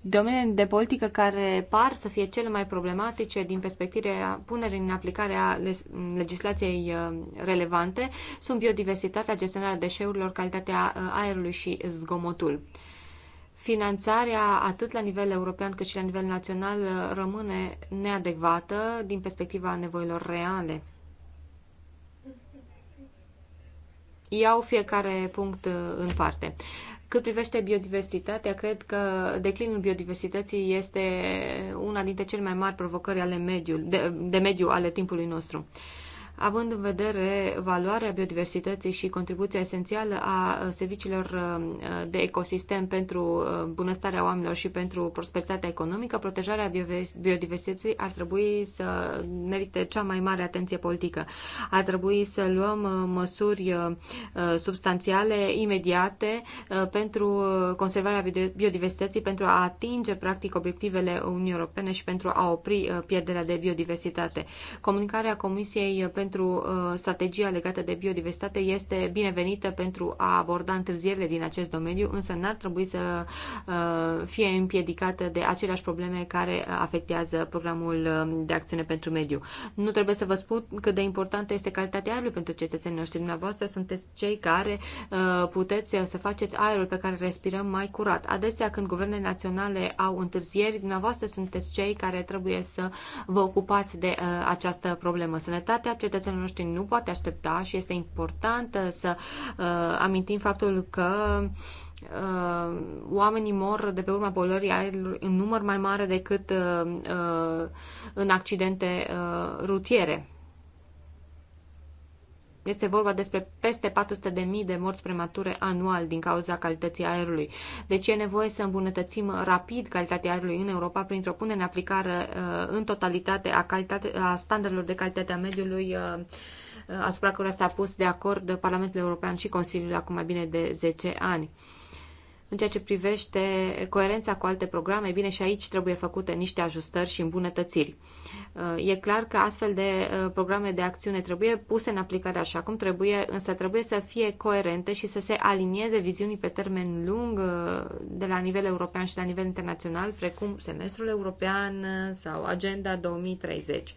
Domenii de politică care par să fie cele mai problematice din perspectiva punerii în aplicare a legislației uh, relevante sunt biodiversitatea, gestionarea deșeurilor, calitatea uh, aerului și zgomotul finanțarea atât la nivel european cât și la nivel național uh, rămâne neadecvată din perspectiva nevoilor reale. Iau fiecare punct în parte. Cât privește biodiversitatea, cred că declinul biodiversității este una dintre cele mai mari provocări ale mediul, de, de mediu ale timpului nostru având în vedere valoarea biodiversității și contribuția esențială a serviciilor uh, de ecosistem pentru uh, bunăstarea oamenilor și pentru prosperitatea economică, protejarea biodiversității ar trebui să merite cea mai mare atenție politică. Ar trebui să luăm uh, măsuri substanțiale, imediate, pentru conservarea biodiversității, pentru a atinge, practic, obiectivele Uniunii Europene și pentru a opri pierderea de biodiversitate. Comunicarea Comisiei pentru pentru uh, strategia legată de biodiversitate este binevenită pentru a aborda întârzierile din acest domeniu, însă n-ar trebui să uh, fie împiedicată de aceleași probleme care afectează programul um, de acțiune pentru mediu. Nu trebuie să vă spun cât de importantă este calitatea aerului pentru cetățenii noștri. Dumneavoastră sunteți cei care uh, puteți să faceți aerul pe care respirăm mai curat. Adesea, când guvernele naționale au întârzieri, dumneavoastră sunteți cei care trebuie să vă ocupați de această problemă. Sănătatea cetățenilor cetățenilor noștri nu poate aștepta și este important uh, să uh, amintim faptul că uh, oamenii mor de pe urma bolării aerului în număr mai mare decât uh, uh, în accidente uh, rutiere. Este vorba despre peste 400.000 de morți premature anual din cauza calității aerului. Deci e nevoie să îmbunătățim rapid calitatea aerului în Europa printr-o punere în aplicare uh, în totalitate a, calitate, a standardelor de calitate a mediului uh, uh, asupra cărora s-a pus de acord Parlamentul European și Consiliul acum mai bine de 10 ani. În ceea ce privește coerența cu alte programe, bine, și aici trebuie făcute niște ajustări și îmbunătățiri. Uh, e clar că astfel de uh, programe de acțiune trebuie puse în aplicare așa cum trebuie, însă trebuie să fie coerente și să se alinieze viziunii pe termen lung uh, de la nivel european și la nivel internațional, precum semestrul european sau Agenda 2030.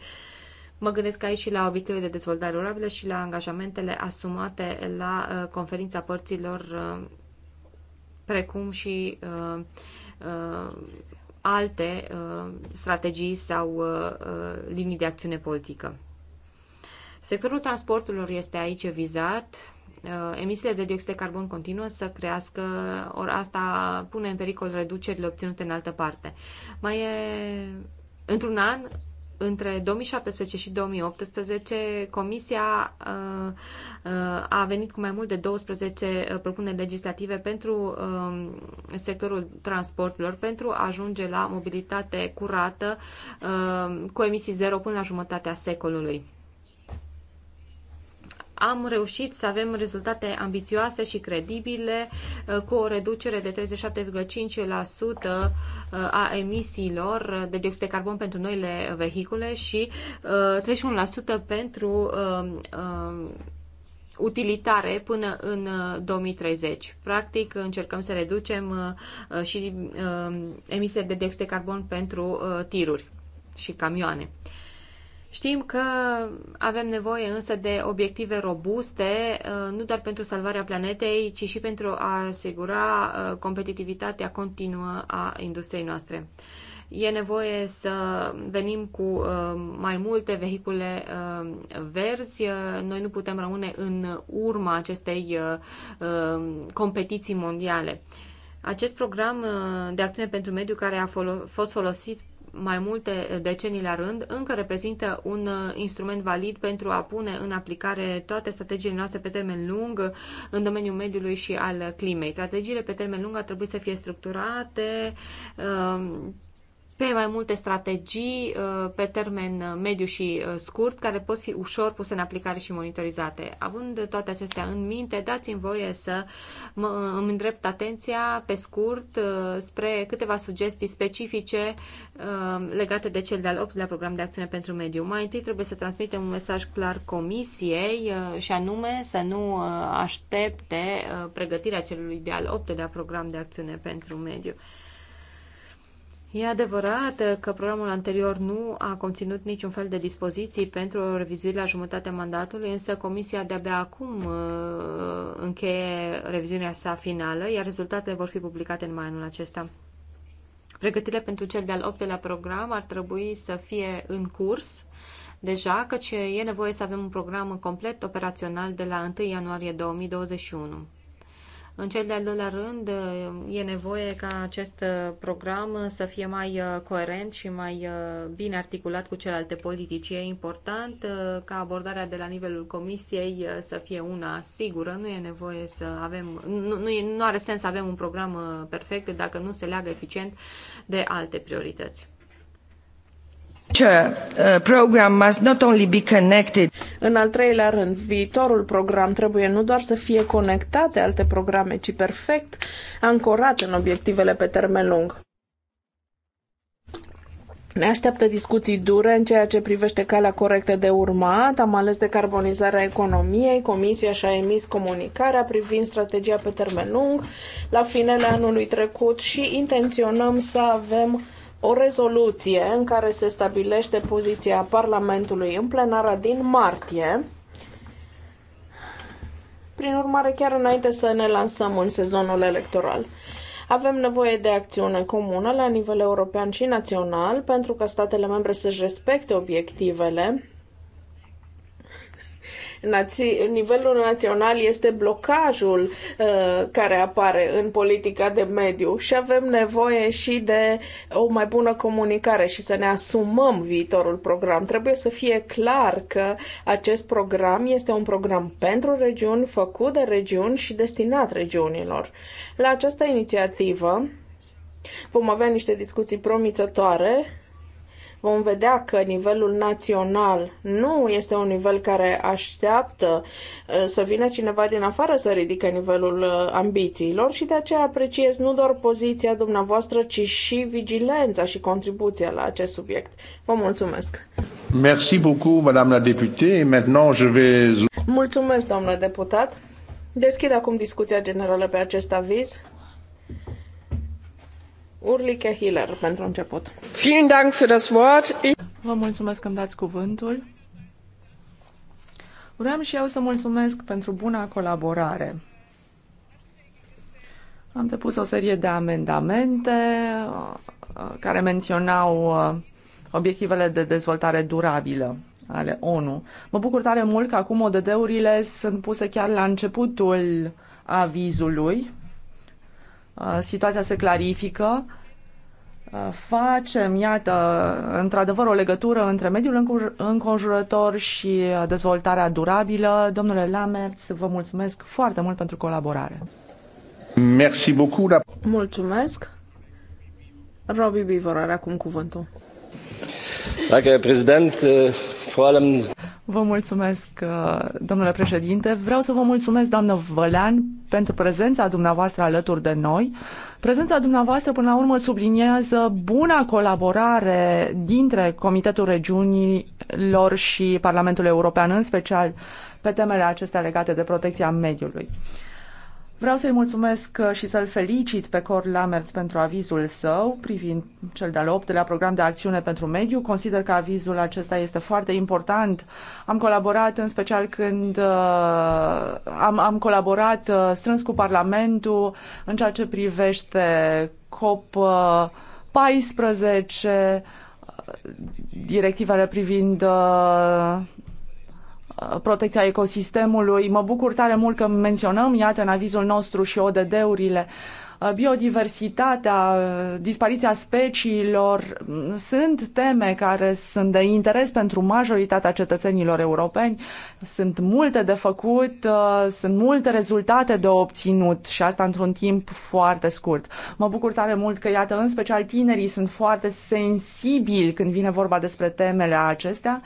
Mă gândesc aici și la obiectivele de dezvoltare durabilă și la angajamentele asumate la conferința părților precum și uh, uh, alte uh, strategii sau uh, uh, linii de acțiune politică. Sectorul transporturilor este aici vizat. Uh, emisiile de dioxid de carbon continuă să crească, ori asta pune în pericol reducerile obținute în altă parte. Mai e într-un an între 2017 și 2018 Comisia uh, uh, a venit cu mai mult de 12 uh, propuneri legislative pentru um, sectorul transporturilor pentru a ajunge la mobilitate curată cu emisii zero până la jumătatea secolului am reușit să avem rezultate ambițioase și credibile uh, cu o reducere de 37,5% uh, a emisiilor de dioxid de carbon pentru noile vehicule și 31% uh, pentru um, um, utilitare până în 2030. Practic, încercăm să reducem și um, emisiile de dioxid de carbon pentru tiruri și camioane. Știm că avem nevoie însă de obiective robuste, uh, nu doar pentru salvarea planetei, ci și pentru a asigura uh, competitivitatea continuă a industriei noastre. E nevoie să venim cu uh, mai multe vehicule verzi. Noi nu putem rămâne în urma acestei competiții mondiale. Acest program de acțiune pentru mediu care a fost folosit mai multe decenii la rând, încă reprezintă un uh, instrument valid pentru a pune în aplicare toate strategiile noastre pe termen lung uh, în domeniul mediului și al climei. Strategiile pe termen lung ar trebui să fie structurate uh, pe mai multe strategii uh, pe termen uh, mediu și uh, scurt, care pot fi ușor puse în aplicare și monitorizate. Având toate acestea în minte, dați-mi voie să mă, îmi îndrept atenția pe scurt spre câteva sugestii specifice legate de cel de-al 8-lea program de acțiune pentru mediu. Mai întâi trebuie să transmitem un mesaj clar comisiei și anume să nu aștepte pregătirea celui de-al 8-lea program de acțiune pentru mediu. E adevărat că programul anterior nu a conținut niciun fel de dispoziții pentru o revizuire la jumătatea mandatului, însă Comisia de-abia acum uh, încheie reviziunea sa finală, iar rezultatele vor fi publicate numai anul acesta. Pregătirile pentru cel de-al optelea program ar trebui să fie în curs deja, căci e nevoie să avem un program complet operațional de la 1 ianuarie 2021. În cel de-al doilea rând, e nevoie ca acest program să fie mai uh, coerent și mai uh, bine articulat cu celelalte politici. E important uh, ca abordarea de la nivelul comisiei să fie una sigură. Nu e nevoie să avem, nu, nu, e, nu are sens să avem un program perfect dacă nu se leagă eficient de alte priorități. Uh, program must not only be connected. În al treilea rând, viitorul program trebuie nu doar să fie conectate alte programe, ci perfect ancorat în obiectivele pe termen lung. Ne așteaptă discuții dure în ceea ce privește calea corectă de urmat. Am ales decarbonizarea economiei. Comisia și-a emis comunicarea privind strategia pe termen lung la finele anului trecut și intenționăm să avem o rezoluție în care se stabilește poziția Parlamentului în plenara din martie. Prin urmare, chiar înainte să ne lansăm în sezonul electoral. Avem nevoie de acțiune comună la nivel european și național pentru ca statele membre să-și respecte obiectivele nivelul național este blocajul uh, care apare în politica de mediu și avem nevoie și de o mai bună comunicare și să ne asumăm viitorul program. Trebuie să fie clar că acest program este un program pentru regiuni, făcut de regiuni și destinat regiunilor. La această inițiativă vom avea niște discuții promițătoare vom vedea că nivelul național nu este un nivel care așteaptă uh, să vină cineva din afară să ridică nivelul uh, ambițiilor și de aceea apreciez nu doar poziția dumneavoastră, ci și vigilența și contribuția la acest subiect. Vă mulțumesc! Merci beaucoup, madame la députée. Maintenant, je vais... Mulțumesc, doamnă deputat! Deschid acum discuția generală pe acest aviz. Urlike Hiller, pentru început. Vielen Dank für das Wort. Vă mulțumesc că îmi dați cuvântul. Vreau și eu să mulțumesc pentru buna colaborare. Am depus o serie de amendamente uh, uh, care menționau uh, obiectivele de dezvoltare durabilă ale ONU. Mă bucur tare mult că acum ODD-urile sunt puse chiar la începutul avizului Uh, situația se clarifică. Uh, facem, iată, într-adevăr o legătură între mediul înconjurător și uh, dezvoltarea durabilă. Domnule Lamerts, vă mulțumesc foarte mult pentru colaborare. Merci beaucoup. La... Mulțumesc. Robi Bivor are acum cuvântul. Dacă prezident, vor allem... Vă mulțumesc, uh, domnule președinte. Vreau să vă mulțumesc, doamnă Vălean, pentru prezența dumneavoastră alături de noi. Prezența dumneavoastră, până la urmă, subliniază buna colaborare dintre Comitetul Regiunilor și Parlamentul European, în special pe temele acestea legate de protecția mediului. Vreau să-i mulțumesc uh, și să-l felicit pe Cor Lamerț pentru avizul său privind cel de-al optelea program de acțiune pentru mediu. Consider că avizul acesta este foarte important. Am colaborat în special când uh, am, am colaborat uh, strâns cu Parlamentul în ceea ce privește COP uh, 14, uh, directivele privind uh, Uh, protecția ecosistemului. Mă bucur tare mult că menționăm, iată, în avizul nostru și ODD-urile uh, biodiversitatea, uh, dispariția speciilor mm, sunt teme care sunt de interes pentru majoritatea cetățenilor europeni. Sunt multe de făcut, sunt multe rezultate de obținut și asta într-un timp foarte scurt. Mă bucur tare mult că, iată, în special tinerii sunt foarte sensibili când vine vorba despre temele acestea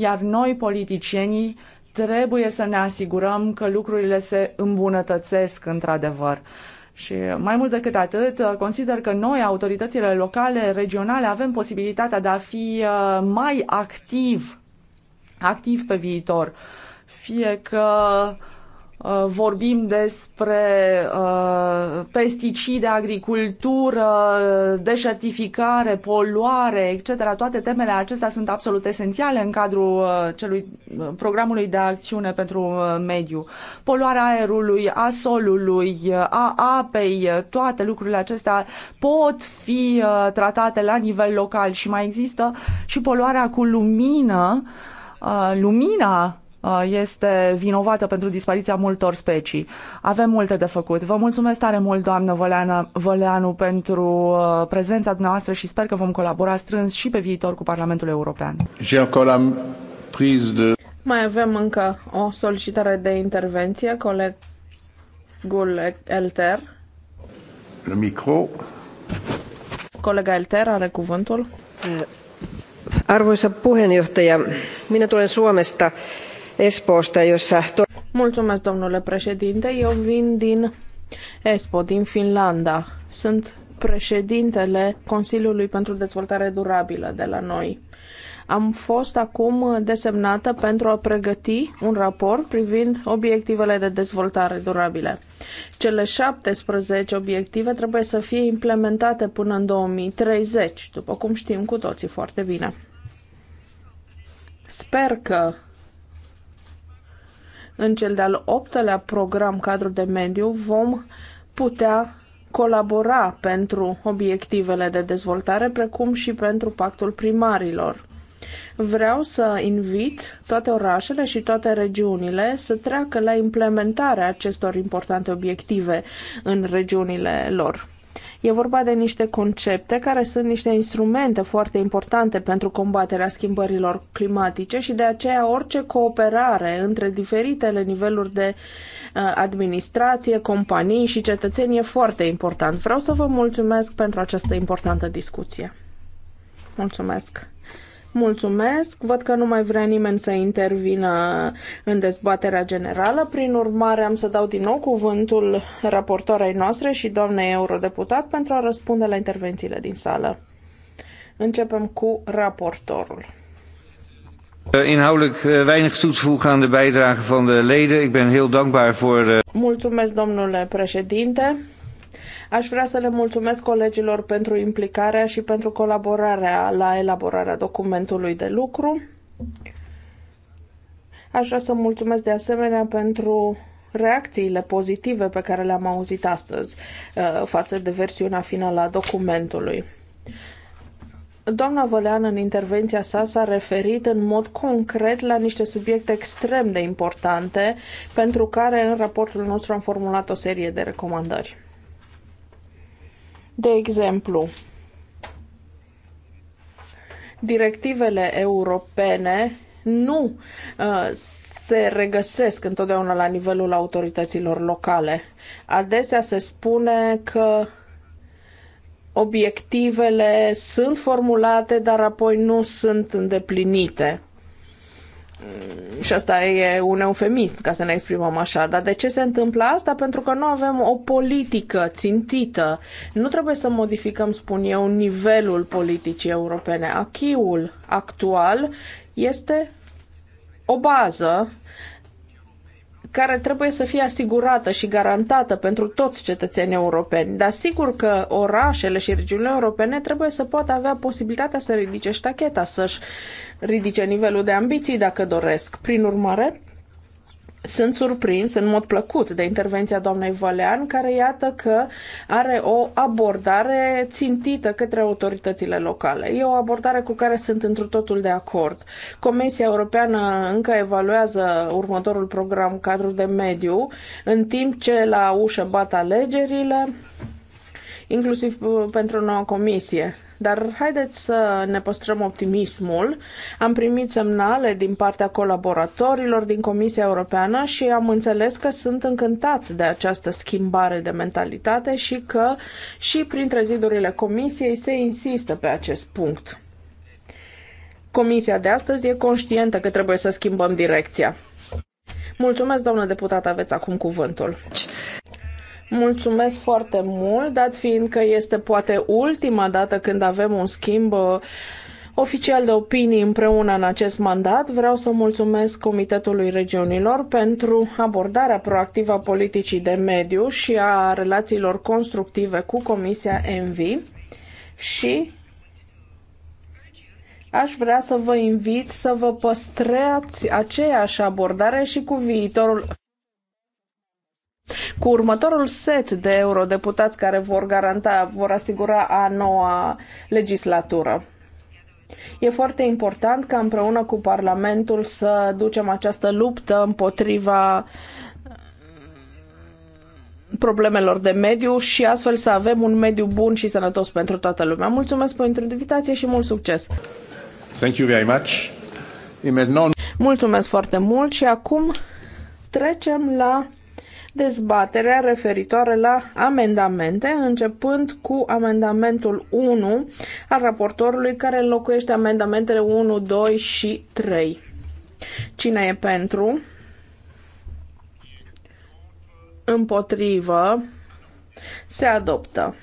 iar noi, politicienii, trebuie să ne asigurăm că lucrurile se îmbunătățesc într-adevăr. Și mai mult decât atât, consider că noi, autoritățile locale, regionale, avem posibilitatea de a fi uh, mai activ, activ pe viitor. Fie că uh, Uh, vorbim despre uh, pesticide, agricultură, deșertificare, poluare, etc. Toate temele acestea sunt absolut esențiale în cadrul uh, celui, uh, programului de acțiune pentru uh, mediu. Poluarea aerului, a solului, uh, a apei, toate lucrurile acestea pot fi uh, tratate la nivel local și mai există și poluarea cu lumină, uh, lumina Uh, este vinovată pentru dispariția multor specii. Avem multe de făcut. Vă mulțumesc tare mult, doamnă Văleana, pentru uh, prezența dumneavoastră și sper că vom colabora strâns și pe viitor cu Parlamentul European. Mai avem încă o solicitare de intervenție, colegul Elter. Le micro. Colega Elter are cuvântul. Arvoisa puheenjohtaja, minä tulen Suomesta. Espoosta, jossa... Mulțumesc, domnule președinte. Eu vin din Espo, din Finlanda. Sunt președintele Consiliului pentru Dezvoltare Durabilă de la noi. Am fost acum desemnată pentru a pregăti un raport privind obiectivele de dezvoltare durabile. Cele 17 obiective trebuie să fie implementate până în 2030, după cum știm cu toții foarte bine. Sper că în cel de-al optelea program cadru de mediu vom putea colabora pentru obiectivele de dezvoltare, precum și pentru pactul primarilor. Vreau să invit toate orașele și toate regiunile să treacă la implementarea acestor importante obiective în regiunile lor. E vorba de niște concepte care sunt niște instrumente foarte importante pentru combaterea schimbărilor climatice și de aceea orice cooperare între diferitele niveluri de uh, administrație, companii și cetățeni e foarte important. Vreau să vă mulțumesc pentru această importantă discuție. Mulțumesc! Mulțumesc. Văd că nu mai vrea nimeni să intervină în dezbaterea generală. Prin urmare, am să dau din nou cuvântul raportoarei noastre și doamnei eurodeputat pentru a răspunde la intervențiile din sală. Începem cu raportorul. Eh, inhoudelijk eh, weinig toe te voegen aan de bijdrage van de leden. Ik ben heel dankbaar voor. Eh, Mulțumesc, domnule președinte. Aș vrea să le mulțumesc colegilor pentru implicarea și pentru colaborarea la elaborarea documentului de lucru. Aș vrea să mulțumesc de asemenea pentru reacțiile pozitive pe care le-am auzit astăzi uh, față de versiunea finală a documentului. Doamna Văleană, în intervenția sa, s-a referit în mod concret la niște subiecte extrem de importante, pentru care în raportul nostru am formulat o serie de recomandări. De exemplu, directivele europene nu uh, se regăsesc întotdeauna la nivelul autorităților locale. Adesea se spune că obiectivele sunt formulate, dar apoi nu sunt îndeplinite. Mm, și asta e un eufemism ca să ne exprimăm așa, dar de ce se întâmplă asta? Pentru că nu avem o politică țintită. Nu trebuie să modificăm, spun eu, nivelul politicii europene. Achiul actual este o bază care trebuie să fie asigurată și garantată pentru toți cetățenii europeni. Dar sigur că orașele și regiunile europene trebuie să poată avea posibilitatea să ridice ștacheta, să-și uh, ridice nivelul de ambiții dacă doresc. Prin urmare, sunt surprins în mod plăcut de intervenția doamnei Valean care iată că are o abordare țintită către autoritățile locale. E o abordare cu care sunt într totul de acord. Comisia Europeană încă evaluează următorul program cadru de mediu, în timp ce la ușă bat alegerile, inclusiv uh, pentru noua comisie. Dar haideți să ne păstrăm optimismul. Am primit semnale din partea colaboratorilor din Comisia Europeană și am înțeles că sunt încântați de această schimbare de mentalitate și că și printre zidurile Comisiei se insistă pe acest punct. Comisia de astăzi e conștientă că trebuie să schimbăm direcția. Mulțumesc, doamnă deputată, aveți acum cuvântul. Mulțumesc foarte mult, dat fiind că este poate ultima dată când avem un schimb uh, oficial de opinii împreună în acest mandat, vreau să mulțumesc Comitetului Regiunilor pentru abordarea proactivă a politicii de mediu și a relațiilor constructive cu Comisia ENVI și aș vrea să vă invit să vă păstrați aceeași abordare și cu viitorul cu următorul set de eurodeputați care vor garanta, vor asigura a noua legislatură. E foarte important ca împreună cu Parlamentul să ducem această luptă împotriva uh, problemelor de mediu și astfel să avem un mediu bun și sănătos pentru toată lumea. Mulțumesc pentru invitație și mult succes! Thank you very much. Mulțumesc foarte mult și acum trecem la dezbaterea referitoare la amendamente, începând cu amendamentul 1 al raportorului care înlocuiește amendamentele 1, 2 și 3. Cine e pentru? Împotrivă. Se adoptă.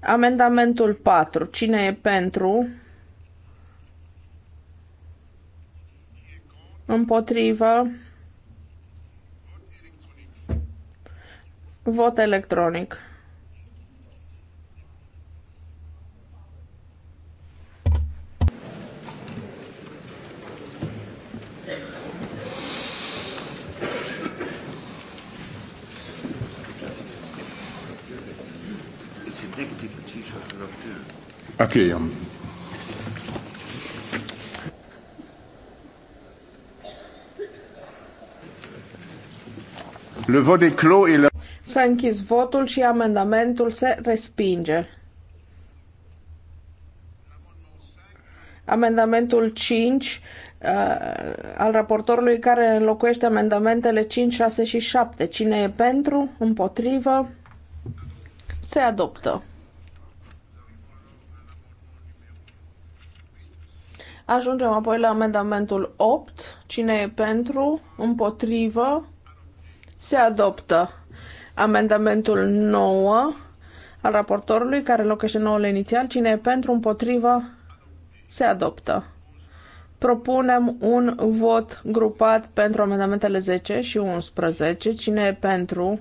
Amendamentul 4. Cine e pentru? Împotrivă. Vot electronic. Accueillons. Le vote est clos et le... S-a închis votul și amendamentul se respinge. Amendamentul 5 uh, al raportorului care înlocuiește amendamentele 5, 6 și 7. Cine e pentru? Împotrivă? Se adoptă. Ajungem apoi la amendamentul 8. Cine e pentru? Împotrivă? Se adoptă. Amendamentul 9 al raportorului, care locuiește noul inițial, cine e pentru, împotrivă, se adoptă. Propunem un vot grupat pentru amendamentele 10 și 11. Cine e pentru,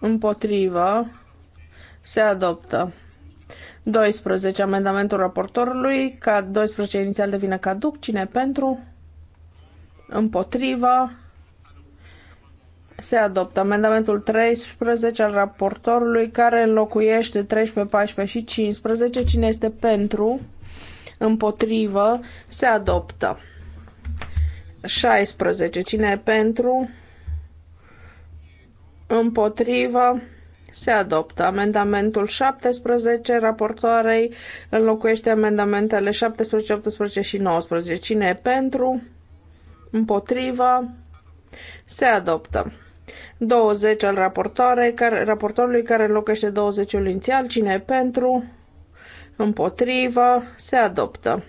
împotrivă, se adoptă. 12. Amendamentul raportorului, ca 12 inițial devine caduc. Cine e pentru, împotrivă, se adoptă amendamentul 13 al raportorului care înlocuiește 13, 14 și 15. Cine este pentru? Împotrivă? Se adoptă. 16. Cine e pentru? Împotrivă? Se adoptă. Amendamentul 17 raportoarei înlocuiește amendamentele 17, 18 și 19. Cine e pentru? Împotrivă? Se adoptă. 20 al raportoare, care, raportorului care înlocuiește 20 inițial. Cine e pentru? Împotrivă? Se adoptă.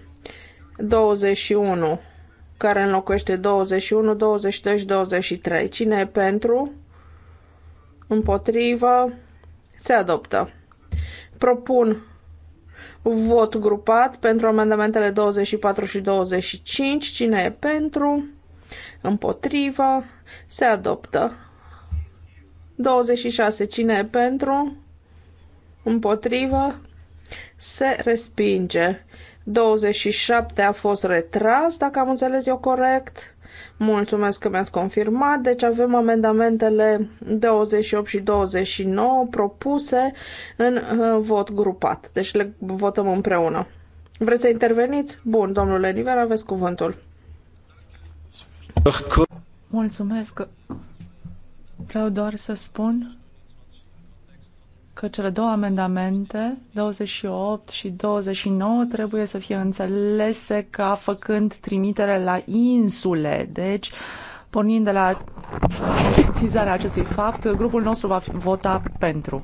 21 care înlocuiește 21, 22 și 23. Cine e pentru? Împotrivă? Se adoptă. Propun vot grupat pentru amendamentele 24 și 25. Cine e pentru? Împotrivă? Se adoptă. 26. Cine e pentru? Împotrivă? Se respinge. 27 a fost retras, dacă am înțeles eu corect. Mulțumesc că mi-ați confirmat. Deci avem amendamentele 28 și 29 propuse în uh, vot grupat. Deci le votăm împreună. Vreți să interveniți? Bun, domnule Niver, aveți cuvântul. Mulțumesc vreau doar să spun că cele două amendamente, 28 și 29, trebuie să fie înțelese ca făcând trimitere la insule. Deci, pornind de la precizarea acestui fapt, grupul nostru va vota pentru.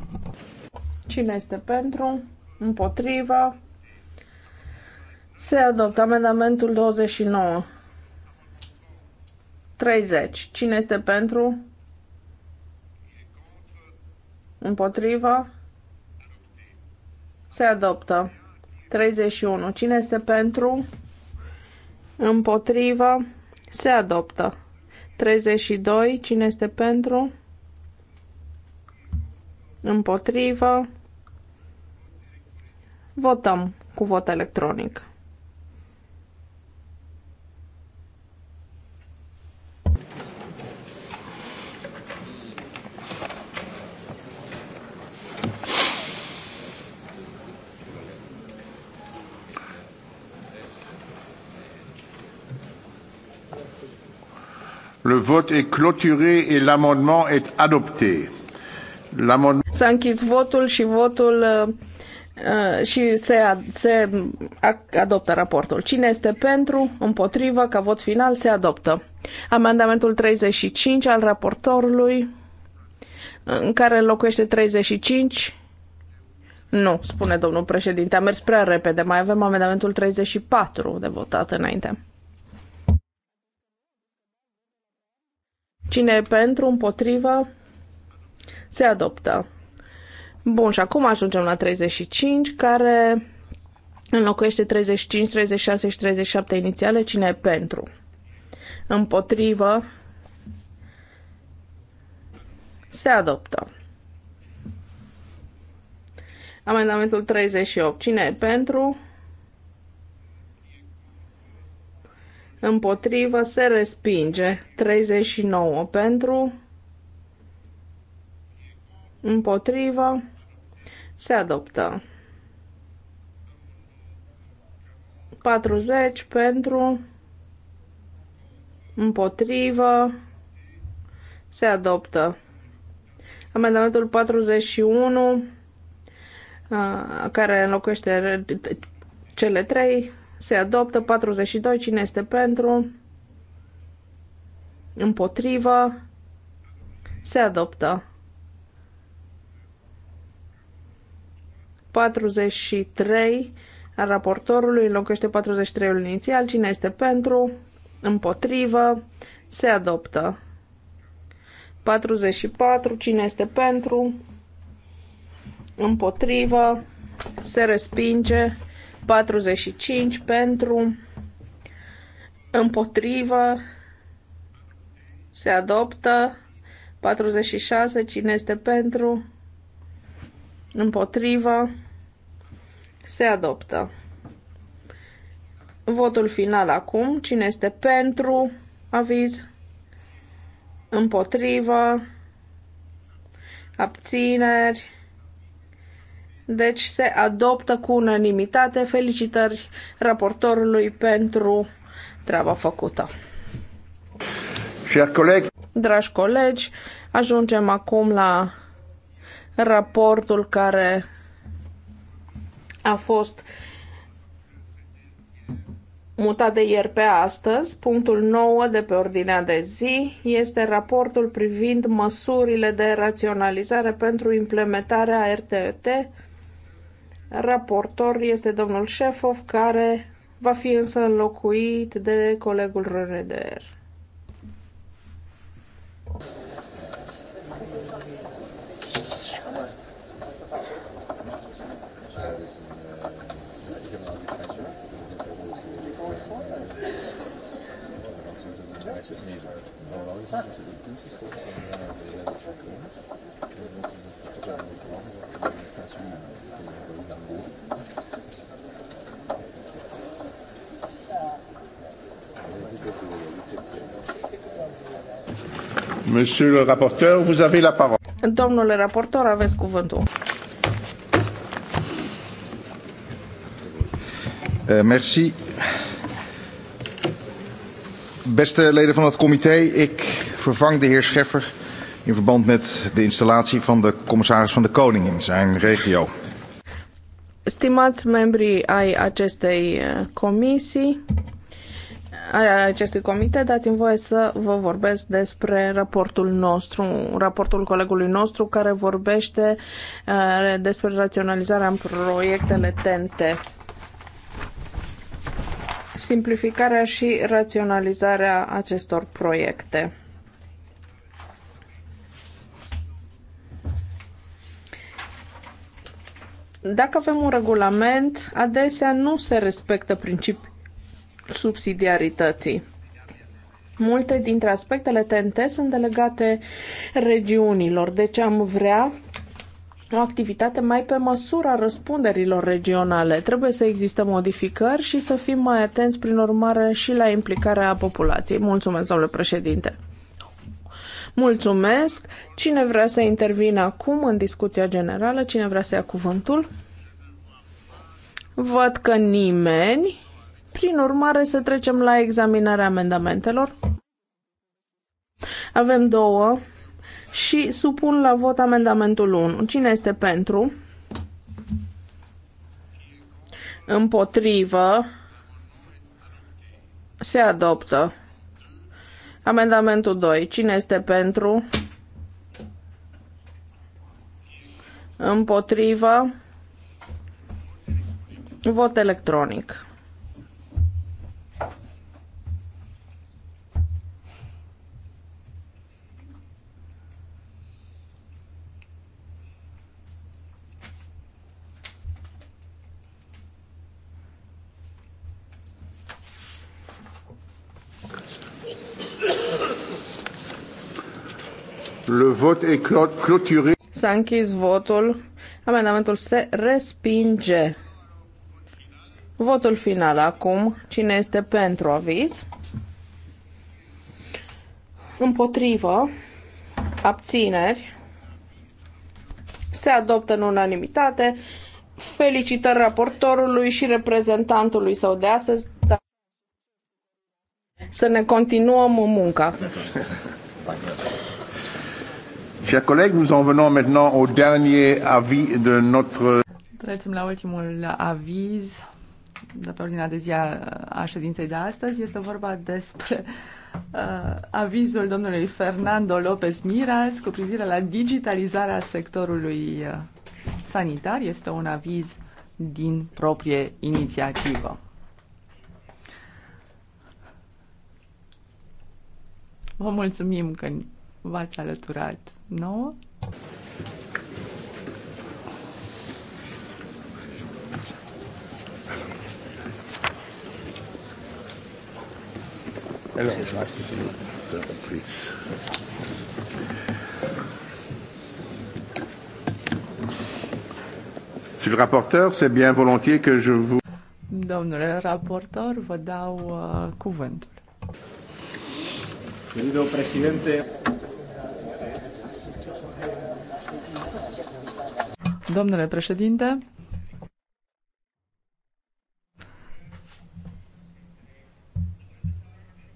Cine este pentru? Împotriva? Se adoptă amendamentul 29. 30. Cine este pentru? Împotrivă? Se adoptă. 31. Cine este pentru? Împotrivă? Se adoptă. 32. Cine este pentru? Împotrivă? Votăm cu vot electronic. Le vote est clôturé et l'amendement est adopté. S-a închis votul și votul uh, uh și se, se adoptă raportul. Cine este pentru, împotrivă, ca vot final, se adoptă. Amendamentul 35 al raportorului, în care locuiește 35. Nu, spune domnul președinte, a mers prea repede. Mai avem amendamentul 34 de votat înainte. Cine e pentru, împotrivă, se adoptă. Bun, și acum ajungem la 35, care înlocuiește 35, 36 și 37 inițiale. Cine e pentru? Împotrivă, se adoptă. Amendamentul 38. Cine e pentru? împotrivă, se respinge. 39 pentru, împotrivă, se adoptă. 40 pentru, împotrivă, se adoptă. Amendamentul 41, care înlocuiește cele trei se adoptă 42. Cine este pentru? Împotrivă. Se adoptă. 43 al raportorului înlocuiește 43-ul inițial. Cine este pentru? Împotrivă. Se adoptă. 44. Cine este pentru? Împotrivă. Se respinge. 45 pentru, împotrivă, se adoptă. 46, cine este pentru, împotrivă, se adoptă. Votul final acum, cine este pentru, aviz, împotrivă, abțineri, deci se adoptă cu unanimitate. Felicitări raportorului pentru treaba făcută. Dragi colegi, ajungem acum la raportul care a fost mutat de ieri pe astăzi, punctul 9 de pe ordinea de zi este raportul privind măsurile de raționalizare pentru implementarea RTT Raportor este domnul Șefov, care va fi însă înlocuit de colegul René Monsieur le rapporteur, vous avez la parole. Domnule raportor, aveți cuvântul. Uh, merci. Beste leden van het comité, ik vervang de heer Scheffer in verband met de installatie van de commissaris van de Koning in zijn regio. Stimați membrii ai acestei eh, comisii, acestui comitet, dați-mi voie să vă vorbesc despre raportul nostru, raportul colegului nostru care vorbește uh, despre raționalizarea în proiectele TNT. Simplificarea și raționalizarea acestor proiecte. dacă avem un regulament, adesea nu se respectă principiul subsidiarității. Multe dintre aspectele TNT sunt delegate regiunilor, deci am vrea o activitate mai pe măsura răspunderilor regionale. Trebuie să existe modificări și să fim mai atenți, prin urmare, și la implicarea populației. Mulțumesc, domnule președinte! Mulțumesc! Cine vrea să intervină acum în discuția generală? Cine vrea să ia cuvântul? Văd că nimeni. Prin urmare, să trecem la examinarea amendamentelor. Avem două și supun la vot amendamentul 1. Cine este pentru? Împotrivă. Se adoptă. Amendamentul 2. Cine este pentru? Împotrivă. Vot electronic. Le vot est clôturé. S-a închis votul. Amendamentul se respinge. Votul final acum. Cine este pentru aviz? Împotrivă. Abțineri. Se adoptă în unanimitate. Felicitări raportorului și reprezentantului său de astăzi. Să ne continuăm munca. Chers collègues, nous en venons maintenant au dernier avis de notre... Trecem la ultimul aviz de pe ordinea de zi a, a ședinței de astăzi. Este vorba despre uh, avizul domnului Fernando López Miras cu privire la digitalizarea sectorului uh, sanitar. Este un aviz din proprie inițiativă. Vă mulțumim că v-ați alăturat 9. Monsieur le rapporteur, c'est bien volontiers que je vous... Domnule vous vă dau uh, Monsieur le président. Domnule președinte,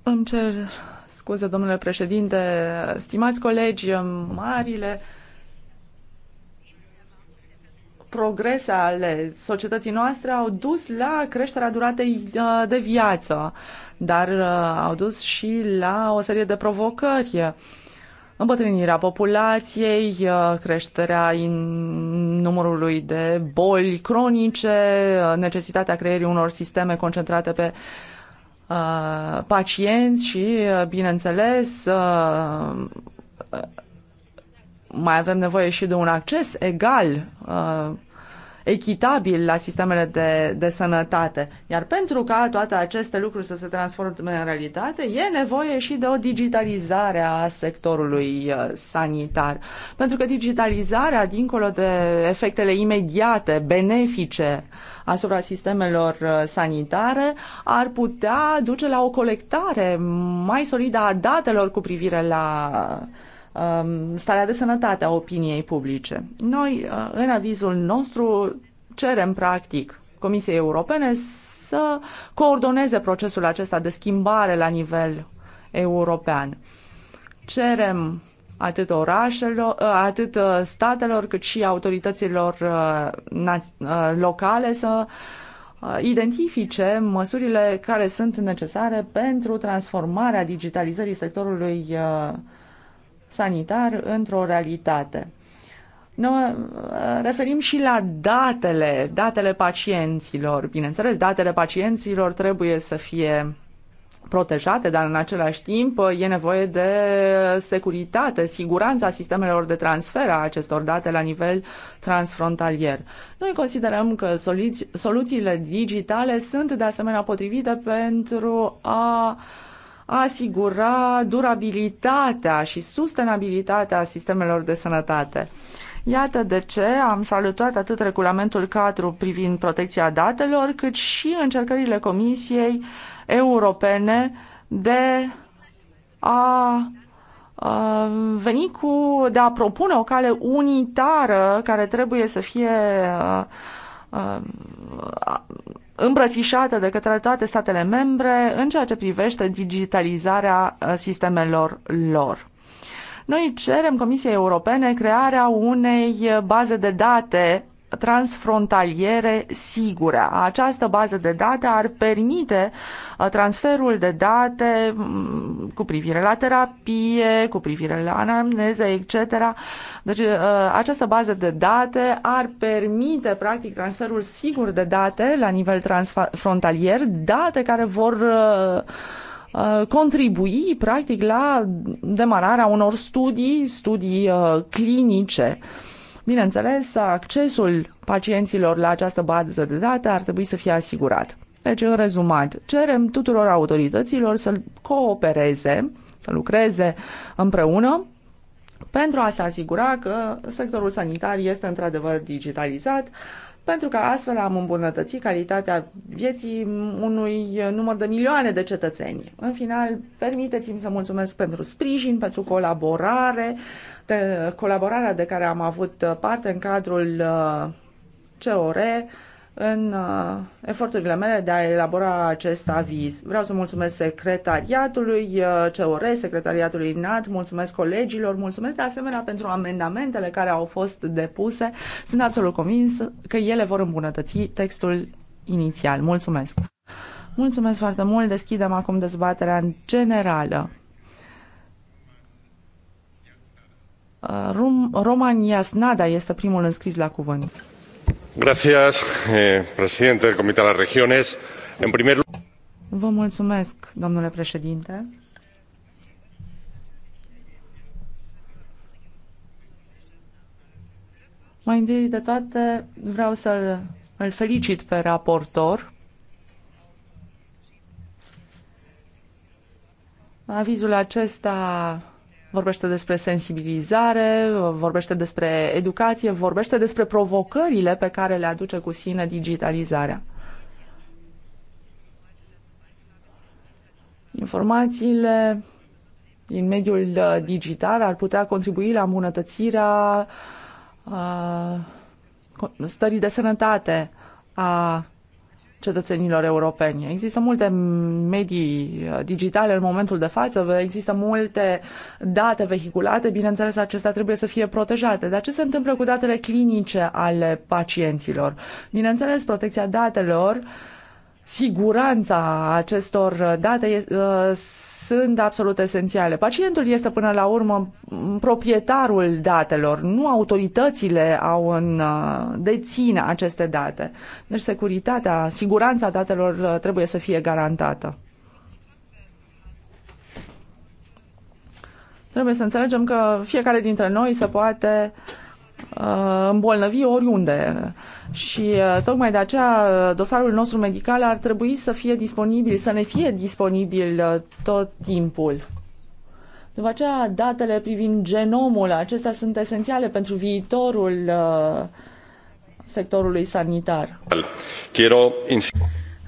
îmi cer scuze, domnule președinte, stimați colegi, marile progrese ale societății noastre au dus la creșterea duratei uh, de viață, dar uh, au dus și la o serie de provocări îmbătrânirea populației, uh, creșterea numărului de boli cronice, uh, necesitatea creierii unor sisteme concentrate pe uh, pacienți și, bineînțeles, mai avem nevoie și de un acces egal echitabil la sistemele de, de sănătate. Iar pentru ca toate aceste lucruri să se transforme în realitate, e nevoie și de o digitalizare a sectorului uh, sanitar. Pentru că digitalizarea, dincolo de efectele imediate, benefice asupra sistemelor uh, sanitare, ar putea duce la o colectare mai solidă a datelor cu privire la Um, starea de sănătate a opiniei publice. Noi, uh, în avizul nostru, cerem practic Comisiei Europene să coordoneze procesul acesta de schimbare la nivel european. Cerem atât orașelor, uh, atât uh, statelor, cât și autorităților locale să identifice măsurile care sunt necesare pentru transformarea digitalizării sectorului sanitar într-o realitate. Noi uh, referim și la datele, datele pacienților. Bineînțeles, datele pacienților trebuie să fie protejate, dar în același timp uh, e nevoie de securitate, siguranța sistemelor de transfer a acestor date la nivel transfrontalier. Noi considerăm că soluțiile digitale sunt de asemenea potrivite pentru a uh, asigura durabilitatea și sustenabilitatea sistemelor de sănătate. Iată de ce am salutat atât regulamentul 4 privind protecția datelor, cât și încercările Comisiei Europene de a veni cu, de a propune o cale unitară care trebuie să fie îmbrățișată de către toate statele membre în ceea ce privește digitalizarea uh, sistemelor lor. Noi cerem Comisiei Europene crearea unei uh, baze de date transfrontaliere sigure. Această bază de date ar permite uh, transferul de date mm, cu privire la terapie, cu privire la anamneză, etc. Deci uh, această bază de date ar permite practic transferul sigur de date la nivel transfrontalier, date care vor uh, contribui practic la demararea unor studii, studii clinice Bineînțeles, accesul pacienților la această bază de date ar trebui să fie asigurat. Deci, în rezumat, cerem tuturor autorităților să coopereze, să lucreze împreună pentru a se asigura că sectorul sanitar este într-adevăr digitalizat, pentru că astfel am îmbunătățit calitatea vieții unui număr de milioane de cetățeni. În final, permiteți-mi să mulțumesc pentru sprijin, pentru colaborare, de, colaborarea de care am avut parte în cadrul uh, COR, în uh, eforturile mele de a elabora acest aviz. Vreau să mulțumesc secretariatului uh, COR, secretariatului NAT, mulțumesc colegilor, mulțumesc de asemenea pentru amendamentele care au fost depuse. Sunt absolut convins că ele vor îmbunătăți textul inițial. Mulțumesc! Mulțumesc foarte mult! Deschidem acum dezbaterea în generală. Uh, Rom Roman Iasnada este primul înscris la cuvânt. Eh, Vă mulțumesc, domnule președinte. Mai întâi de toate vreau să îl felicit pe raportor. Avizul acesta vorbește despre sensibilizare, vorbește despre educație, vorbește despre provocările pe care le aduce cu sine digitalizarea. Informațiile din mediul uh, digital ar putea contribui la îmbunătățirea uh, stării de sănătate a cetățenilor europeni. Există multe medii uh, digitale în momentul de față, există multe date vehiculate, bineînțeles acestea trebuie să fie protejate. Dar ce se întâmplă cu datele clinice ale pacienților? Bineînțeles, protecția datelor siguranța acestor date uh, sunt absolut esențiale. Pacientul este până la urmă proprietarul datelor, nu autoritățile au în uh, deține aceste date. Deci securitatea, siguranța datelor uh, trebuie să fie garantată. Trebuie să înțelegem că fiecare dintre noi se poate uh, Uh, îmbolnăvi oriunde. Și uh, tocmai de aceea uh, dosarul nostru medical ar trebui să fie disponibil, să ne fie disponibil tot timpul. După aceea, datele privind genomul, acestea sunt esențiale pentru viitorul sectorului sanitar. Quiero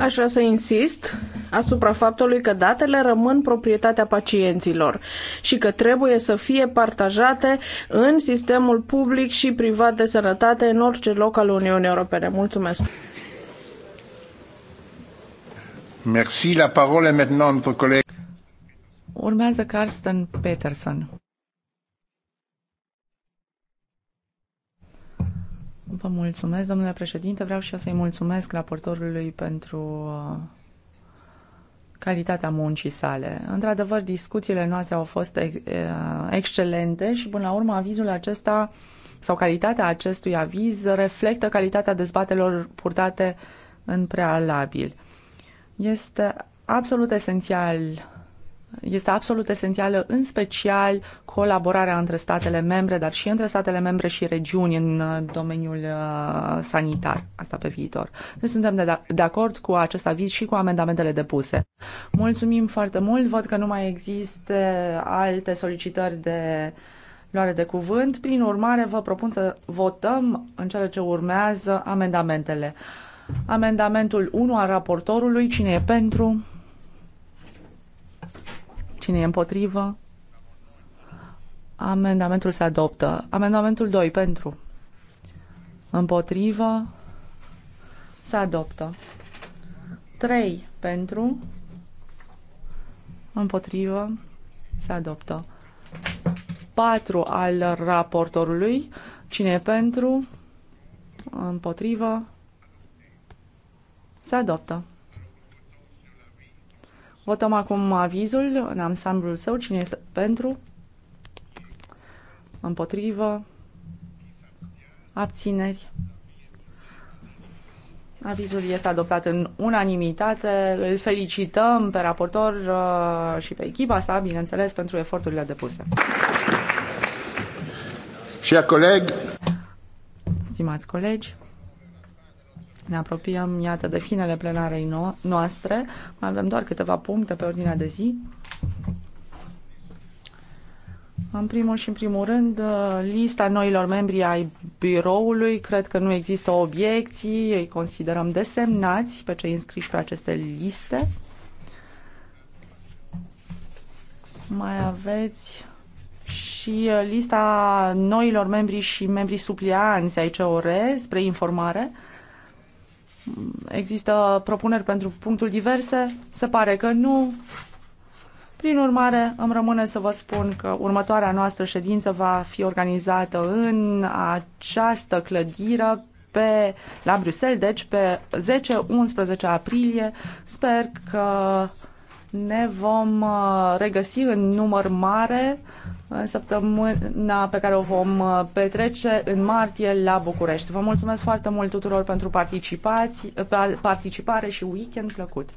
Aș vrea să insist asupra faptului că datele rămân proprietatea pacienților și că trebuie să fie partajate în sistemul public și privat de sănătate în orice loc al Uniunii Europene. Mulțumesc! Merci. La parole maintenant notre Urmează Carsten Peterson. Vă mulțumesc, domnule președinte. Vreau și eu să-i mulțumesc raportorului pentru uh, calitatea muncii sale. Într-adevăr, discuțiile noastre au fost uh, excelente și, până la urmă, avizul acesta sau calitatea acestui aviz reflectă calitatea dezbatelor purtate în prealabil. Este absolut esențial este absolut esențială, în special colaborarea între statele membre, dar și între statele membre și regiuni în uh, domeniul uh, sanitar, asta pe viitor. Noi suntem de, de acord cu acest aviz și cu amendamentele depuse. Mulțumim foarte mult, văd că nu mai există alte solicitări de luare de cuvânt, prin urmare vă propun să votăm în cele ce urmează amendamentele. Amendamentul 1 al raportorului, cine e pentru? Cine e împotrivă? Amendamentul se adoptă. Amendamentul 2 pentru. Împotrivă. Se adoptă. 3 pentru. Împotrivă. Se adoptă. 4 al raportorului. Cine e pentru? Împotrivă. Se adoptă. Votăm acum avizul în ansamblul său. Cine este pentru? Împotrivă? Abțineri? Avizul este adoptat în unanimitate. Îl felicităm pe raportor uh, și pe echipa sa, bineînțeles, pentru eforturile depuse. Și a coleg. Stimați colegi, ne apropiem, iată, de finele plenarei no- noastre. Mai avem doar câteva puncte pe ordinea de zi. În primul și în primul rând, uh, lista noilor membri ai biroului, cred că nu există obiecții, îi considerăm desemnați pe cei înscriși pe aceste liste. Mai aveți și uh, lista noilor membri și membrii suplianți ai COR spre informare. Există propuneri pentru punctul diverse? Se pare că nu. Prin urmare, îmi rămâne să vă spun că următoarea noastră ședință va fi organizată în această clădire pe, la Bruxelles, deci pe 10-11 aprilie. Sper că ne vom uh, regăsi în număr mare în săptămâna pe care o vom uh, petrece în martie la București. Vă mulțumesc foarte mult tuturor pentru participați, uh, participare și weekend plăcut!